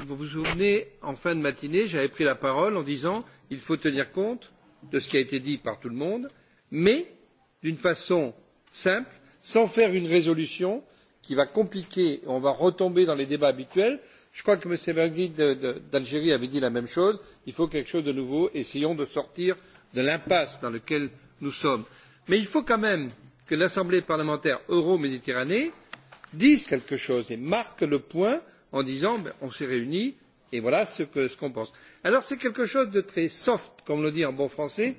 vous vous souvenez, en fin de matinée, j'avais pris la parole en disant il faut tenir compte de ce qui a été dit par tout le monde, mais d'une façon simple, sans faire une résolution qui va compliquer, et on va retomber dans les débats habituels. Je crois que M. Bergui d'Algérie avait dit la même chose. Il faut quelque chose de nouveau. Essayons de sortir de l'impasse dans laquelle nous sommes. Mais il faut quand même que l'Assemblée parlementaire euro-méditerranée disent quelque chose et marquent le point en disant ben, on s'est réunis et voilà ce qu'on ce qu pense. Alors c'est quelque chose de très soft, comme le dit en bon français,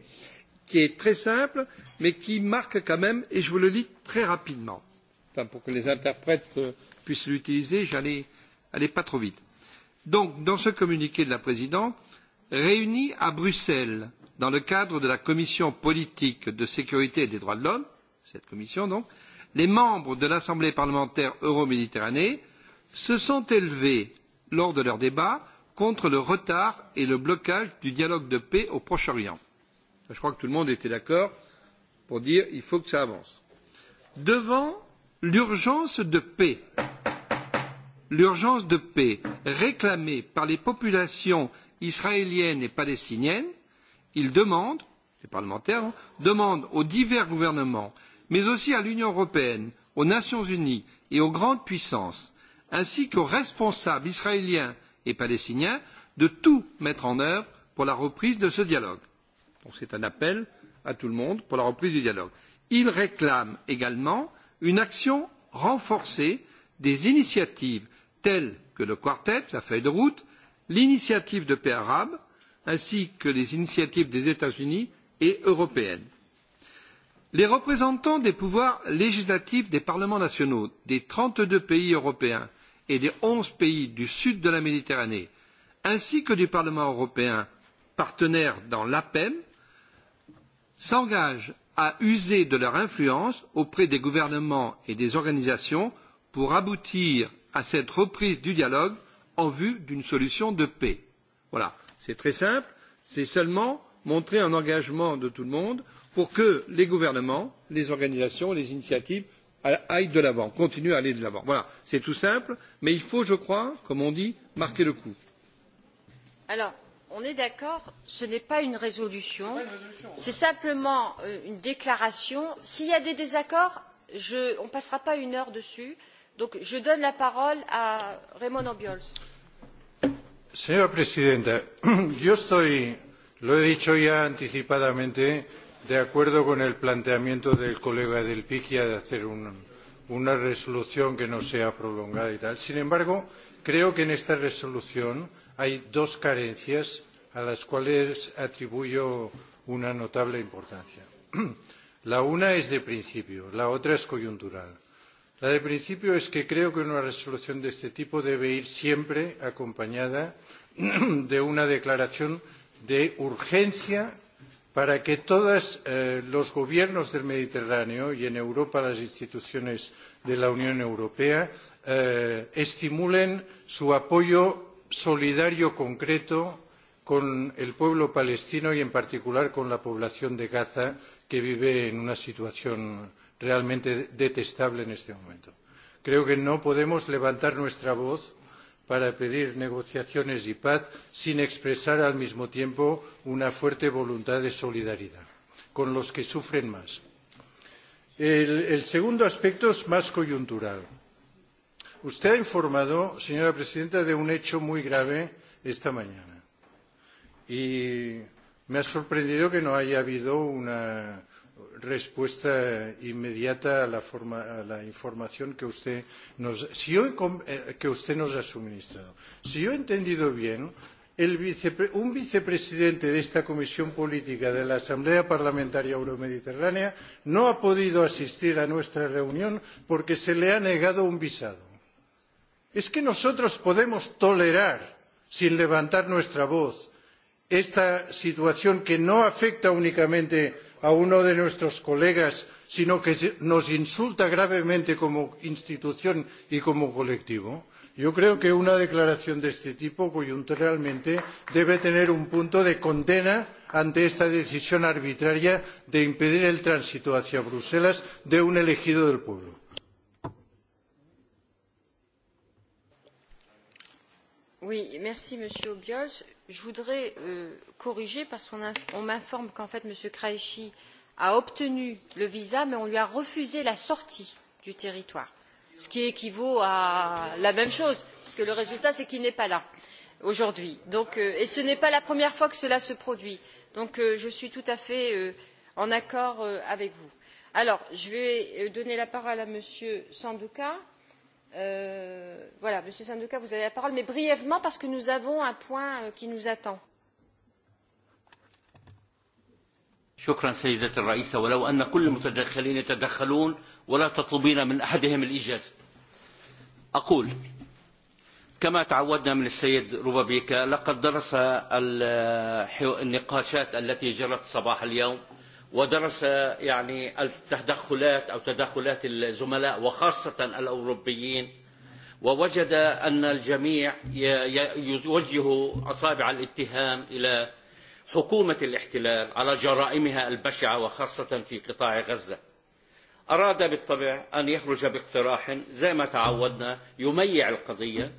qui est très simple, mais qui marque quand même, et je vous le lis très rapidement, enfin, pour que les interprètes euh, puissent l'utiliser, j'allais aller pas trop vite. Donc, dans ce communiqué de la présidente, réunis à Bruxelles dans le cadre de la commission politique de sécurité et des droits de l'homme, cette commission donc, les membres de l'Assemblée parlementaire euroméditerranée se sont élevés lors de leurs débats contre le retard et le blocage du dialogue de paix au Proche-Orient. Je crois que tout le monde était d'accord pour dire qu'il faut que ça avance. Devant l'urgence de paix, l'urgence de paix réclamée par les populations israéliennes et palestiniennes, ils demandent, les parlementaires, demandent aux divers gouvernements mais aussi à l'Union européenne, aux Nations unies et aux grandes puissances, ainsi qu'aux responsables israéliens et palestiniens de tout mettre en œuvre pour la reprise de ce dialogue. Donc c'est un appel à tout le monde pour la reprise du dialogue. Il réclame également une action renforcée des initiatives telles que le quartet, la feuille de route, l'initiative de paix arabe, ainsi que les initiatives des États-Unis et européennes. Les représentants des pouvoirs législatifs des parlements nationaux des trente deux pays européens et des onze pays du sud de la Méditerranée, ainsi que du Parlement européen, partenaire dans l'APEM, s'engagent à user de leur influence auprès des gouvernements et des organisations pour aboutir à cette reprise du dialogue en vue d'une solution de paix. Voilà, c'est très simple, c'est seulement montrer un engagement de tout le monde pour que les gouvernements, les organisations, les initiatives aillent de l'avant, continuent à aller de l'avant. Voilà, c'est tout simple, mais il faut, je crois, comme on dit, marquer le coup. Alors, on est d'accord, ce n'est pas une résolution, c'est simplement euh, une déclaration. S'il y a des désaccords, je, on ne passera pas une heure dessus. Donc, je donne la parole à Raymond Obiols. Señora Presidenta, yo estoy, lo he dicho ya anticipadamente, de acuerdo con el planteamiento del colega del Piquia de hacer un, una resolución que no sea prolongada y tal. Sin embargo, creo que en esta resolución hay dos carencias a las cuales atribuyo una notable importancia. La una es de principio, la otra es coyuntural. La de principio es que creo que una resolución de este tipo debe ir siempre acompañada de una declaración de urgencia para que todos eh, los gobiernos del Mediterráneo y en Europa las instituciones de la Unión Europea eh, estimulen su apoyo solidario concreto con el pueblo palestino y en particular con la población de Gaza que vive en una situación realmente detestable en este momento. Creo que no podemos levantar nuestra voz para pedir negociaciones y paz sin expresar al mismo tiempo una fuerte voluntad de solidaridad con los que sufren más. El, el segundo aspecto es más coyuntural. Usted ha informado, señora presidenta, de un hecho muy grave esta mañana. Y me ha sorprendido que no haya habido una respuesta inmediata a la, forma, a la información que usted, nos, si yo, eh, que usted nos ha suministrado. Si yo he entendido bien, el vice, un vicepresidente de esta Comisión Política de la Asamblea Parlamentaria Euromediterránea no ha podido asistir a nuestra reunión porque se le ha negado un visado. Es que nosotros podemos tolerar, sin levantar nuestra voz, esta situación que no afecta únicamente a uno de nuestros colegas, sino que nos insulta gravemente como institución y como colectivo. Yo creo que una declaración de este tipo coyunturalmente debe tener un punto de condena ante esta decisión arbitraria de impedir el tránsito hacia Bruselas de un elegido del pueblo. Oui, merci Monsieur je voudrais euh, corriger parce qu'on m'informe qu'en fait M. Kraichi a obtenu le visa, mais on lui a refusé la sortie du territoire, ce qui équivaut à la même chose, puisque le résultat, c'est qu'il n'est pas là aujourd'hui. Euh, et ce n'est pas la première fois que cela se produit. Donc euh, je suis tout à fait euh, en accord euh, avec vous. Alors, je vais euh, donner la parole à M. Sanduka Euh, voilà, Monsieur Sanduka, vous avez la parole, mais brièvement parce que nous avons un point euh, qui nous attend. شكرا سيدة الرئيسة ولو أن كل المتدخلين يتدخلون ولا تطلبين من أحدهم الإجازة أقول كما تعودنا من السيد روبابيكا لقد درس النقاشات التي جرت صباح اليوم ودرس يعني التدخلات أو تدخلات الزملاء وخاصة الأوروبيين ووجد أن الجميع يوجه أصابع الاتهام إلى حكومة الاحتلال على جرائمها البشعة وخاصة في قطاع غزة أراد بالطبع أن يخرج باقتراح زي ما تعودنا يميع القضية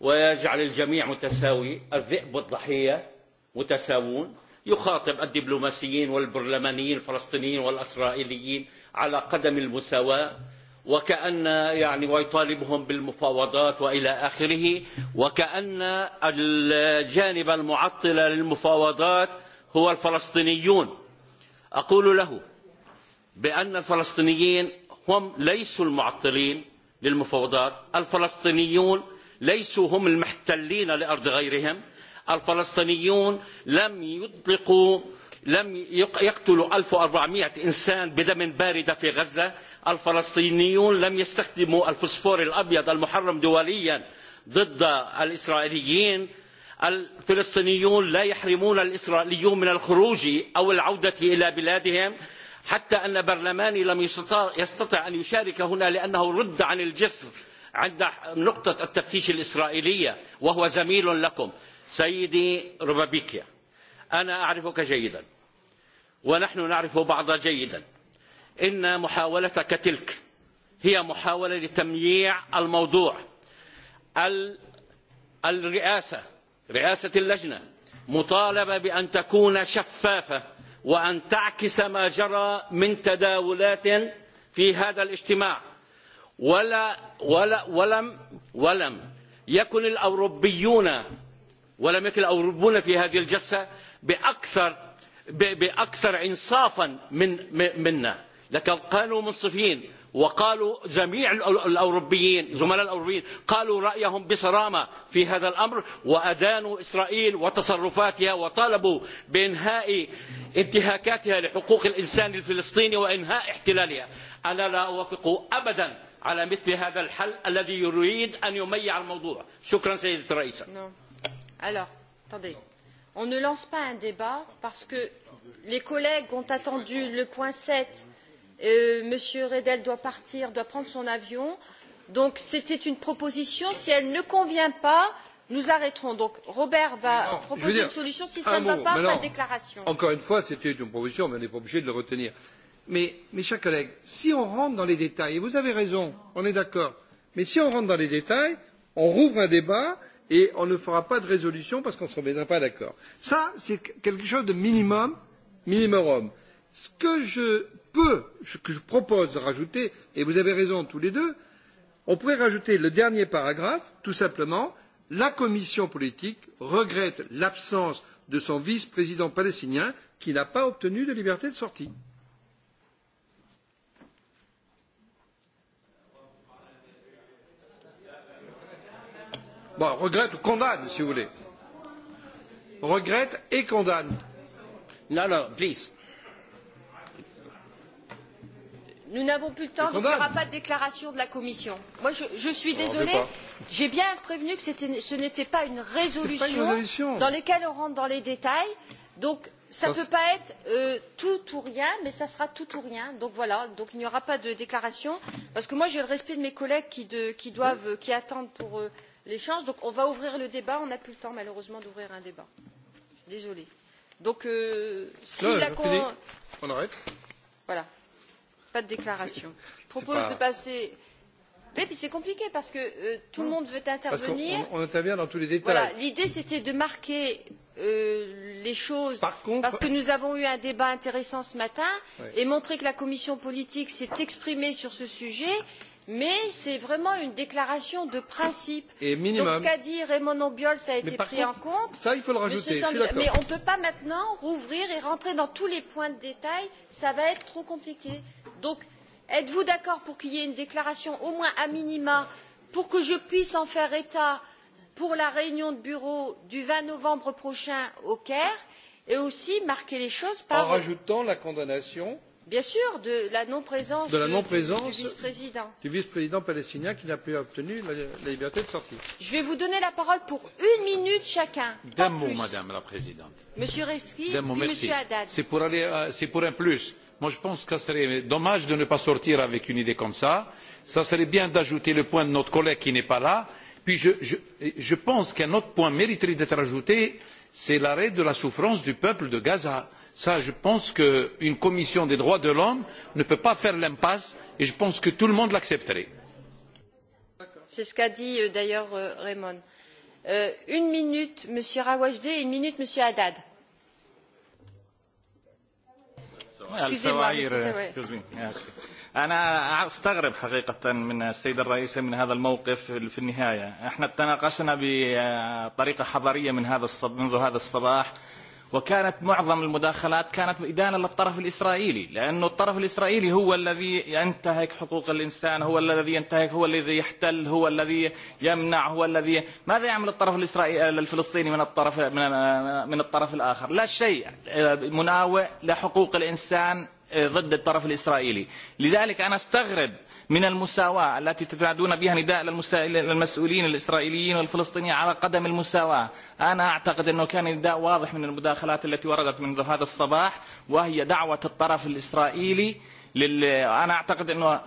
ويجعل الجميع متساوي الذئب والضحية متساوون يخاطب الدبلوماسيين والبرلمانيين الفلسطينيين والاسرائيليين على قدم المساواه وكان يعني ويطالبهم بالمفاوضات والى اخره وكان الجانب المعطل للمفاوضات هو الفلسطينيون اقول له بان الفلسطينيين هم ليسوا المعطلين للمفاوضات الفلسطينيون ليسوا هم المحتلين لارض غيرهم الفلسطينيون لم يطلقوا لم يقتلوا 1400 إنسان بدم بارد في غزة الفلسطينيون لم يستخدموا الفسفور الأبيض المحرم دوليا ضد الإسرائيليين الفلسطينيون لا يحرمون الإسرائيليون من الخروج أو العودة إلى بلادهم حتى أن برلماني لم يستطع أن يشارك هنا لأنه رد عن الجسر عند نقطة التفتيش الإسرائيلية وهو زميل لكم سيدي روبابيكيا أنا أعرفك جيدا ونحن نعرف بعض جيدا إن محاولتك تلك هي محاولة لتمييع الموضوع الرئاسة رئاسة اللجنة مطالبة بأن تكون شفافة وأن تعكس ما جرى من تداولات في هذا الاجتماع ولا ولا ولم ولم يكن الأوروبيون ولم يكن الأوروبون في هذه الجسة بأكثر بأكثر إنصافا من منا لكن كانوا منصفين وقالوا جميع الأوروبيين زملاء الأوروبيين قالوا رأيهم بصرامة في هذا الأمر وأدانوا إسرائيل وتصرفاتها وطالبوا بإنهاء انتهاكاتها لحقوق الإنسان الفلسطيني وإنهاء احتلالها أنا لا أوافق أبدا على مثل هذا الحل الذي يريد أن يميع الموضوع شكرا سيدة الرئيسة no. Alors, attendez. On ne lance pas un débat parce que les collègues ont attendu le point 7. Euh, Monsieur Redel doit partir, doit prendre son avion. Donc c'était une proposition. Si elle ne convient pas, nous arrêterons. Donc Robert va non, proposer dire, une solution. Si ça ne va pas, pas de déclaration. Encore une fois, c'était une proposition, mais on n'est pas obligé de le retenir. Mais, mes chers collègues, si on rentre dans les détails, et vous avez raison, on est d'accord, mais si on rentre dans les détails, on rouvre un débat et on ne fera pas de résolution parce qu'on ne se mettra pas d'accord. Ça, c'est quelque chose de minimum, minimum. Ce que je peux, ce que je propose de rajouter, et vous avez raison tous les deux, on pourrait rajouter le dernier paragraphe, tout simplement, la commission politique regrette l'absence de son vice-président palestinien qui n'a pas obtenu de liberté de sortie. bon, regrette ou condamne, si vous voulez. Regrette et condamne. Non, non, please. Nous n'avons plus le temps, donc il n'y aura pas de déclaration de la Commission. Moi, je, je suis désolée, j'ai bien prévenu que ce n'était pas une résolution, pas une résolution dans laquelle on rentre dans les détails. Donc, ça ne peut pas être euh, tout ou rien, mais ça sera tout ou rien. Donc voilà, donc il n'y aura pas de déclaration. Parce que moi, j'ai le respect de mes collègues qui, de, qui, doivent, oui. qui attendent pour. Euh, l'échange. Donc on va ouvrir le débat. On n'a plus le temps malheureusement d'ouvrir un débat. Désolée. Donc euh, si non, la con... on arrête. Voilà. Pas de déclaration. Je propose pas... de passer. Mais puis c'est compliqué parce que euh, tout non. le monde veut intervenir. Parce on, on intervient dans tous les détails. L'idée voilà. c'était de marquer euh, les choses Par contre... parce que nous avons eu un débat intéressant ce matin oui. et montrer que la commission politique s'est exprimée sur ce sujet mais c'est vraiment une déclaration de principe. Et minimum. Donc ce qu'a dit Raymond ça a été pris contre, en compte. Ça, il faut le rajouter. Semble... mais on ne peut pas maintenant rouvrir et rentrer dans tous les points de détail. Ça va être trop compliqué. Donc, êtes-vous d'accord pour qu'il y ait une déclaration au moins à minima pour que je puisse en faire état pour la réunion de bureau du vingt novembre prochain au Caire et aussi marquer les choses par... En rajoutant la condamnation Bien sûr, de la non-présence de la non -présence du, vice-président. Du vice-président palestinien qui n'a plus obtenu la, la, liberté de sortie. Je vais vous donner la parole pour une minute chacun. D'un mot, plus. Madame la Présidente. Monsieur Reski, mot, puis merci. Monsieur Haddad. C'est pour, aller, euh, c'est pour un plus. Moi, je pense que ce serait dommage de ne pas sortir avec une idée comme ça. Ça serait bien d'ajouter le point de notre collègue qui n'est pas là. Puis, je, je, je pense qu'un autre point mériterait d'être ajouté, c'est l'arrêt de la souffrance du peuple de Gaza Ça, je pense qu'une commission des droits de l'homme ne peut pas faire l'impasse et je pense que tout le monde l'accepterait. C'est ce qu'a dit euh, d'ailleurs euh, Raymond. Euh, une minute, Monsieur Rawajdi, et une minute, Monsieur Haddad. أنا أستغرب حقيقة من السيد الرئيس من هذا الموقف في النهاية احنا تناقشنا بطريقة حضارية من هذا الصب منذ هذا الصباح وكانت معظم المداخلات كانت إدانة للطرف الإسرائيلي لأن الطرف الإسرائيلي هو الذي ينتهك حقوق الإنسان هو الذي ينتهك هو الذي يحتل هو الذي يمنع هو الذي ماذا يعمل الطرف الإسرائيلي الفلسطيني من الطرف من, من الطرف الآخر لا شيء مناوئ لحقوق الإنسان ضد الطرف الإسرائيلي لذلك أنا استغرب من المساواة التي تتعدون بها نداء للمسؤولين الإسرائيليين والفلسطينيين على قدم المساواة أنا أعتقد أنه كان نداء واضح من المداخلات التي وردت منذ هذا الصباح وهي دعوة الطرف الإسرائيلي لل... أنا أعتقد أنه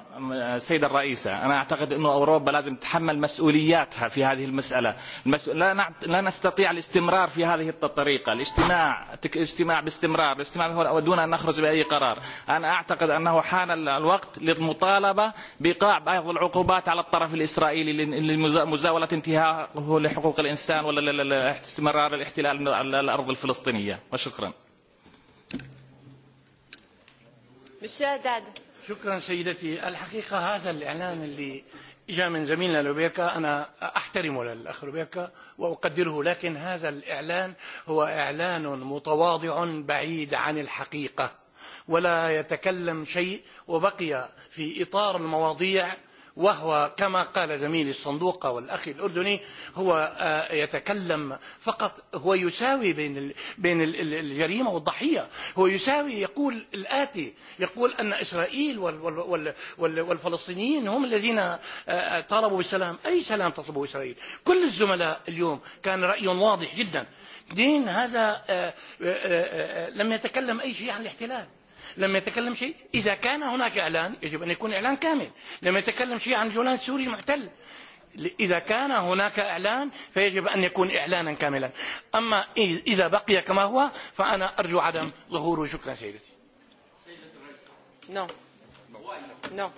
السيدة الرئيسة أنا أعتقد أنه أوروبا لازم تتحمل مسؤولياتها في هذه المسألة المس... لا, نع... لا نستطيع الاستمرار في هذه الطريقة الاجتماع الاجتماع باستمرار الاجتماع دون أن نخرج بأي قرار أنا أعتقد أنه حان الوقت للمطالبة بإيقاع بعض العقوبات على الطرف الإسرائيلي لمزاولة انتهاءه لحقوق الإنسان ولا استمرار الاحتلال على الأرض الفلسطينية وشكرا Monsieur Haddad. شكرا سيدتي الحقيقة هذا الإعلان اللي جاء من زميلنا لوبيركا أنا أحترمه للأخ لوبيركا وأقدره لكن هذا الإعلان هو إعلان متواضع بعيد عن الحقيقة ولا يتكلم شيء وبقي في إطار المواضيع وهو كما قال زميلي الصندوق والأخي الأردني هو يتكلم فقط هو يساوي بين بين الجريمة والضحية هو يساوي يقول الآتي يقول أن إسرائيل والفلسطينيين هم الذين طالبوا بالسلام أي سلام تطلبه إسرائيل كل الزملاء اليوم كان رأي واضح جدا دين هذا لم يتكلم أي شيء عن الاحتلال لما يتكلم شيء إذا كان هناك إعلان يجب أن يكون إعلان كامل لما يتكلم شيء عن جولان سوري محتل إذا كان هناك إعلان فيجب أن يكون إعلانا كاملا أما إذا بقي كما هو فأنا أرجو عدم ظهوره شكرا سيدتي No. Non.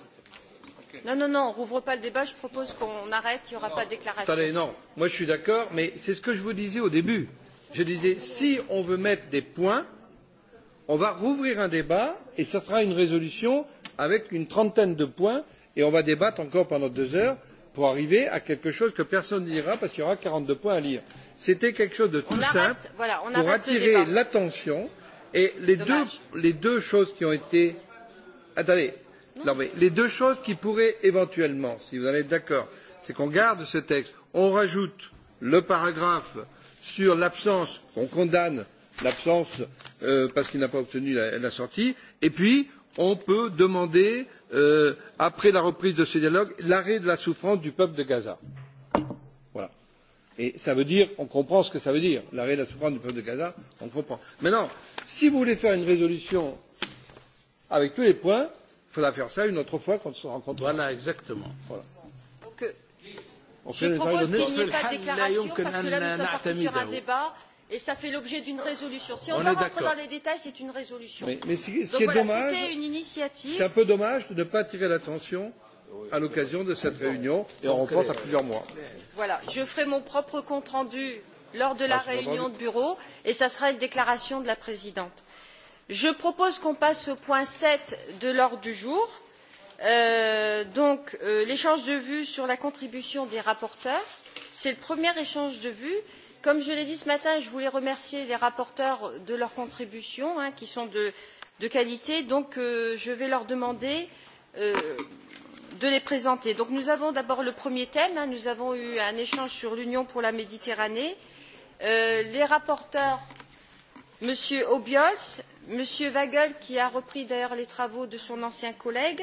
Non, non, non, on rouvre pas le débat, je propose qu'on arrête, il n'y aura non. pas de déclaration. Attendez, non, moi je suis d'accord, mais c'est ce que je vous disais au début. Je disais, si on veut mettre des points, on va rouvrir un débat et ce sera une résolution avec une trentaine de points et on va débattre encore pendant deux heures pour arriver à quelque chose que personne ne lira parce qu'il y aura quarante deux points à lire. C'était quelque chose de tout on simple arrête, voilà, pour attirer l'attention et les deux, les deux, choses qui ont été attendez non, mais les deux choses qui pourraient éventuellement, si vous en êtes d'accord, c'est qu'on garde ce texte, on rajoute le paragraphe sur l'absence qu'on condamne l'absence euh, parce qu'il n'a pas obtenu la, la sortie. Et puis, on peut demander, euh, après la reprise de ce dialogue, l'arrêt de la souffrance du peuple de Gaza. Voilà. Et ça veut dire, on comprend ce que ça veut dire, l'arrêt de la souffrance du peuple de Gaza, on comprend. Maintenant, si vous voulez faire une résolution avec tous les points, il faudra faire ça une autre fois quand on se rencontre. Voilà, exactement. Voilà. Donc, euh, je propose qu'il n'y ait pas de déclaration parce que là, nous sommes partis sur un débat. Et ça fait l'objet d'une résolution. Si on, on va rentrer dans les détails, c'est une résolution. Mais, mais ce, ce qui est voilà, dommage, une initiative. C'est un peu dommage de ne pas attirer l'attention à l'occasion de cette réunion et on reporte à plusieurs mois. Voilà, je ferai mon propre compte rendu lors de la ah, réunion de bureau et ça sera une déclaration de la présidente. Je propose qu'on passe au point 7 de l'ordre du jour. Euh, donc euh, l'échange de vues sur la contribution des rapporteurs. C'est le premier échange de vues Comme je l'ai dit ce matin, je voulais remercier les rapporteurs de leurs contributions, qui sont de, qualité. Donc, euh, je vais leur demander euh, de les présenter. nous avons d'abord le premier thème. nous avons eu un échange sur l'Union pour la Méditerranée. Euh, les rapporteurs, M. Obiols, M. Wagel, qui a repris d'ailleurs les travaux de son ancien collègue,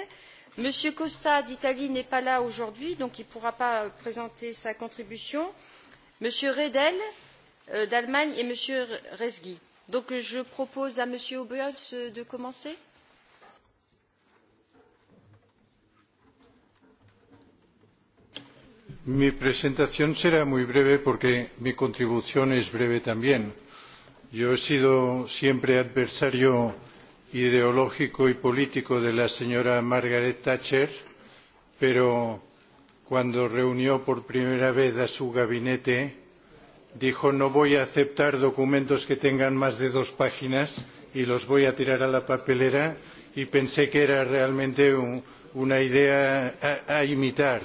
M. Costa d'Italie n'est pas là aujourd'hui, donc il ne pourra pas présenter sa contribution. et M. Redel euh, d'Allemagne et M. Resgui. Donc je propose à M. Oberholz de commencer. Mi presentación será muy breve porque mi contribución es breve también. Yo he sido siempre adversario ideológico y político de la señora Margaret Thatcher, pero cuando reunió por primera vez a su gabinete, dijo no voy a aceptar documentos que tengan más de dos páginas y los voy a tirar a la papelera y pensé que era realmente un, una idea a, a imitar.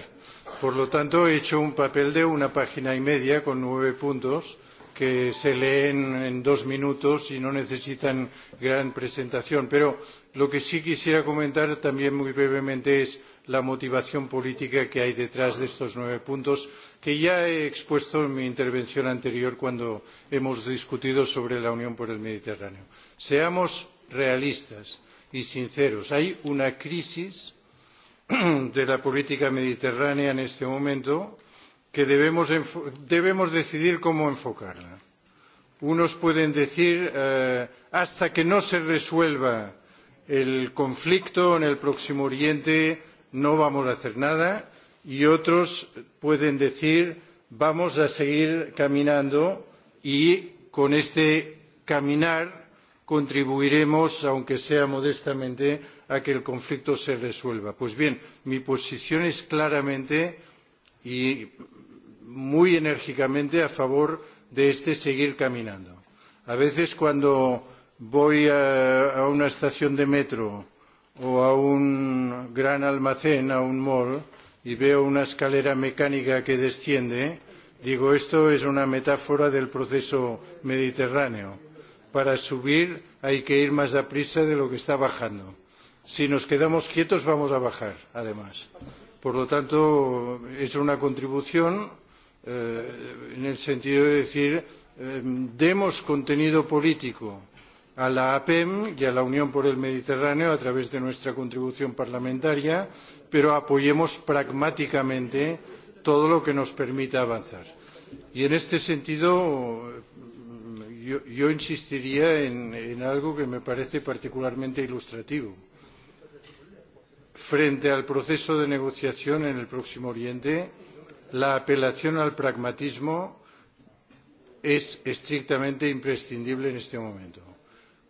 Por lo tanto, he hecho un papel de una página y media con nueve puntos que se leen en dos minutos y no necesitan gran presentación. Pero lo que sí quisiera comentar también muy brevemente es la motivación política que hay detrás de estos nueve puntos que ya he expuesto en mi intervención anterior cuando hemos discutido sobre la Unión por el Mediterráneo. Seamos realistas y sinceros. Hay una crisis de la política mediterránea en este momento que debemos, debemos decidir cómo enfocarla. Unos pueden decir eh, hasta que no se resuelva el conflicto en el próximo Oriente no vamos a hacer nada y otros pueden decir vamos a seguir caminando y con este caminar contribuiremos, aunque sea modestamente, a que el conflicto se resuelva. Pues bien, mi posición es claramente y muy enérgicamente a favor de este seguir caminando. A veces cuando voy a, a una estación de metro o a un gran almacén, a un mall, y veo una escalera mecánica que desciende, digo, esto es una metáfora del proceso mediterráneo. Para subir hay que ir más deprisa de lo que está bajando. Si nos quedamos quietos vamos a bajar, además. Por lo tanto, es una contribución eh, en el sentido de decir, eh, demos contenido político a la APEM y a la Unión por el Mediterráneo a través de nuestra contribución parlamentaria, pero apoyemos pragmáticamente todo lo que nos permita avanzar. Y en este sentido, yo, yo insistiría en, en algo que me parece particularmente ilustrativo. Frente al proceso de negociación en el próximo Oriente, la apelación al pragmatismo es estrictamente imprescindible en este momento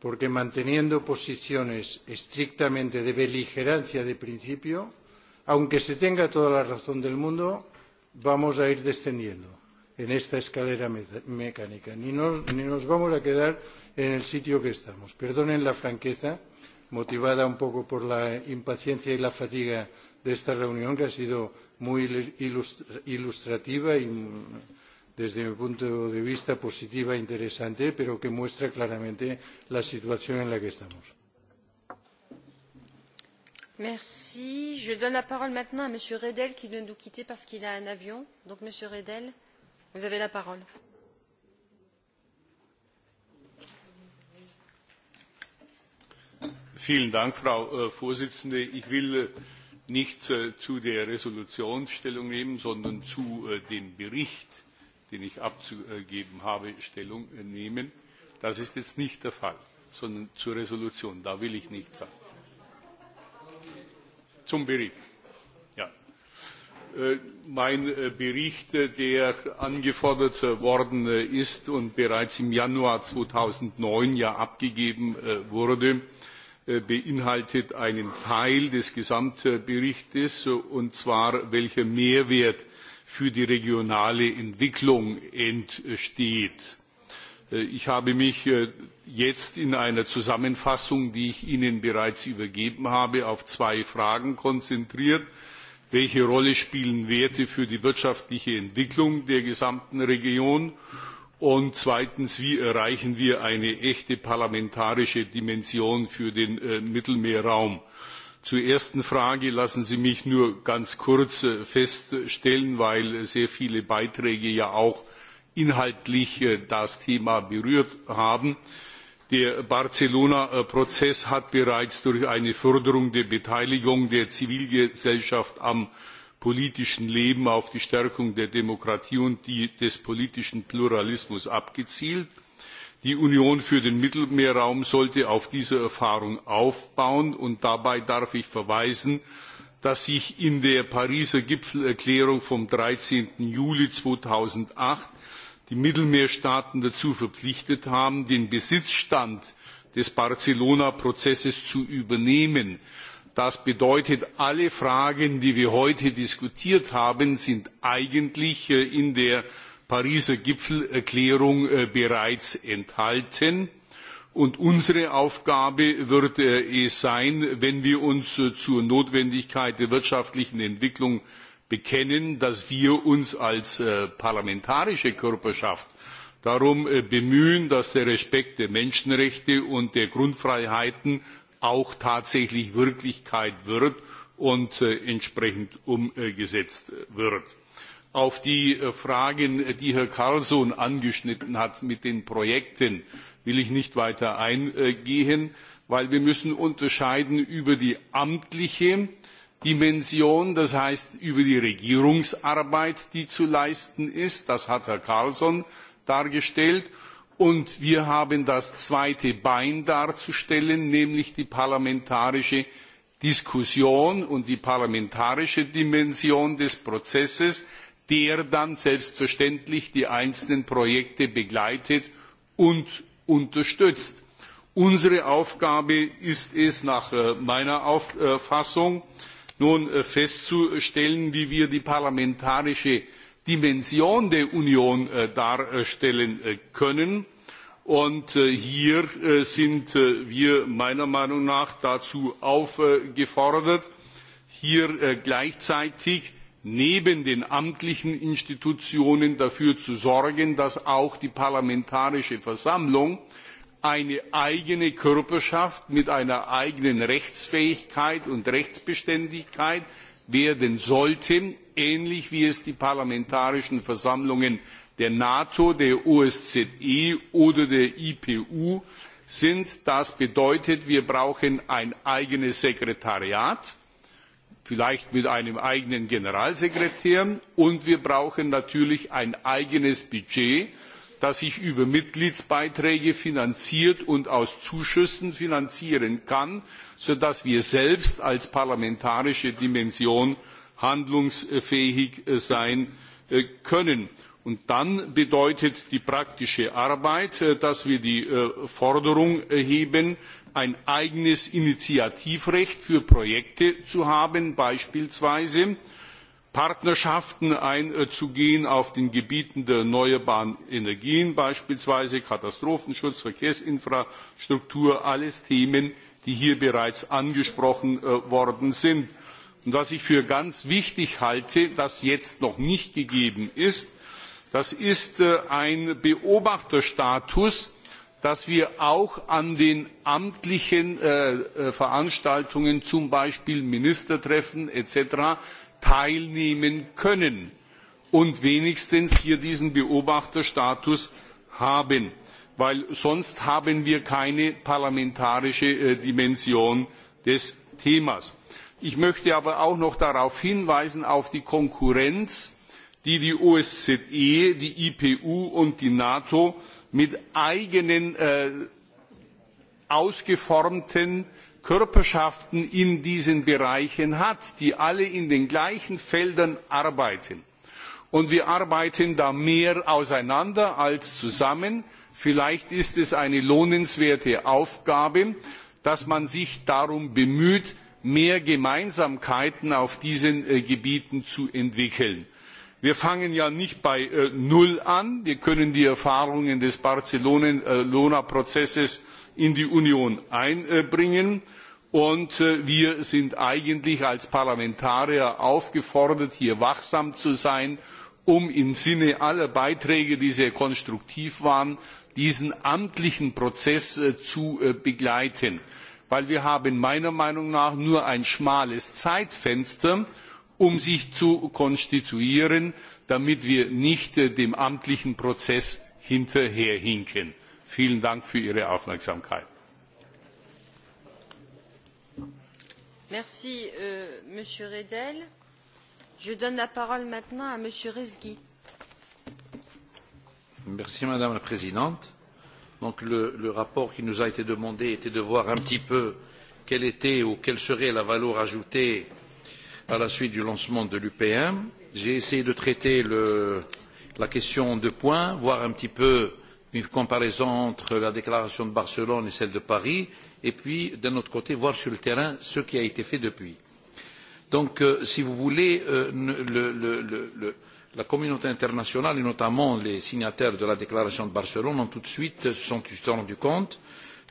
porque manteniendo posiciones estrictamente de beligerancia de principio, aunque se tenga toda la razón del mundo, vamos a ir descendiendo en esta escalera mecánica, ni nos, ni nos vamos a quedar en el sitio que estamos. Perdonen la franqueza, motivada un poco por la impaciencia y la fatiga de esta reunión, que ha sido muy ilustrativa y muy desde mi punto de vista positiva e interesante, pero que muestra claramente la situación en la que estamos. Merci. Je donne la parole maintenant à Monsieur Redel qui vient de nous quitter parce qu'il a un avion. Donc, Monsieur Redel, vous avez la parole. Vielen Dank, Frau äh, Vorsitzende. Ich will äh, nicht äh, zu der Resolution Stellung nehmen, sondern zu äh, dem Bericht den ich abzugeben habe, Stellung nehmen. Das ist jetzt nicht der Fall, sondern zur Resolution. Da will ich nichts sagen. Zum Bericht. Ja. Äh, mein äh, Bericht, äh, der angefordert worden ist und bereits im Januar 2009 ja abgegeben wurde, beinhaltet einen Teil des Gesamtberichtes, und zwar welcher Mehrwert für die regionale Entwicklung entsteht. Äh, ich habe mich äh, jetzt in einer Zusammenfassung, die ich Ihnen bereits übergeben habe, auf zwei Fragen konzentriert. Welche Rolle spielen Werte für die wirtschaftliche Entwicklung der gesamten Region? Und zweitens, wie erreichen wir eine echte parlamentarische Dimension für den äh, Mittelmeerraum? Zur ersten Frage lassen Sie mich nur ganz kurz äh, feststellen, weil sehr viele Beiträge ja auch inhaltlich äh, das Thema berührt haben. Der Barcelona-Prozess hat bereits durch eine Förderung der Beteiligung der Zivilgesellschaft am politischen Leben auf die Stärkung der Demokratie und die, des politischen Pluralismus abgezielt. Die Union für den Mittelmeerraum sollte auf dieser Erfahrung aufbauen und dabei darf ich verweisen, dass sich in der Pariser Gipfelerklärung vom 13. Juli 2008 die Mittelmeerstaaten dazu verpflichtet haben, den Besitzstand des Barcelona-Prozesses zu übernehmen. Das bedeutet, alle Fragen, die wir heute diskutiert haben, sind eigentlich äh, in der Pariser Gipfelerklärung äh, bereits enthalten. Und unsere Aufgabe wird äh, es sein, wenn wir uns äh, zur Notwendigkeit der wirtschaftlichen Entwicklung bekennen, dass wir uns als parlamentarische Körperschaft darum bemühen, dass der Respekt der Menschenrechte und der Grundfreiheiten auch tatsächlich Wirklichkeit wird und entsprechend umgesetzt wird auf die äh, Fragen, äh, die Herr Carlson angeschnitten hat mit den Projekten, will ich nicht weiter eingehen, weil wir müssen unterscheiden über die amtliche Dimension, das heißt über die Regierungsarbeit, die zu leisten ist. Das hat Herr Carlson dargestellt. Und wir haben das zweite Bein darzustellen, nämlich die parlamentarische Diskussion und die parlamentarische Dimension des Prozesses, der dann selbstverständlich die einzelnen Projekte begleitet und unterstützt. Unsere Aufgabe ist es nach äh, meiner Auffassung nun äh, festzustellen, wie wir die parlamentarische Dimension der Union äh, darstellen können. Und hier sind wir meiner Meinung nach dazu aufgefordert, hier gleichzeitig neben den amtlichen Institutionen dafür zu sorgen, dass auch die Parlamentarische Versammlung eine eigene Körperschaft mit einer eigenen Rechtsfähigkeit und Rechtsbeständigkeit werden sollte, ähnlich wie es die parlamentarischen Versammlungen der NATO, der OSZE oder der IPU sind. Das bedeutet, wir brauchen ein eigenes Sekretariat vielleicht mit einem eigenen Generalsekretär und wir brauchen natürlich ein eigenes Budget, das sich über Mitgliedsbeiträge finanziert und aus Zuschüssen finanzieren kann, sodass wir selbst als parlamentarische Dimension handlungsfähig äh, sein äh, können. Und dann bedeutet die praktische Arbeit, äh, dass wir die Forderung erheben, ein eigenes Initiativrecht für Projekte zu haben, beispielsweise Partnerschaften einzugehen auf den Gebieten der erneuerbaren Energien, beispielsweise Katastrophenschutz, Verkehrsinfrastruktur, alles Themen, die hier bereits angesprochen äh, worden sind. Und was ich für ganz wichtig halte, das jetzt noch nicht gegeben ist, das ist äh, ein Beobachterstatus, dass wir auch an den amtlichen äh, äh Veranstaltungen, zum Beispiel Ministertreffen etc., teilnehmen können und wenigstens hier diesen Beobachterstatus haben, weil sonst haben wir keine parlamentarische äh, Dimension des Themas. Ich möchte aber auch noch darauf hinweisen, auf die Konkurrenz, die die OSZE, die IPU und die NATO mit eigenen äh, ausgeformten Körperschaften in diesen Bereichen hat, die alle in den gleichen Feldern arbeiten. Und wir arbeiten da mehr auseinander als zusammen. Vielleicht ist es eine lohnenswerte Aufgabe, dass man sich darum bemüht, mehr Gemeinsamkeiten auf diesen äh, Gebieten zu entwickeln. Wir fangen ja nicht bei äh, Null an. Wir können die Erfahrungen des Barcelona-Prozesses äh, in die Union einbringen. Und äh, wir sind eigentlich als Parlamentarier aufgefordert, hier wachsam zu sein, um im Sinne aller Beiträge, die sehr konstruktiv waren, diesen amtlichen Prozess äh, zu äh, begleiten. Denn wir haben meiner Meinung nach nur ein schmales Zeitfenster um sich zu konstituieren, damit wir nicht äh, dem amtlichen Prozess hinterherhinken. Vielen Dank für Ihre Aufmerksamkeit. Merci, euh, Monsieur Redel. Je donne la parole maintenant à Monsieur Rezghi. Merci, Madame la Présidente. Donc, le, le rapport qui nous a été demandé était de voir un petit peu quelle était ou quelle serait la valeur ajoutée euh, à la suite du lancement de l'UPM. J'ai essayé de traiter le, la question de points, voir un petit peu une comparaison entre la déclaration de Barcelone et celle de Paris, et puis, d'un autre côté, voir sur le terrain ce qui a été fait depuis. Donc, euh, si vous voulez, euh, le, le, le, la communauté internationale, et notamment les signataires de la déclaration de Barcelone, ont tout de suite se sont rendu compte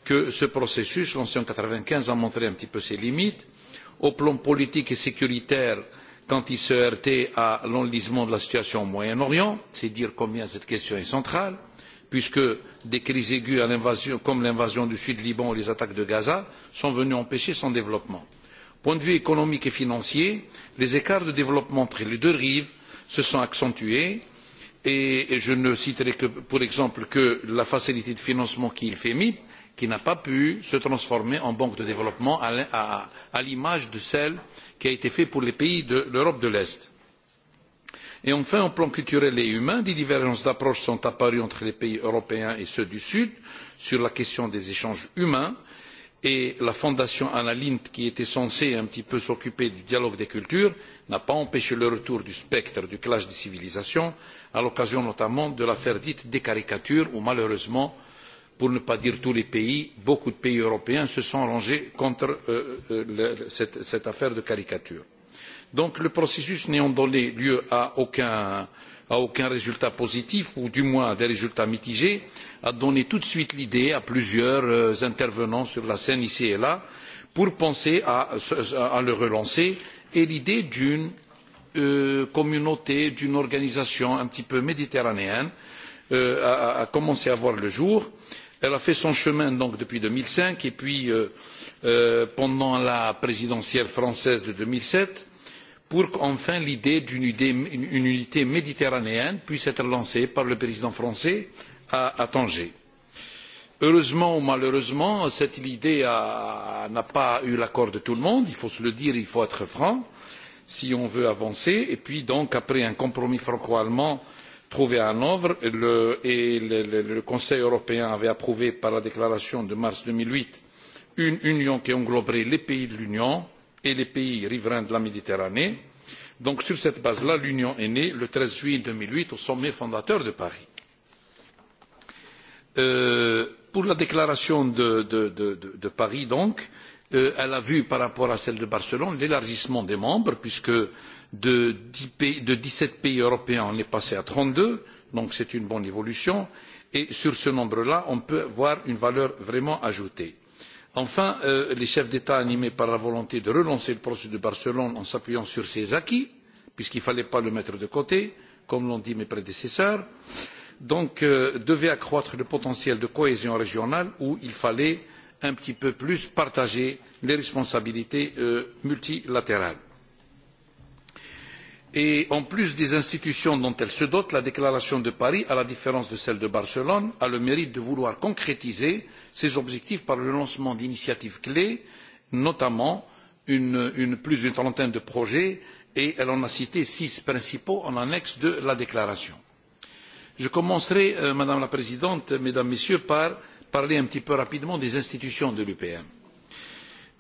que ce processus, lancé en quatre-vingt-quinze, a montré un petit peu ses limites, au plan politique et sécuritaire quand il se heurtait à l'enlisement de la situation au Moyen-Orient, c'est dire combien cette question est centrale, puisque des crises aiguës comme l'invasion du Sud Liban ou les attaques de Gaza sont venues empêcher son développement. Point de vue économique et financier, les écarts de développement entre les deux rives se sont accentués et je ne citerai que pour exemple que la facilité de financement qui est le FEMIP, qui n'a pas pu se transformer en banque de développement à, à, à l'image de celle qui a été faite pour les pays de l'Europe de l'Est. Et enfin, au plan culturel et humain, des divergences d'approche sont apparues entre les pays européens et ceux du Sud sur la question des échanges humains et la fondation Anna Lindt, qui était censée un petit peu s'occuper du dialogue des cultures, n'a pas empêché le retour du spectre du clash des civilisations, à l'occasion notamment de l'affaire dite des caricatures, où malheureusement pour ne pas dire tous les pays, beaucoup de pays européens se sont rangés contre euh, euh le, cette, cette, affaire de caricature. Donc le processus n'ayant donné lieu à aucun, à aucun, résultat positif, ou du moins à des résultats mitigés, a donné tout de suite l'idée à plusieurs euh, intervenants sur la scène ici et là pour penser à, à le relancer et l'idée d'une euh, communauté, d'une organisation un petit peu méditerranéenne euh, a, a, commencé à voir le jour Elle a fait son chemin donc depuis deux mille cinq et puis euh, euh, pendant la présidentielle française de deux mille sept pour qu'enfin l'idée d'une unité méditerranéenne puisse être lancée par le président français à, à Tanger. Heureusement ou malheureusement, cette idée n'a pas eu l'accord de tout le monde, il faut se le dire, il faut être franc, si on veut avancer. Et puis donc, après un compromis franco-allemand trouvé à Hanovre le, et le, le, le Conseil européen avait approuvé par la déclaration de mars deux mille huit une union qui engloberait les pays de l'Union et les pays riverains de la Méditerranée. Donc sur cette base-là, l'Union est née le treize juillet deux mille huit au sommet fondateur de Paris. Euh, pour la déclaration de, de, de, de Paris, donc, euh, elle a vu par rapport à celle de Barcelone l'élargissement des membres, puisque de, 10 pays, de 17 pays européens, on est passé à 32, donc c'est une bonne évolution. Et sur ce nombre-là, on peut voir une valeur vraiment ajoutée. Enfin, euh, les chefs d'État animés par la volonté de relancer le processus de Barcelone en s'appuyant sur ses acquis, puisqu'il ne fallait pas le mettre de côté, comme l'ont dit mes prédécesseurs, donc euh, devaient accroître le potentiel de cohésion régionale où il fallait un petit peu plus partager les responsabilités euh, multilatérales. Et en plus des institutions dont elle se dote, la déclaration de Paris, à la différence de celle de Barcelone, a le mérite de vouloir concrétiser ses objectifs par le lancement d'initiatives clés, notamment une, une, plus d'une trentaine de projets, et elle en a cité six principaux en annexe de la déclaration. Je commencerai, euh, Madame la Présidente, Mesdames, Messieurs, par parler un petit peu rapidement des institutions de l'UPM.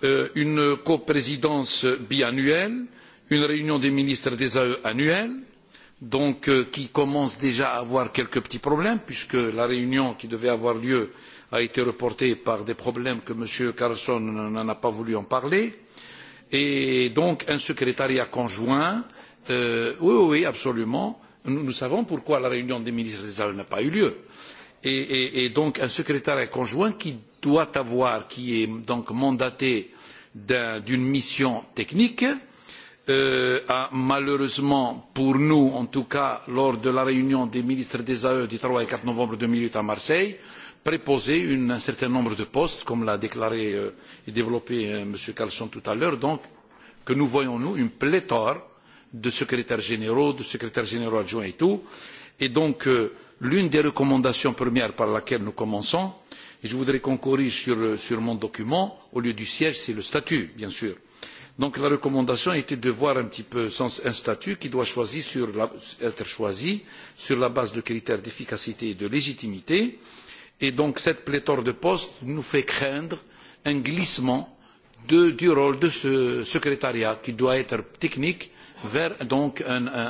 Euh, une coprésidence biannuelle, euh, une réunion des ministres des AE annuelle, donc euh, qui commence déjà à avoir quelques petits problèmes, puisque la réunion qui devait avoir lieu a été reportée par des problèmes que M. Carlson n'en a pas voulu en parler, et donc un secrétariat conjoint, euh, oui, oui, absolument, nous, nous savons pourquoi la réunion des ministres des AE n'a pas eu lieu, et, et, et donc un secrétariat conjoint qui doit avoir, qui est donc mandaté d'une un, mission technique, euh, Euh, a malheureusement pour nous, en tout cas lors de la réunion des ministres des AE du travail quatre novembre deux mille huit à Marseille, préposé un certain nombre de postes, comme l'a déclaré euh, et développé euh, M. Carlson tout à l'heure, donc que nous voyons, nous, une pléthore de secrétaires généraux, de secrétaires généraux adjoints et tout. Et donc, euh, l'une des recommandations premières par laquelle nous commençons, et je voudrais concourir sur, euh, sur mon document, au lieu du siège, c'est le statut, bien sûr Donc la recommandation était de voir un petit peu sans un statut qui doit choisir sur la, être choisi sur la base de critères d'efficacité et de légitimité. Et donc cette pléthore de postes nous fait craindre un glissement de, du rôle de ce secrétariat qui doit être technique vers donc un, un,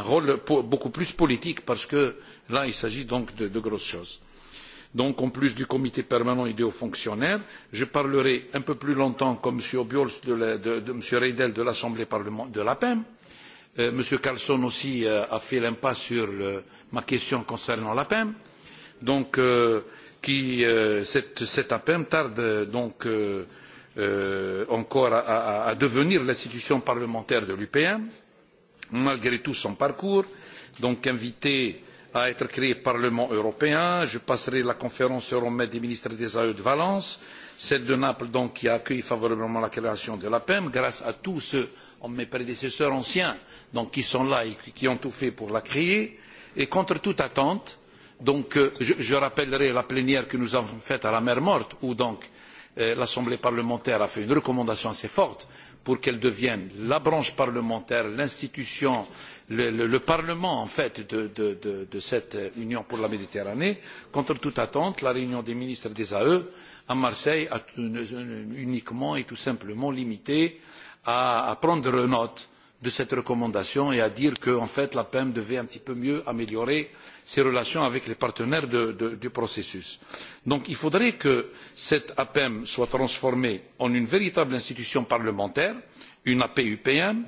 un rôle beaucoup plus politique parce que là il s'agit donc de, de grosses choses. Donc, en plus du comité permanent et des hauts fonctionnaires, je parlerai un peu plus longtemps, comme M. Obiols de, la, de, de M. Reidel de l'Assemblée parlementaire de la PEM. Euh, M. Carlson aussi euh, a fait l'impasse sur le, ma question concernant la PEM. Donc, euh, qui, euh, cette, cette APEM tarde donc euh, euh, encore à, à, à devenir l'institution parlementaire de l'UPM, malgré tout son parcours. Donc, invité à être créé Parlement européen. Je passerai la conférence Euromed des ministres des AE de Valence, celle de Naples donc qui a accueilli favorablement la création de l'APEM, grâce à tous ceux, oh, mes prédécesseurs anciens, donc, qui sont là et qui ont tout fait pour la créer. Et contre toute attente, donc, euh, je, je rappellerai la plénière que nous avons faite à la mer Morte, où donc euh, l'Assemblée parlementaire a fait une recommandation assez forte pour qu'elle devienne la branche parlementaire, l'institution le, le, le Parlement en fait de, de, de, de cette Union pour la Méditerranée, contre toute attente, la réunion des ministres des AE à Marseille a uniquement et tout simplement limité à, à prendre note de cette recommandation et à dire que en fait la PEM devait un petit peu mieux améliorer ses relations avec les partenaires de, de, du processus. Donc il faudrait que cette APEM soit transformée en une véritable institution parlementaire, une APUPM,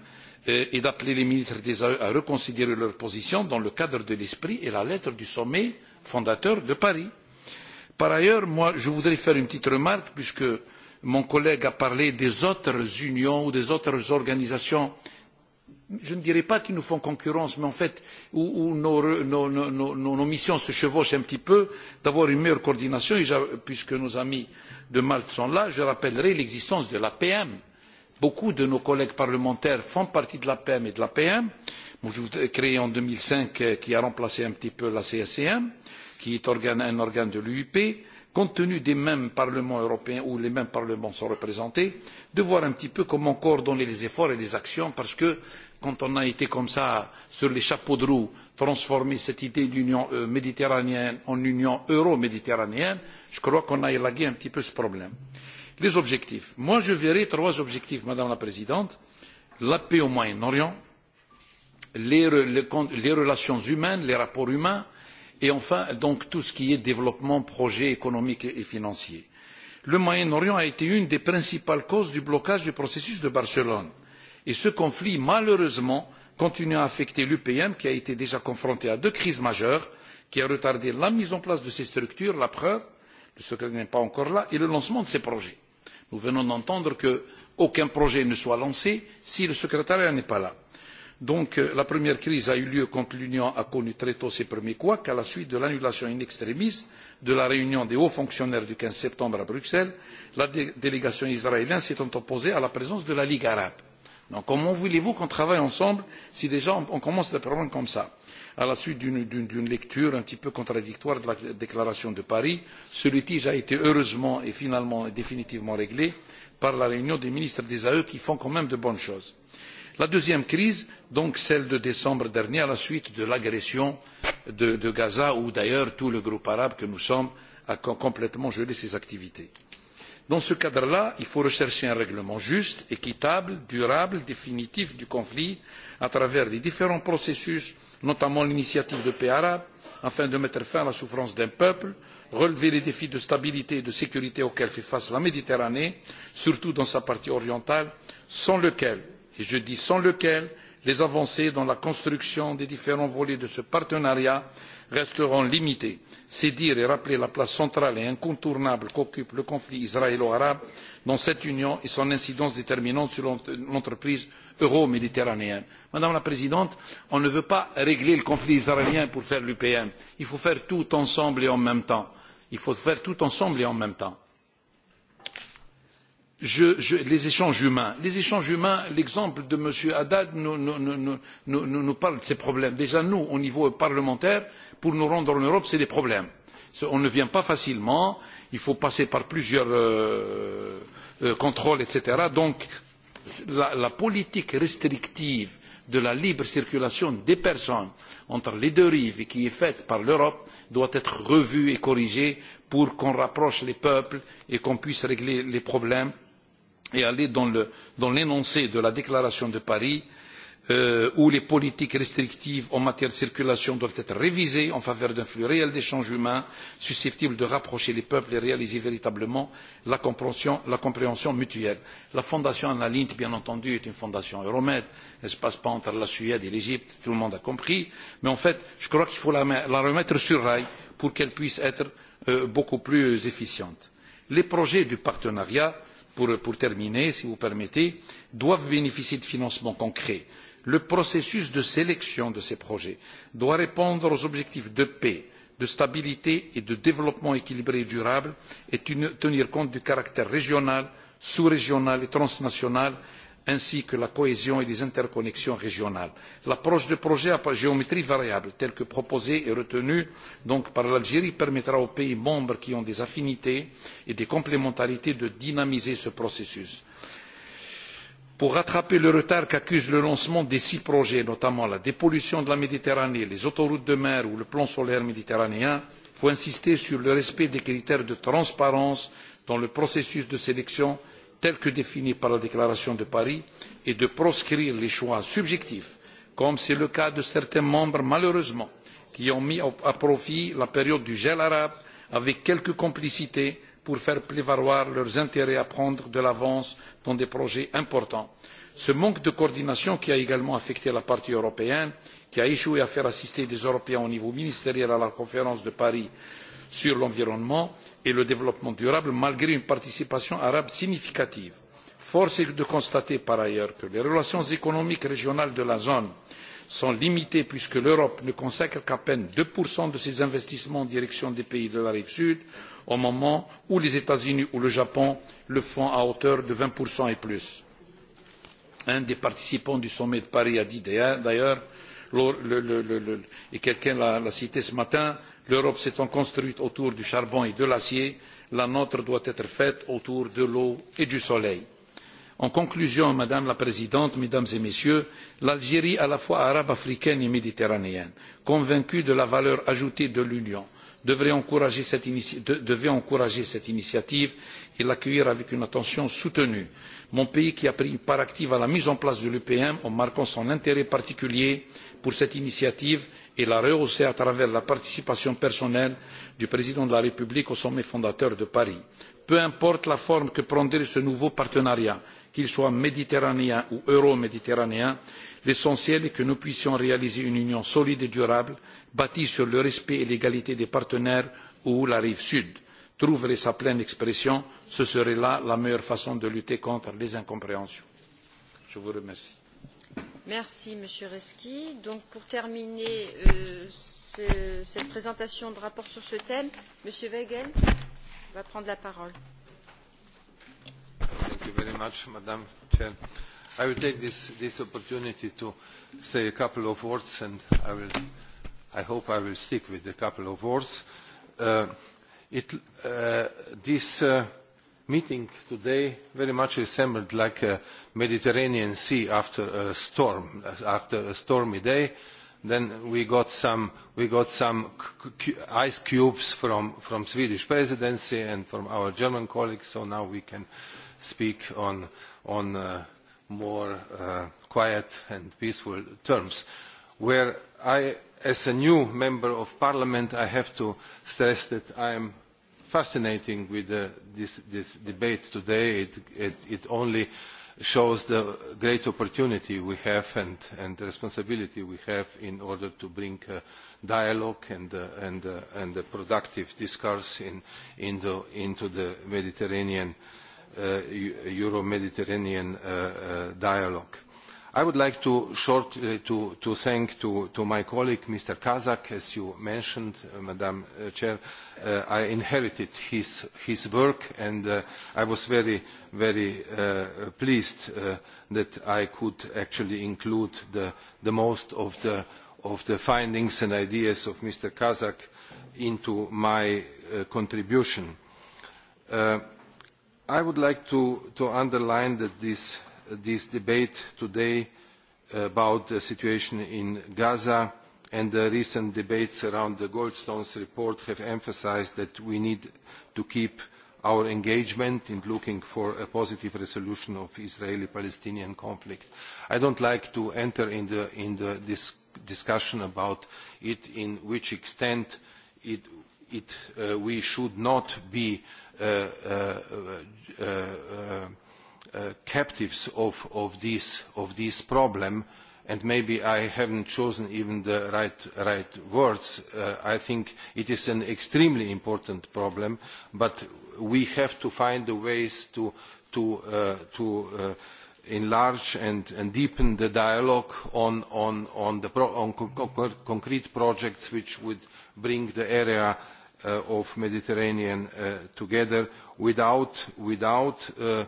Euh, et d'appeler les ministres des AE à reconsidérer leur position dans le cadre de l'esprit et la lettre du sommet fondateur de Paris. Par ailleurs, moi, je voudrais faire une petite remarque puisque mon collègue a parlé des autres unions ou des autres organisations je ne dirais pas qu'ils nous font concurrence, mais en fait, où, où nos, nos, nos, nos, missions se chevauchent un petit peu, d'avoir une meilleure coordination, et puisque nos amis de Malte sont là, je rappellerai l'existence de l'APM, beaucoup de nos collègues parlementaires font partie de la PEM et de la PM, créée en deux mille cinq, euh, qui a remplacé un petit peu la CSCM, e qui est un organe de l'UIP, compte tenu des mêmes parlements européens où les mêmes parlements sont représentés, de voir un petit peu comment coordonner les efforts et les actions, parce que quand on a été comme cela sur les chapeaux de roue, transformer cette idée d'union euh, méditerranéenne en union euro-méditerranéenne, je crois qu'on a élagué un petit peu ce problème. Les objectifs. Moi, je verrai trois objectifs, Madame la Présidente. La paix au Moyen-Orient, les, les, les relations humaines, les rapports humains, et enfin, donc, tout ce qui est développement, projet économique et financier. Le Moyen-Orient a été une des principales causes du blocage du processus de Barcelone. Et ce conflit, malheureusement, continue à affecter l'UPM, qui a été déjà confronté à deux crises majeures, qui a retardé la mise en place de ces structures, la preuve, le secret n'est pas encore là, et le lancement de ces projets. Nous venons d'entendre qu'aucun projet ne soit lancé si le secrétariat n'est pas là. Donc euh, la première crise a eu lieu quand l'Union a connu très tôt ses premiers couacs à la suite de l'annulation in extremis de la réunion des hauts fonctionnaires du quinze septembre à Bruxelles. La dé délégation israélienne s'est opposée à la présence de la Ligue arabe. Donc comment voulez-vous qu'on travaille ensemble si déjà on, on commence des problèmes comme ça à la suite d'une lecture un petit peu contradictoire de la déclaration de Paris. Ce litige a été heureusement et finalement et définitivement réglé par la réunion des ministres des AE qui font quand même de bonnes choses. La deuxième crise, donc celle de décembre dernier à la suite de l'agression de, de Gaza où d'ailleurs tout le groupe arabe que nous sommes a complètement gelé ses activités. Dans ce cadre-là, il faut rechercher un règlement juste, équitable, durable, définitif du conflit à travers les différents processus, notamment l'initiative de paix arabe, afin de mettre fin à la souffrance d'un peuple, relever les défis de stabilité et de sécurité auxquels fait face la Méditerranée, surtout dans sa partie orientale, sans lequel, et je dis sans lequel, les avancées dans la construction des différents volets de ce partenariat resteront limités, C'est dire et rappeler la place centrale et incontournable qu'occupe le conflit israélo-arabe dans cette union et son incidence déterminante sur l'entreprise euro-méditerranéenne. Madame la Présidente, on ne veut pas régler le conflit israélien pour faire l'UPM. Il faut faire tout ensemble et en même temps. Il faut faire tout ensemble et en même temps. Je, je, les échanges humains. Les échanges humains, l'exemple de M. Haddad nous, nous, nous, nous, nous parle de ces problèmes. Déjà, nous, au niveau parlementaire, pour nous rendre en Europe, c'est des problèmes. On ne vient pas facilement, il faut passer par plusieurs euh, euh, contrôles, etc. Donc, la, la politique restrictive de la libre circulation des personnes entre les deux rives et qui est faite par l'Europe doit être revue et corrigée pour qu'on rapproche les peuples et qu'on puisse régler les problèmes et aller dans l'énoncé de la déclaration de Paris euh, où les politiques restrictives en matière de circulation doivent être révisées en faveur d'un flux réel d'échanges humains susceptible de rapprocher les peuples et réaliser véritablement la compréhension, la compréhension mutuelle. La fondation Anna Analint, bien entendu, est une fondation Euromède. Elle ne se passe pas entre la Suède et l'Égypte, tout le monde a compris. Mais en fait, je crois qu'il faut la, la remettre sur rail pour qu'elle puisse être euh, beaucoup plus efficiente. Les projets du partenariat pour, pour terminer, si vous permettez, doivent bénéficier de financements concrets. Le processus de sélection de ces projets doit répondre aux objectifs de paix, de stabilité et de développement équilibré et durable et tenir compte du caractère régional, sous-régional et transnational ainsi que la cohésion et les interconnexions régionales. L'approche de projets à géométrie variable, telle que proposée et retenue donc par l'Algérie, permettra aux pays membres qui ont des affinités et des complémentarités de dynamiser ce processus. Pour rattraper le retard qu'accuse le lancement des six projets, notamment la dépollution de la Méditerranée, les autoroutes de mer ou le plan solaire méditerranéen, il faut insister sur le respect des critères de transparence dans le processus de sélection tel que défini par la déclaration de Paris et de proscrire les choix subjectifs, comme c'est le cas de certains membres malheureusement qui ont mis à profit la période du gel arabe avec quelques complicités pour faire prévaloir leurs intérêts à prendre de l'avance dans des projets importants. Ce manque de coordination qui a également affecté la partie européenne, qui a échoué à faire assister des Européens au niveau ministériel à la conférence de Paris sur l'environnement et le développement durable malgré une participation arabe significative. Force est de constater par ailleurs que les relations économiques régionales de la zone sont limitées puisque l'Europe ne consacre qu'à peine deux de ses investissements en direction des pays de la rive sud au moment où les États-Unis ou le Japon le font à hauteur de vingt et plus. Un des participants du sommet de Paris a dit d'ailleurs, et quelqu'un l'a cité ce matin, L'Europe s'étant construite autour du charbon et de l'acier, la nôtre doit être faite autour de l'eau et du soleil. En conclusion, Madame la Présidente, Mesdames et Messieurs, l'Algérie à la fois arabe, africaine et méditerranéenne, convaincue de la valeur ajoutée de l'Union, devrait encourager cette, devait encourager cette initiative et l'accueillir avec une attention soutenue mon pays qui a pris une part active à la mise en place de l'EPM en marquant son intérêt particulier pour cette initiative et l'a rehaussée à travers la participation personnelle du président de la République au sommet fondateur de Paris. Peu importe la forme que prendrait ce nouveau partenariat, qu'il soit méditerranéen ou euro-méditerranéen, l'essentiel est que nous puissions réaliser une union solide et durable, bâtie sur le respect et l'égalité des partenaires ou la rive sud trouverait sa pleine expression, ce serait là la meilleure façon de lutter contre les incompréhensions. Je vous remercie. Merci, Monsieur Reski. Donc, pour terminer euh, ce, cette présentation de rapport sur ce thème, Monsieur Wegel va prendre la parole. Thank you very much, Madame Chair. I will take this, this opportunity to say a couple of words, and I, will, I hope I will stick with a couple of words. Uh, It, uh, this uh, meeting today very much resembled like a Mediterranean Sea after a storm, after a stormy day. Then we got some, we got some ice cubes from, from Swedish presidency and from our German colleagues, so now we can speak on, on uh, more uh, quiet and peaceful terms. Where I, as a new member of parliament, I have to stress that I am fascinating with uh, this, this debate today. It, it, it only shows the great opportunity we have and, and the responsibility we have in order to bring uh, dialogue and, uh, and, uh, and a productive discourse in, into, into the Mediterranean, uh, Euro-Mediterranean uh, uh, dialogue. I would like to short uh, to, to thank to, to my colleague, Mr. Kazak, as you mentioned, uh, Madam uh, Chair, uh, I inherited his, his work and uh, I was very, very uh, pleased uh, that I could actually include the, the most of the, of the findings and ideas of Mr. Kazak into my uh, contribution. Uh, I would like to, to underline that this, this debate today about the situation in Gaza and the recent debates around the Goldstones report have emphasised that we need to keep our engagement in looking for a positive resolution of the Israeli-Palestinian conflict. I don't like to enter in the, in the discussion about it in which extent it, it, uh, we should not be uh, uh, uh, uh, uh captives of, of, this, of this problem uh, and maybe I haven't chosen even the right, right words, uh, I think it is an extremely important problem, but we have to find the ways to, to, uh, to uh, enlarge and, and deepen the dialogue on, on, on, the pro on concrete projects which would bring the area uh, of Mediterranean uh, together without, without uh,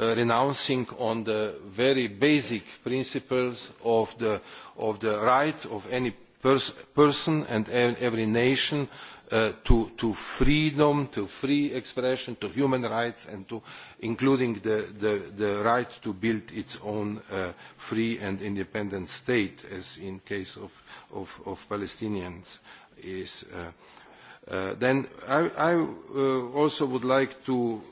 Uh, renouncing on the very basic principles of the, of the right of any pers person and every nation uh, to, to freedom, to free expression, to human rights, and to including the, the, the right to build its own uh, free and independent state, as in case of, of, of Palestinians is uh, Uh, then I, I uh, also would like to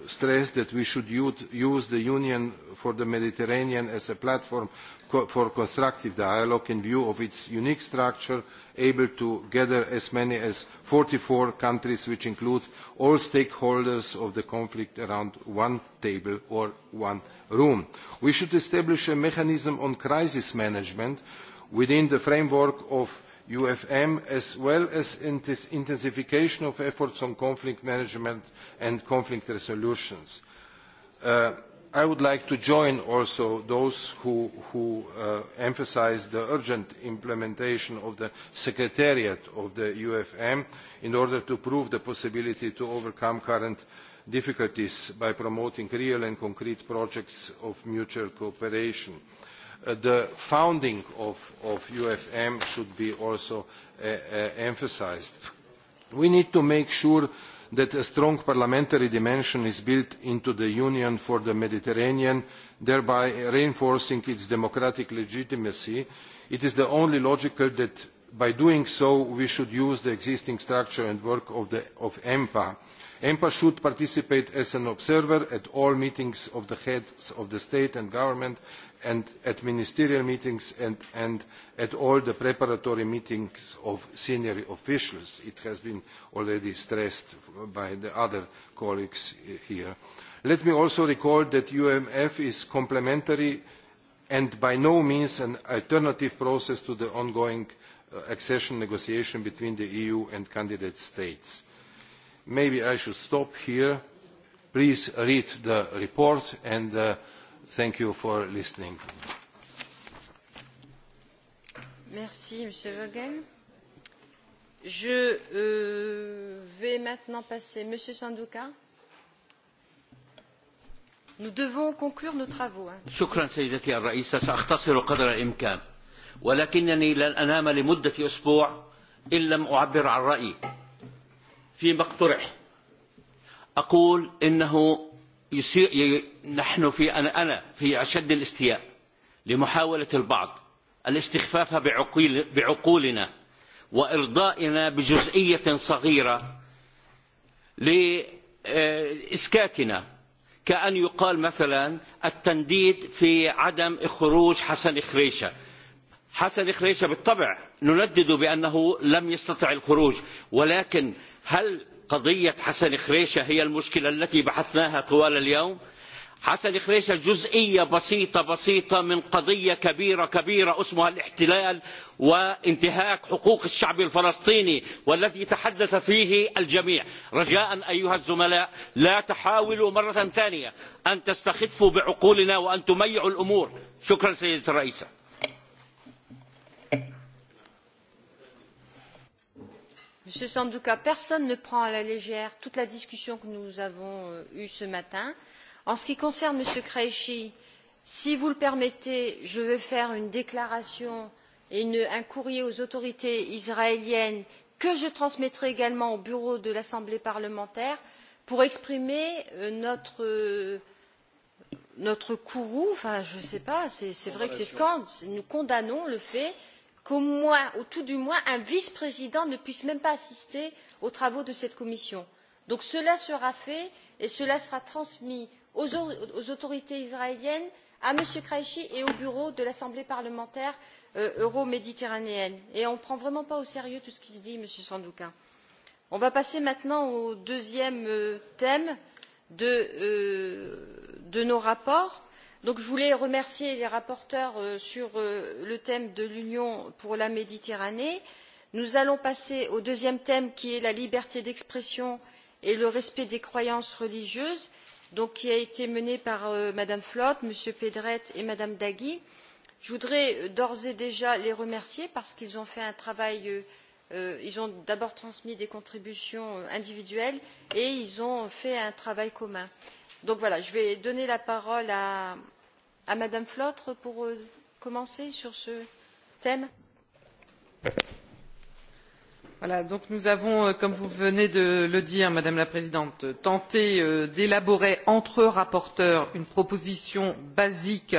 uh, stress that we should use the Union for the Mediterranean as a platform co for constructive dialogue in view of its unique structure, able to gather as many as forty four countries, which include all stakeholders of the conflict around one table or one room. We should establish a mechanism on crisis management within the framework of UFM, as well as intensification of efforts on conflict management and conflict resolutions. Uh, I would like to join also those who, who uh, emphasize the urgent implementation of the Secretariat of the UFM in order to prove the possibility to overcome current difficulties by promoting real and concrete projects of mutual cooperation. Uh, the founding of, of UFM should be also uh, uh, emphasized. We need to make sure that a strong parliamentary dimension is built into the Union for the Mediterranean, thereby reinforcing its democratic legitimacy. It is the only logical that by doing so we should use the existing structure and work of, the, of EMPA. EMPA should participate as an observer at all meetings of the heads of the state and government and at ministerial meetings and, and at all the preparatory meetings of senior officials. It has been already stressed by the other colleagues here. Let me also recall that UMF is complementary and by no means an alternative process to the ongoing uh, accession negotiation between the EU and candidate states. Maybe I should stop here. Please read the report and uh, Thank you for listening. Merci, Monsieur Vogel. Je euh, vais maintenant passer, Monsieur Sanduka. Nous devons conclure nos travaux. شكرا سيدتي الرئيسة سأختصر قدر الإمكان ولكنني لن أنام لمدة أسبوع إن لم أعبر عن رأيي فيما اقترح أقول إنه نحن في أنا, أنا في أشد الاستياء لمحاولة البعض الاستخفاف بعقول بعقولنا وإرضائنا بجزئية صغيرة لإسكاتنا كأن يقال مثلا التنديد في عدم خروج حسن خريشة حسن خريشة بالطبع نندد بأنه لم يستطع الخروج ولكن هل قضية حسن خريشة هي المشكلة التي بحثناها طوال اليوم حسن خريشة جزئية بسيطة بسيطة من قضية كبيرة كبيرة اسمها الاحتلال وانتهاك حقوق الشعب الفلسطيني والذي تحدث فيه الجميع رجاء أيها الزملاء لا تحاولوا مرة ثانية أن تستخفوا بعقولنا وأن تميعوا الأمور شكرا سيدة الرئيسة Monsieur Sanduka, personne ne prend à la légère toute la discussion que nous avons euh, eue ce matin. En ce qui concerne Monsieur Kreishi, si vous le permettez, je vais faire une déclaration et une, un courrier aux autorités israéliennes que je transmettrai également au bureau de l'Assemblée parlementaire pour exprimer euh, notre, euh, notre courroux, enfin je ne sais pas, c'est vrai que c'est scandaleux, nous condamnons le fait qu'au moins, ou tout du moins, un vice-président ne puisse même pas assister aux travaux de cette commission. Donc cela sera fait et cela sera transmis aux, autorités israéliennes, à M. Kraichi et au bureau de l'Assemblée parlementaire euroméditerranéenne. euro-méditerranéenne. Et on ne prend vraiment pas au sérieux tout ce qui se dit, Monsieur Sandouka. On va passer maintenant au deuxième euh, thème euh, de nos rapports Donc, je voulais remercier les rapporteurs euh, sur euh, le thème de l'Union pour la Méditerranée. Nous allons passer au deuxième thème qui est la liberté d'expression et le respect des croyances religieuses, donc qui a été mené par euh, Madame Flotte, Monsieur Pedret et Madame Dagui. Je voudrais euh, d'ores et déjà les remercier parce qu'ils ont fait un travail, euh, ils ont d'abord transmis des contributions individuelles et ils ont fait un travail commun. Euh, Donc voilà, je vais donner la parole à, à Madame Flotre pour euh, commencer sur ce thème. Voilà, donc nous avons, euh, comme vous venez de le dire, Madame la Présidente, tenté euh, d'élaborer entre rapporteurs une proposition basique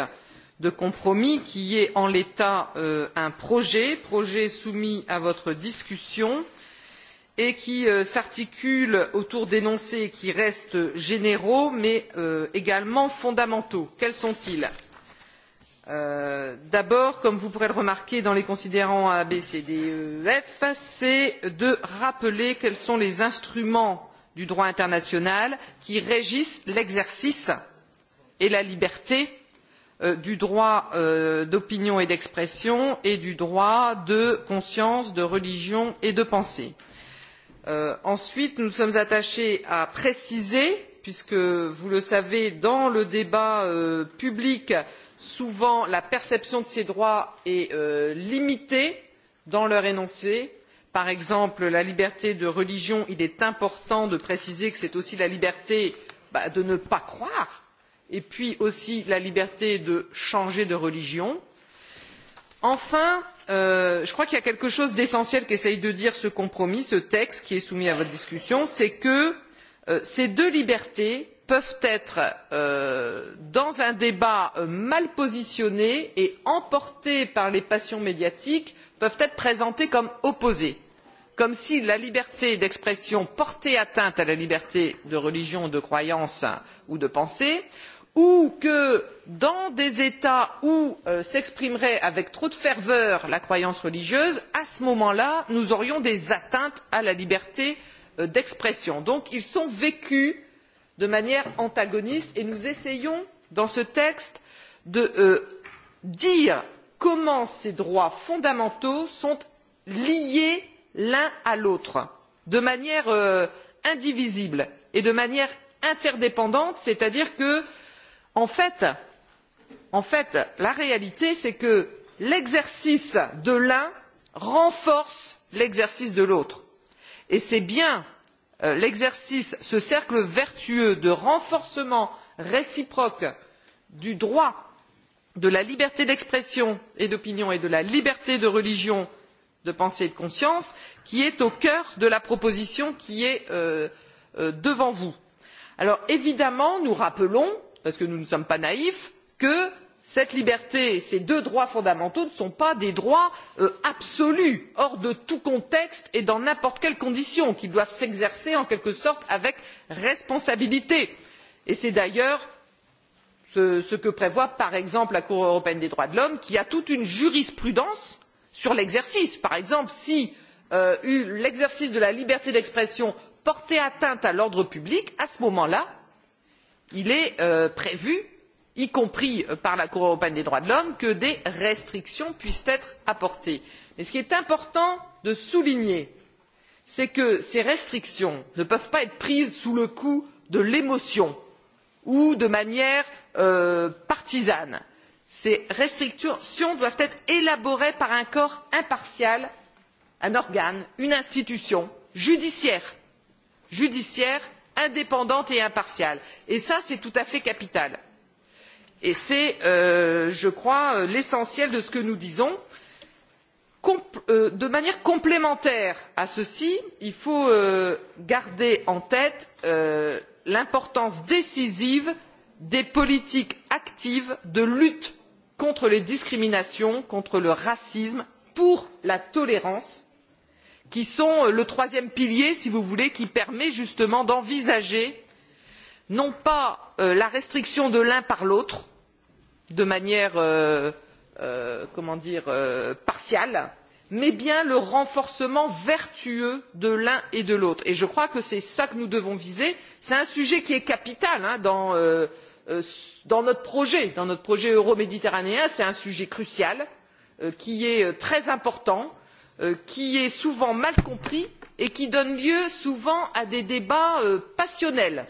de compromis qui est en l'état euh, un projet, projet soumis à votre discussion. Euh, et qui euh, autour d'énoncés qui restent généraux mais euh, également fondamentaux. Quels sont-ils euh, D'abord, comme vous pourrez le remarquer dans les considérants A, B, C, D, E, F, c'est de rappeler quels sont les instruments du droit international qui régissent l'exercice et la liberté euh, du droit euh, d'opinion et d'expression et du droit de conscience, de religion et de pensée. Euh, ensuite, nous sommes attachés à préciser, puisque vous le savez, dans le débat euh, public, souvent la perception de ces droits est euh, limitée dans leur énoncé. Par exemple, la liberté de religion, il est important de préciser que c'est aussi la liberté bah, de ne pas croire, et puis aussi la liberté de changer de religion Enfin, euh, je crois qu'il y a quelque chose d'essentiel qu'essaye de dire ce compromis, ce texte qui est soumis à votre discussion, c'est que euh, ces deux libertés peuvent être euh, dans un débat euh, mal positionné et emporté par les passions médiatiques, peuvent être présentées comme opposées, comme si la liberté d'expression portait atteinte à la liberté de religion, de croyance ou de pensée, ou que dans des États où euh, s'exprimerait avec trop de ferveur la croyance religieuse, à ce moment-là, nous aurions des atteintes à la liberté euh, d'expression. Donc, ils sont vécus de manière antagoniste et nous essayons, dans ce texte, de euh, dire comment ces droits fondamentaux sont liés l'un à l'autre, de manière euh, indivisible et de manière interdépendante, c'est-à-dire que, en fait, en fait, la réalité, c'est que l'exercice de l'un renforce l'exercice de l'autre. Et c'est bien euh, l'exercice, ce cercle vertueux de renforcement réciproque du droit de la liberté d'expression et d'opinion et de la liberté de religion, de pensée et de conscience qui est au cœur de la proposition qui est euh, euh, devant vous. Alors évidemment, nous rappelons, parce que nous ne sommes pas naïfs, que cette liberté, ces deux droits fondamentaux ne sont pas des droits euh, absolus, hors de tout contexte et dans n'importe quelle condition, qui doivent s'exercer en quelque sorte avec responsabilité. Et c'est d'ailleurs ce, ce que prévoit par exemple la Cour européenne des droits de l'homme, qui a toute une jurisprudence sur l'exercice. Par exemple, si euh, l'exercice de la liberté d'expression portait atteinte à l'ordre public, à ce moment-là, il est euh, prévu y compris euh, par la Cour européenne des droits de l'homme, que des restrictions puissent être apportées. Mais ce qui est important de souligner, c'est que ces restrictions ne peuvent pas être prises sous le coup de l'émotion ou de manière euh, partisane. Ces restrictions doivent être élaborées par un corps impartial, un organe, une institution judiciaire, judiciaire indépendante et impartiale. Et ça, c'est tout à fait capital Et c'est, euh, je crois, euh, l'essentiel de ce que nous disons. Comp euh, de manière complémentaire à ceci, il faut euh, garder en tête euh, l'importance décisive des politiques actives de lutte contre les discriminations, contre le racisme, pour la tolérance, qui sont euh, le troisième pilier, si vous voulez, qui permet justement d'envisager non pas Euh, la restriction de l'un par l'autre de manière euh, euh, comment dire euh, partiale mais bien le renforcement vertueux de l'un et de l'autre et je crois que c'est cela que nous devons viser c'est un sujet qui est capital hein, dans, euh, euh, dans notre projet dans notre projet euro méditerranéen c'est un sujet crucial qui est très important qui est souvent mal compris et qui donne lieu souvent à des débats passionnels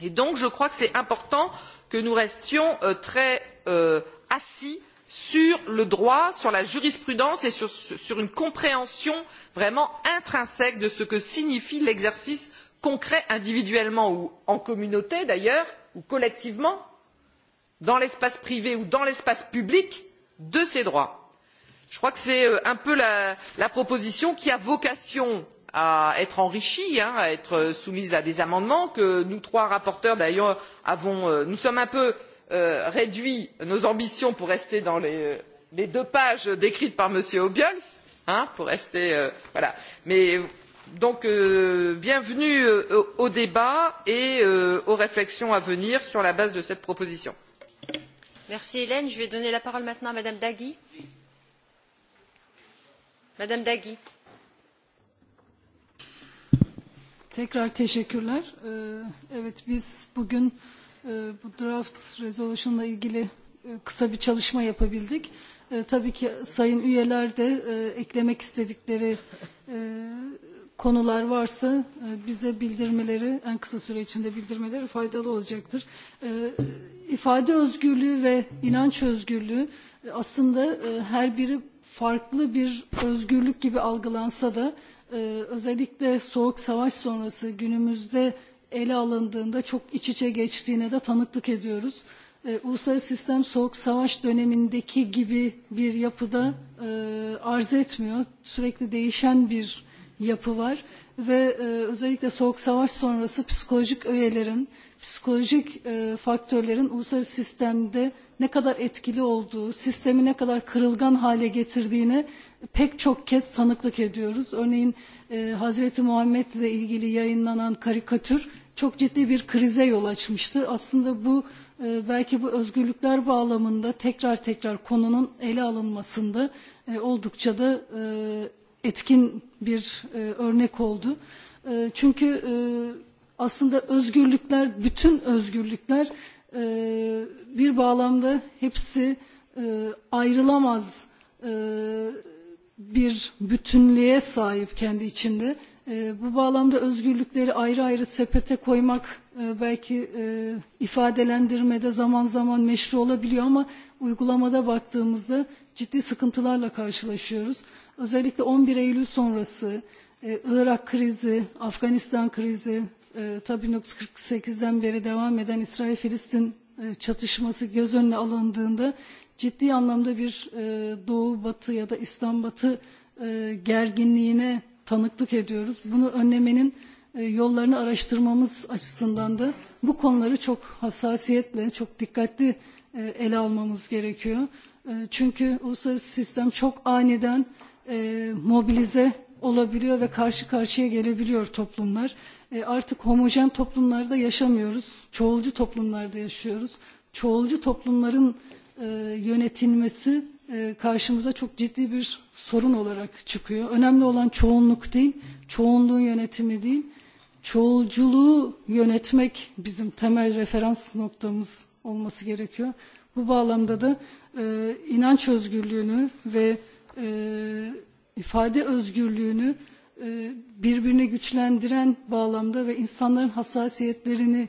Et donc, je crois que c'est important que nous restions euh, très euh, assis sur le droit, sur la jurisprudence et sur, sur une compréhension vraiment intrinsèque de ce que signifie l'exercice concret individuellement ou en communauté d'ailleurs ou collectivement dans l'espace privé ou dans l'espace public de ces droits. Je crois que c'est euh, un peu la, la proposition qui a vocation à être enrichie, hein, à être soumise à des amendements que nous trois rapporteurs d'ailleurs avons euh, nous sommes un peu euh, réduits nos ambitions pour rester dans les, euh, les deux pages décrites par M. Obiols, hein, pour rester euh, voilà. Mais donc euh, bienvenue euh, au débat et euh, aux réflexions à venir sur la base de cette proposition. Merci Hélène. Je vais donner la parole maintenant à Madame Dagui. Madame Dagui. Tekrar teşekkürler. Evet biz bugün e, bu draft resolution'la ilgili e, kısa bir çalışma yapabildik. E, tabii ki sayın üyeler de eklemek istedikleri konular varsa bize bildirmeleri en kısa süre içinde bildirmeleri faydalı olacaktır. İfade özgürlüğü ve inanç özgürlüğü aslında her biri farklı bir özgürlük gibi algılansa da özellikle soğuk savaş sonrası günümüzde ele alındığında çok iç içe geçtiğine de tanıklık ediyoruz. E, uluslararası sistem soğuk savaş dönemindeki gibi bir yapıda e, arz etmiyor. Sürekli değişen bir yapı var ve e, özellikle soğuk savaş sonrası psikolojik öğelerin, psikolojik e, faktörlerin uluslararası sistemde ne kadar etkili olduğu, sistemi ne kadar kırılgan hale getirdiğini pek çok kez tanıklık ediyoruz. Örneğin e, Hazreti Muhammed ile ilgili yayınlanan karikatür çok ciddi bir krize yol açmıştı. Aslında bu e, belki bu özgürlükler bağlamında tekrar tekrar konunun ele alınmasında e, oldukça da e, etkin bir e, örnek oldu. E, çünkü e, aslında özgürlükler, bütün özgürlükler e, bir bağlamda hepsi e, ayrılamaz e, bir bütünlüğe sahip kendi içinde. E, bu bağlamda özgürlükleri ayrı ayrı sepete koymak e, belki e, ifadelendirmede zaman zaman meşru olabiliyor ama uygulamada baktığımızda ciddi sıkıntılarla karşılaşıyoruz özellikle 11 Eylül sonrası e, Irak krizi, Afganistan krizi, e, tabii 1948'den beri devam eden İsrail-Filistin e, çatışması göz önüne alındığında ciddi anlamda bir e, Doğu Batı ya da İslam Batı e, gerginliğine tanıklık ediyoruz. Bunu önlemenin e, yollarını araştırmamız açısından da bu konuları çok hassasiyetle, çok dikkatli e, ele almamız gerekiyor. E, çünkü uluslararası sistem çok aniden e, mobilize olabiliyor ve karşı karşıya gelebiliyor toplumlar. E, artık homojen toplumlarda yaşamıyoruz. Çoğulcu toplumlarda yaşıyoruz. Çoğulcu toplumların e, yönetilmesi e, karşımıza çok ciddi bir sorun olarak çıkıyor. Önemli olan çoğunluk değil, çoğunluğun yönetimi değil. Çoğulculuğu yönetmek bizim temel referans noktamız olması gerekiyor. Bu bağlamda da e, inanç özgürlüğünü ve e, ifade özgürlüğünü e, birbirine güçlendiren bağlamda ve insanların hassasiyetlerini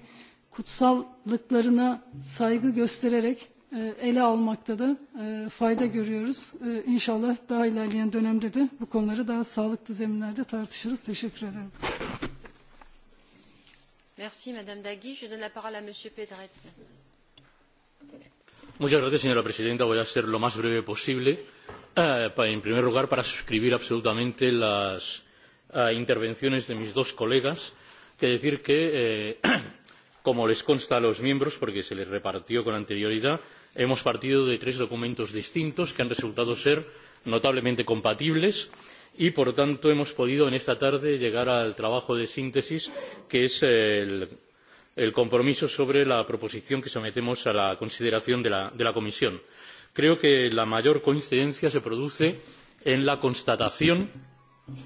kutsallıklarına saygı göstererek e, ele almakta da e, fayda görüyoruz. E, i̇nşallah daha ilerleyen dönemde de bu konuları daha sağlıklı zeminlerde tartışırız. Teşekkür ederim. Merci Madame Dagui. Je donne la parole à Monsieur Pedret. Muchas gracias, señora presidenta. Voy a ser lo más breve posible. Eh, en primer lugar, para suscribir absolutamente las eh, intervenciones de mis dos colegas, que decir que, eh, como les consta a los miembros, porque se les repartió con anterioridad, hemos partido de tres documentos distintos que han resultado ser notablemente compatibles y, por tanto, hemos podido en esta tarde llegar al trabajo de síntesis, que es el, el compromiso sobre la proposición que sometemos a la consideración de la, de la Comisión. Creo que la mayor coincidencia se produce en la constatación,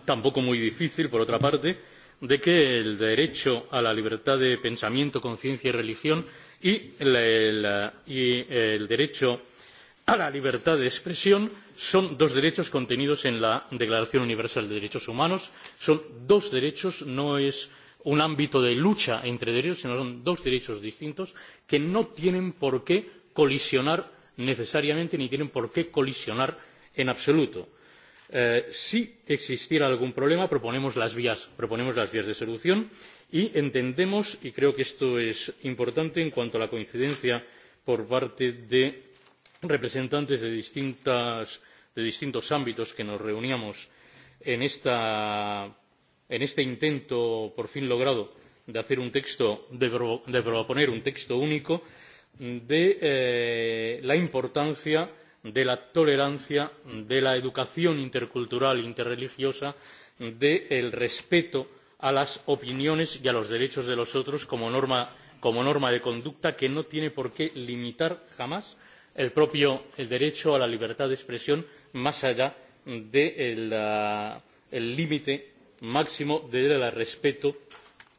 tampoco muy difícil por otra parte, de que el derecho a la libertad de pensamiento, conciencia y religión y el, el, y el derecho a la libertad de expresión son dos derechos contenidos en la Declaración Universal de Derechos Humanos. Son dos derechos, no es un ámbito de lucha entre derechos, sino son dos derechos distintos que no tienen por qué colisionar necesariamente ni tienen por qué colisionar en absoluto. Eh, si existiera algún problema, proponemos las vías, proponemos las vías de solución y entendemos, y creo que esto es importante en cuanto a la coincidencia por parte de representantes de, distintas, de distintos ámbitos que nos reuníamos en, esta, en este intento por fin logrado de hacer un texto, de, de proponer un texto único, de eh, la importancia de la tolerancia, de la educación intercultural e interreligiosa, del de respeto a las opiniones y a los derechos de los otros como norma, como norma de conducta que no tiene por qué limitar jamás el propio el derecho a la libertad de expresión más allá del de ah, límite máximo del respeto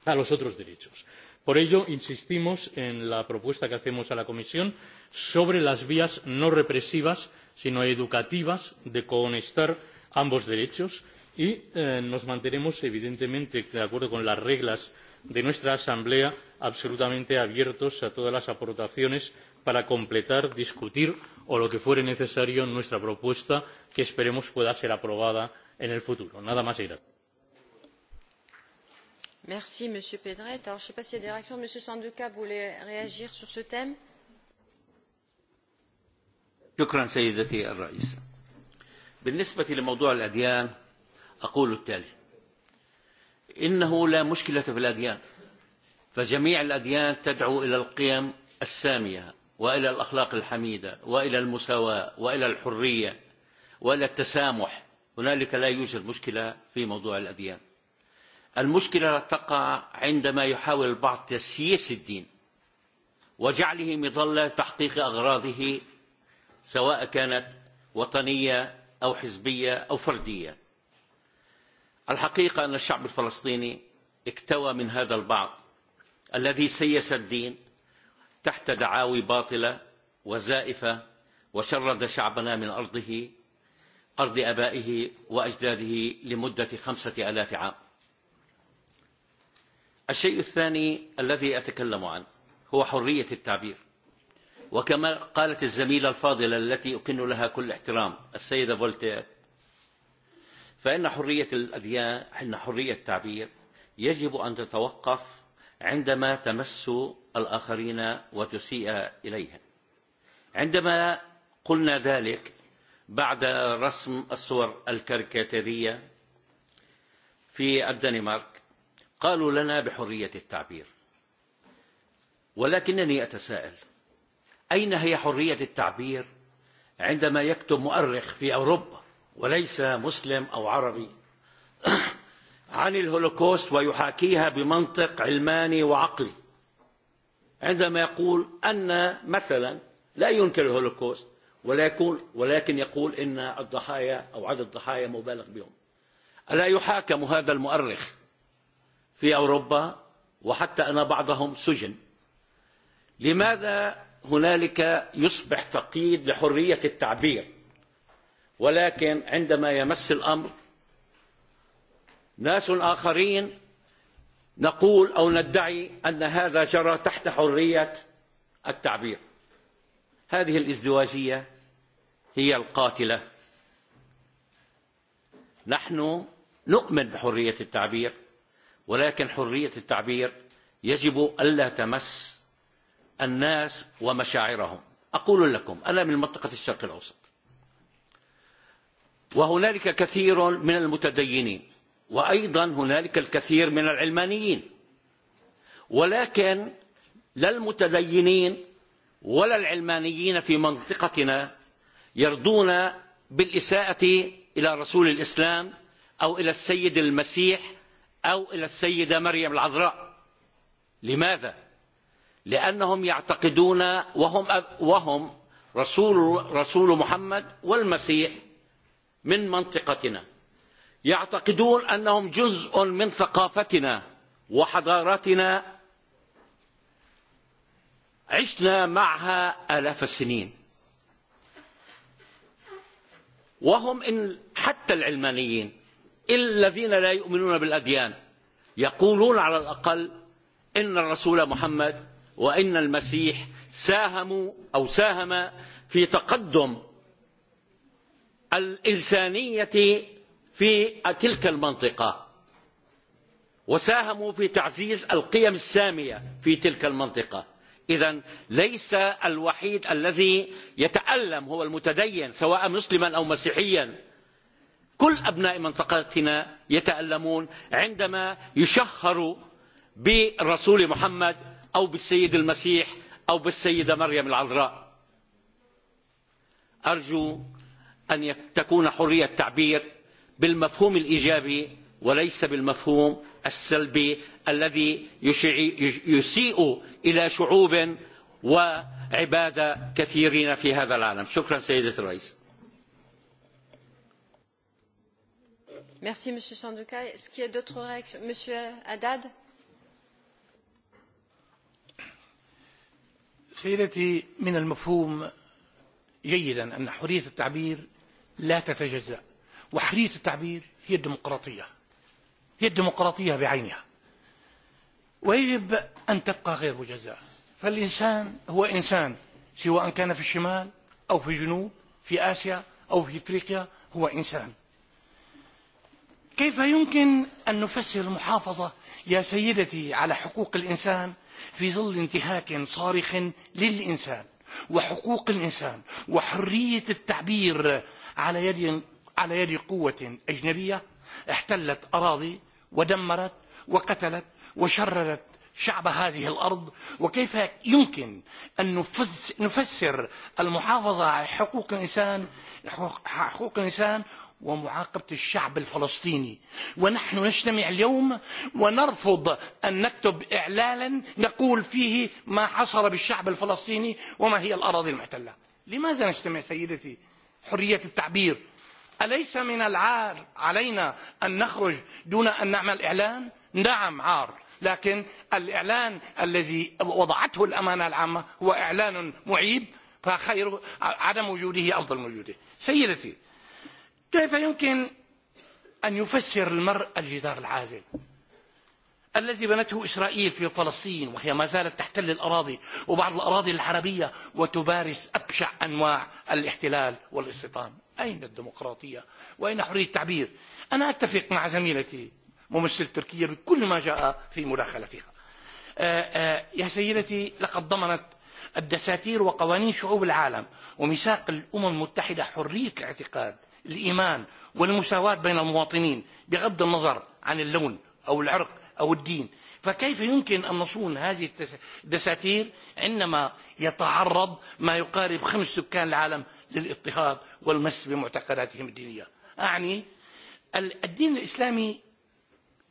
a los otros derechos Por ello, insistimos en la propuesta que hacemos a la Comisión sobre las vías no represivas, sino educativas, de conectar ambos derechos y eh, nos mantenemos, evidentemente, de acuerdo con las reglas de nuestra Asamblea, absolutamente abiertos a todas las aportaciones para completar, discutir o lo que fuere necesario en nuestra propuesta, que esperemos pueda ser aprobada en el futuro. Nada más y gracias. Merci, Monsieur Pedret. Alors, je ne sais pas s'il y a des réactions. Monsieur Sanduka voulait réagir sur ce thème. سيدتي الرئيسة بالنسبة لموضوع الأديان أقول التالي إنه لا مشكلة في الأديان فجميع الأديان تدعو إلى القيم السامية وإلى الأخلاق الحميدة وإلى المساواة وإلى الحرية وإلى التسامح هنالك لا يوجد مشكلة في موضوع الأديان المشكلة تقع عندما يحاول البعض تسييس الدين وجعله مظلة تحقيق أغراضه سواء كانت وطنية أو حزبية أو فردية الحقيقة أن الشعب الفلسطيني اكتوى من هذا البعض الذي سيس الدين تحت دعاوي باطلة وزائفة وشرد شعبنا من أرضه أرض أبائه وأجداده لمدة خمسة آلاف عام الشيء الثاني الذي أتكلم عنه هو حرية التعبير وكما قالت الزميلة الفاضلة التي أكن لها كل احترام السيدة فولتير فإن حرية الأديان إن حرية التعبير يجب أن تتوقف عندما تمس الآخرين وتسيء إليهم عندما قلنا ذلك بعد رسم الصور الكاريكاتيرية في الدنمارك قالوا لنا بحرية التعبير ولكنني أتساءل أين هي حرية التعبير عندما يكتب مؤرخ في أوروبا وليس مسلم أو عربي عن الهولوكوست ويحاكيها بمنطق علماني وعقلي عندما يقول أن مثلا لا ينكر الهولوكوست ولكن, ولكن يقول إن الضحايا أو عدد الضحايا مبالغ بهم ألا يحاكم هذا المؤرخ في أوروبا وحتى أن بعضهم سجن لماذا هنالك يصبح تقييد لحرية التعبير ولكن عندما يمس الأمر ناس آخرين نقول أو ندعي أن هذا جرى تحت حرية التعبير هذه الإزدواجية هي القاتلة نحن نؤمن بحرية التعبير ولكن حرية التعبير يجب ألا تمس الناس ومشاعرهم أقول لكم أنا من منطقة الشرق الأوسط وهنالك كثير من المتدينين وأيضا هنالك الكثير من العلمانيين ولكن لا المتدينين ولا العلمانيين في منطقتنا يرضون بالإساءة إلى رسول الإسلام أو إلى السيد المسيح أو إلى السيدة مريم العذراء لماذا؟ لأنهم يعتقدون وهم, وهم رسول, رسول محمد والمسيح من منطقتنا يعتقدون أنهم جزء من ثقافتنا وحضارتنا عشنا معها آلاف السنين وهم إن حتى العلمانيين الذين لا يؤمنون بالأديان يقولون على الأقل إن الرسول محمد وإن المسيح ساهموا أو ساهم في تقدم الإنسانية في تلك المنطقة وساهموا في تعزيز القيم السامية في تلك المنطقة إذا ليس الوحيد الذي يتألم هو المتدين سواء مسلما أو مسيحيا كل أبناء منطقتنا يتألمون عندما يشخر برسول محمد أو بالسيد المسيح أو بالسيدة مريم العذراء أرجو أن تكون حرية التعبير بالمفهوم الإيجابي وليس بالمفهوم السلبي الذي يسيء إلى شعوب وعبادة كثيرين في هذا العالم شكرا سيدة الرئيس Merci, Monsieur Sanduka. Est-ce qu'il y a d'autres réactions Monsieur Haddad سيدتي من المفهوم جيدا أن حرية التعبير لا تتجزأ وحرية التعبير هي الديمقراطية هي الديمقراطية بعينها ويجب أن تبقى غير مجزاة فالإنسان هو إنسان سواء كان في الشمال أو في الجنوب في آسيا أو في إفريقيا هو إنسان كيف يمكن أن نفسر المحافظة يا سيدتي على حقوق الإنسان في ظل انتهاك صارخ للإنسان وحقوق الإنسان وحرية التعبير على يد على يد قوة أجنبية احتلت أراضي ودمرت وقتلت وشررت شعب هذه الأرض وكيف يمكن أن نفسر المحافظة على حقوق الإنسان حقوق الإنسان ومعاقبة الشعب الفلسطيني ونحن نجتمع اليوم ونرفض أن نكتب إعلانا نقول فيه ما حصل بالشعب الفلسطيني وما هي الأراضي المحتلة لماذا نجتمع سيدتي حرية التعبير أليس من العار علينا أن نخرج دون أن نعمل إعلان نعم عار لكن الإعلان الذي وضعته الأمانة العامة هو إعلان معيب فخير عدم وجوده أفضل من وجوده سيدتي كيف يمكن أن يفسر المرء الجدار العازل الذي بنته إسرائيل في فلسطين وهي ما زالت تحتل الأراضي وبعض الأراضي العربية وتبارس أبشع أنواع الاحتلال والاستيطان أين الديمقراطية وأين حرية التعبير أنا أتفق مع زميلتي ممثل تركيا بكل ما جاء في مداخلتها يا سيدتي لقد ضمنت الدساتير وقوانين شعوب العالم وميثاق الأمم المتحدة حرية الاعتقاد الإيمان والمساواة بين المواطنين بغض النظر عن اللون أو العرق أو الدين فكيف يمكن أن نصون هذه الدساتير عندما يتعرض ما يقارب خمس سكان العالم للاضطهاد والمس بمعتقداتهم الدينية أعني الدين الإسلامي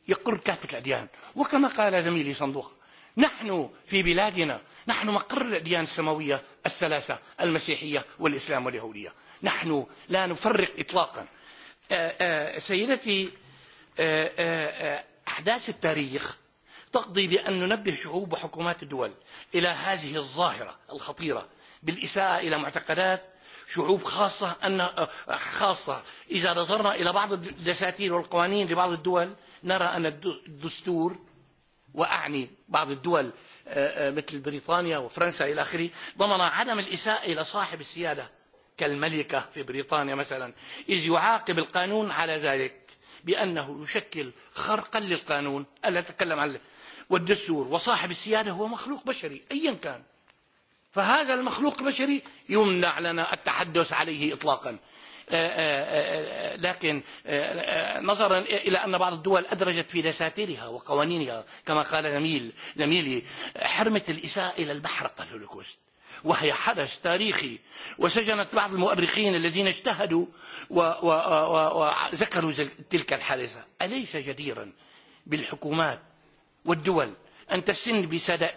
يقر كافة الأديان وكما قال زميلي صندوق نحن في بلادنا نحن مقر الأديان السماوية الثلاثة المسيحية والإسلام واليهودية نحن لا نفرق إطلاقا سيدتي أحداث التاريخ تقضي بأن ننبه شعوب وحكومات الدول إلى هذه الظاهرة الخطيرة بالإساءة إلى معتقدات شعوب خاصة أن خاصة إذا نظرنا إلى بعض الدساتير والقوانين لبعض الدول نرى أن الدستور وأعني بعض الدول مثل بريطانيا وفرنسا إلى آخره ضمن عدم الإساءة إلى صاحب السيادة كالملكة في بريطانيا مثلا إذ يعاقب القانون على ذلك بأنه يشكل خرقا للقانون ألا أتكلم عن والدستور وصاحب السيادة هو مخلوق بشري أيا كان فهذا المخلوق البشري يمنع لنا التحدث عليه إطلاقا لكن نظرا إلى أن بعض الدول أدرجت في دساتيرها وقوانينها كما قال نميل نميلي حرمة الإساءة إلى البحر قال هولوكوست وهي حدث تاريخي وسجنت بعض المؤرخين الذين اجتهدوا وذكروا تلك الحادثة أليس جديرا بالحكومات والدول أن تسن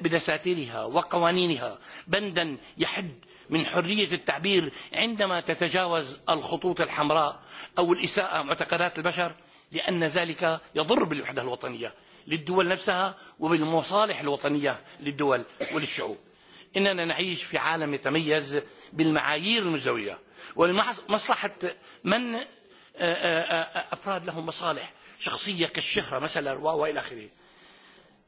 بدساتيرها وقوانينها بندا يحد من حرية التعبير عندما تتجاوز الخطوط الحمراء أو الإساءة معتقدات البشر لأن ذلك يضر بالوحدة الوطنية للدول نفسها وبالمصالح الوطنية للدول وللشعوب إننا نعيش في عالم يتميز بالمعايير المزوية ولمصلحة من أفراد لهم مصالح شخصية كالشهرة مثلا وإلى آخره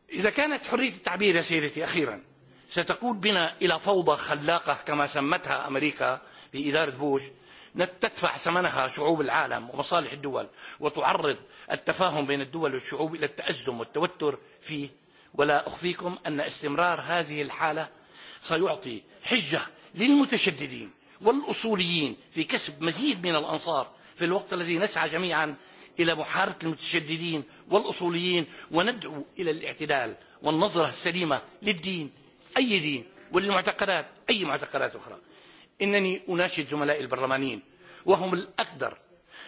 إذا كانت حرية التعبير يا سيدتي أخيرا ستقود بنا إلى فوضى خلاقة كما سمتها أمريكا في إدارة بوش تدفع ثمنها شعوب العالم ومصالح الدول وتعرض التفاهم بين الدول والشعوب إلى التأزم والتوتر فيه ولا أخفيكم أن استمرار هذه الحالة سيعطي حجة للمتشددين والأصوليين في كسب مزيد من الأنصار في الوقت الذي نسعى جميعا إلى محاربة المتشددين والأصوليين وندعو إلى الاعتدال والنظرة السليمة للدين أي دين وللمعتقدات أي معتقدات أخرى إنني أناشد زملائي البرلمانيين وهم الأقدر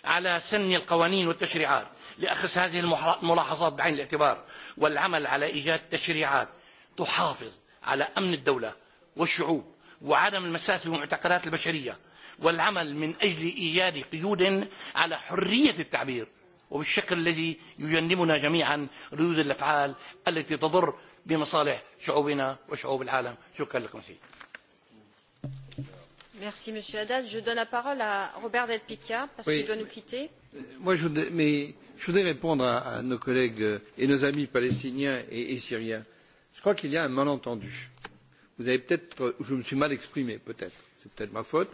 على سن القوانين والتشريعات لأخذ هذه الملاحظات بعين الاعتبار والعمل على إيجاد تشريعات تحافظ على أمن الدولة والشعوب وعدم المساس بمعتقدات البشرية والعمل من أجل إيجاد قيود على حرية التعبير وبالشكل الذي يجنبنا جميعا ردود الأفعال التي تضر بمصالح شعوبنا وشعوب العالم شكرا لكم سيدي Merci Monsieur Haddad. Je donne la parole à Robert Del Picca parce oui. qu'il doit nous quitter. Euh, moi, je voudrais, mais je voudrais répondre à, à nos collègues euh, et nos amis palestiniens et, et syriens. Je crois qu'il y a un malentendu. Euh, Vous avez peut-être, je me suis mal exprimé, peut-être, c'est peut-être ma faute.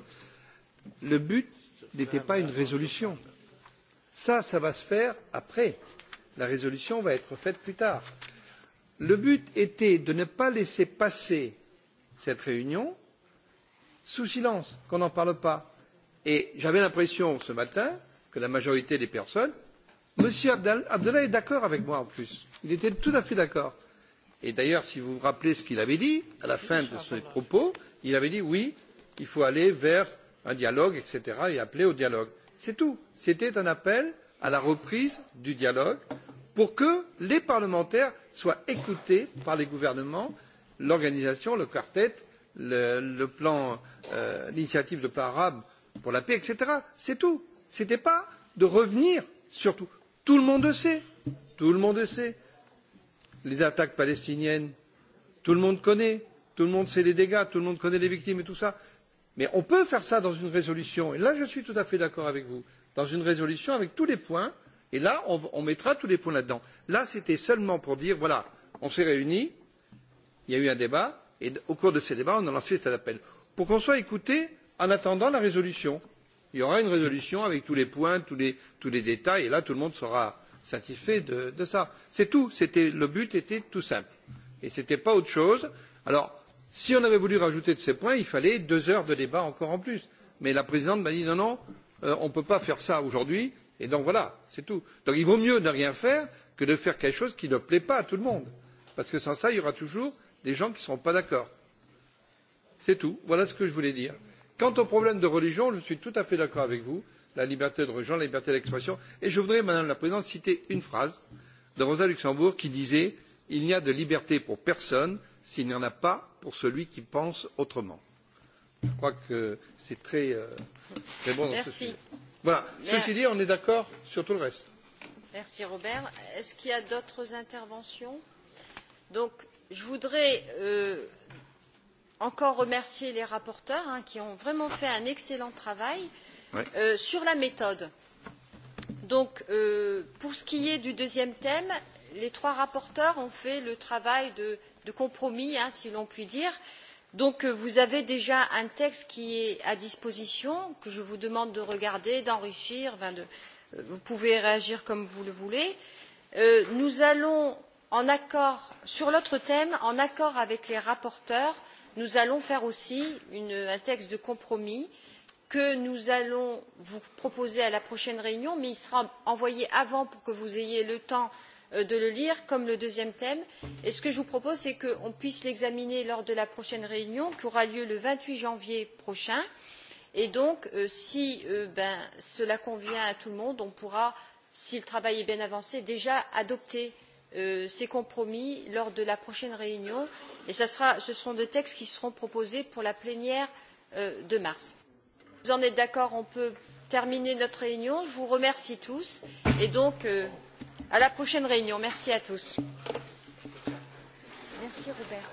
Le but n'était pas une résolution. Ça, ça va se faire après. La résolution va être faite plus tard. Le but était de ne pas laisser passer cette réunion sous silence, qu'on n'en parle pas. Et j'avais l'impression ce matin que la majorité des personnes, Monsieur Abdallah est d'accord avec moi en plus. Il était tout à fait d'accord. Et d'ailleurs, si vous vous rappelez ce qu'il avait dit à la fin de ses propos, il avait dit oui, il faut aller vers un dialogue, etc., et appeler au dialogue. C'est tout. C'était un appel à la reprise du dialogue pour que les parlementaires soient écoutés par les gouvernements, l'organisation, le quartet, le, le plan, euh, l'initiative de plan arabe pour la paix, etc. C'est tout. Ce n'était pas de revenir sur tout. Tout le monde le sait. Tout le monde le sait les attaques palestiniennes, tout le monde connaît, tout le monde sait les dégâts, tout le monde connaît les victimes et tout ça. Mais on peut faire ça dans une résolution, et là je suis tout à fait d'accord avec vous, dans une résolution avec tous les points, et là on, on mettra tous les points là-dedans. Là, là c'était seulement pour dire, voilà, on s'est réunis, il y a eu un débat, et au cours de ces débats, on a lancé cet appel. Pour qu'on soit écouté en attendant la résolution. Il y aura une résolution avec tous les points, tous les, tous les détails, et là tout le monde sera, satisfait de, de ça. C'est tout. C'était, le but était tout simple. Et ce n'était pas autre chose. Alors, si on avait voulu rajouter de ces points, il fallait deux heures de débat encore en plus. Mais la présidente m'a dit non, non, euh, on ne peut pas faire ça aujourd'hui. Et donc voilà, c'est tout. Donc il vaut mieux ne rien faire que de faire quelque chose qui ne plaît pas à tout le monde. Parce que sans ça, il y aura toujours des gens qui ne seront pas d'accord. C'est tout. Voilà ce que je voulais dire. Quant au problème de religion, je suis tout à fait d'accord avec vous la liberté de religion, la liberté d'expression. Et je voudrais, Madame la Présidente, citer une phrase de Rosa Luxembourg qui disait Il n'y a de liberté pour personne s'il n'y en a pas pour celui qui pense autrement. Je crois que c'est très, euh, très bon. Dans Merci. Ce sujet. voilà. Ceci dit, on est d'accord sur tout le reste. Merci Robert. Est-ce qu'il y a d'autres interventions Donc, je voudrais euh, encore remercier les rapporteurs hein, qui ont vraiment fait un excellent travail. Euh, Euh, sur la méthode, donc euh, pour ce qui est du deuxième thème, les trois rapporteurs ont fait le travail de, de compromis, hein, si l'on peut dire. Donc euh, vous avez déjà un texte qui est à disposition, que je vous demande de regarder, d'enrichir, de, euh, vous pouvez réagir comme vous le voulez. Euh, nous allons, en accord sur l'autre thème, en accord avec les rapporteurs, nous allons faire aussi une, un texte de compromis que nous allons vous proposer à la prochaine réunion, mais il sera envoyé avant pour que vous ayez le temps euh, de le lire comme le deuxième thème et ce que je vous propose c'est qu'on puisse l'examiner lors de la prochaine réunion qui aura lieu le vingt huit janvier prochain et donc euh, si euh, cela convient à tout le monde on pourra si le travail est bien avancé déjà adopter ces compromis lors de la prochaine réunion et ce seront des textes qui seront proposés pour la plénière de mars vous en êtes d'accord, on peut terminer notre réunion. Je vous remercie tous et donc euh, à la prochaine réunion. Merci à tous. Merci Robert.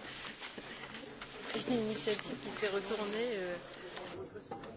Une initiative qui s'est retournée. Euh...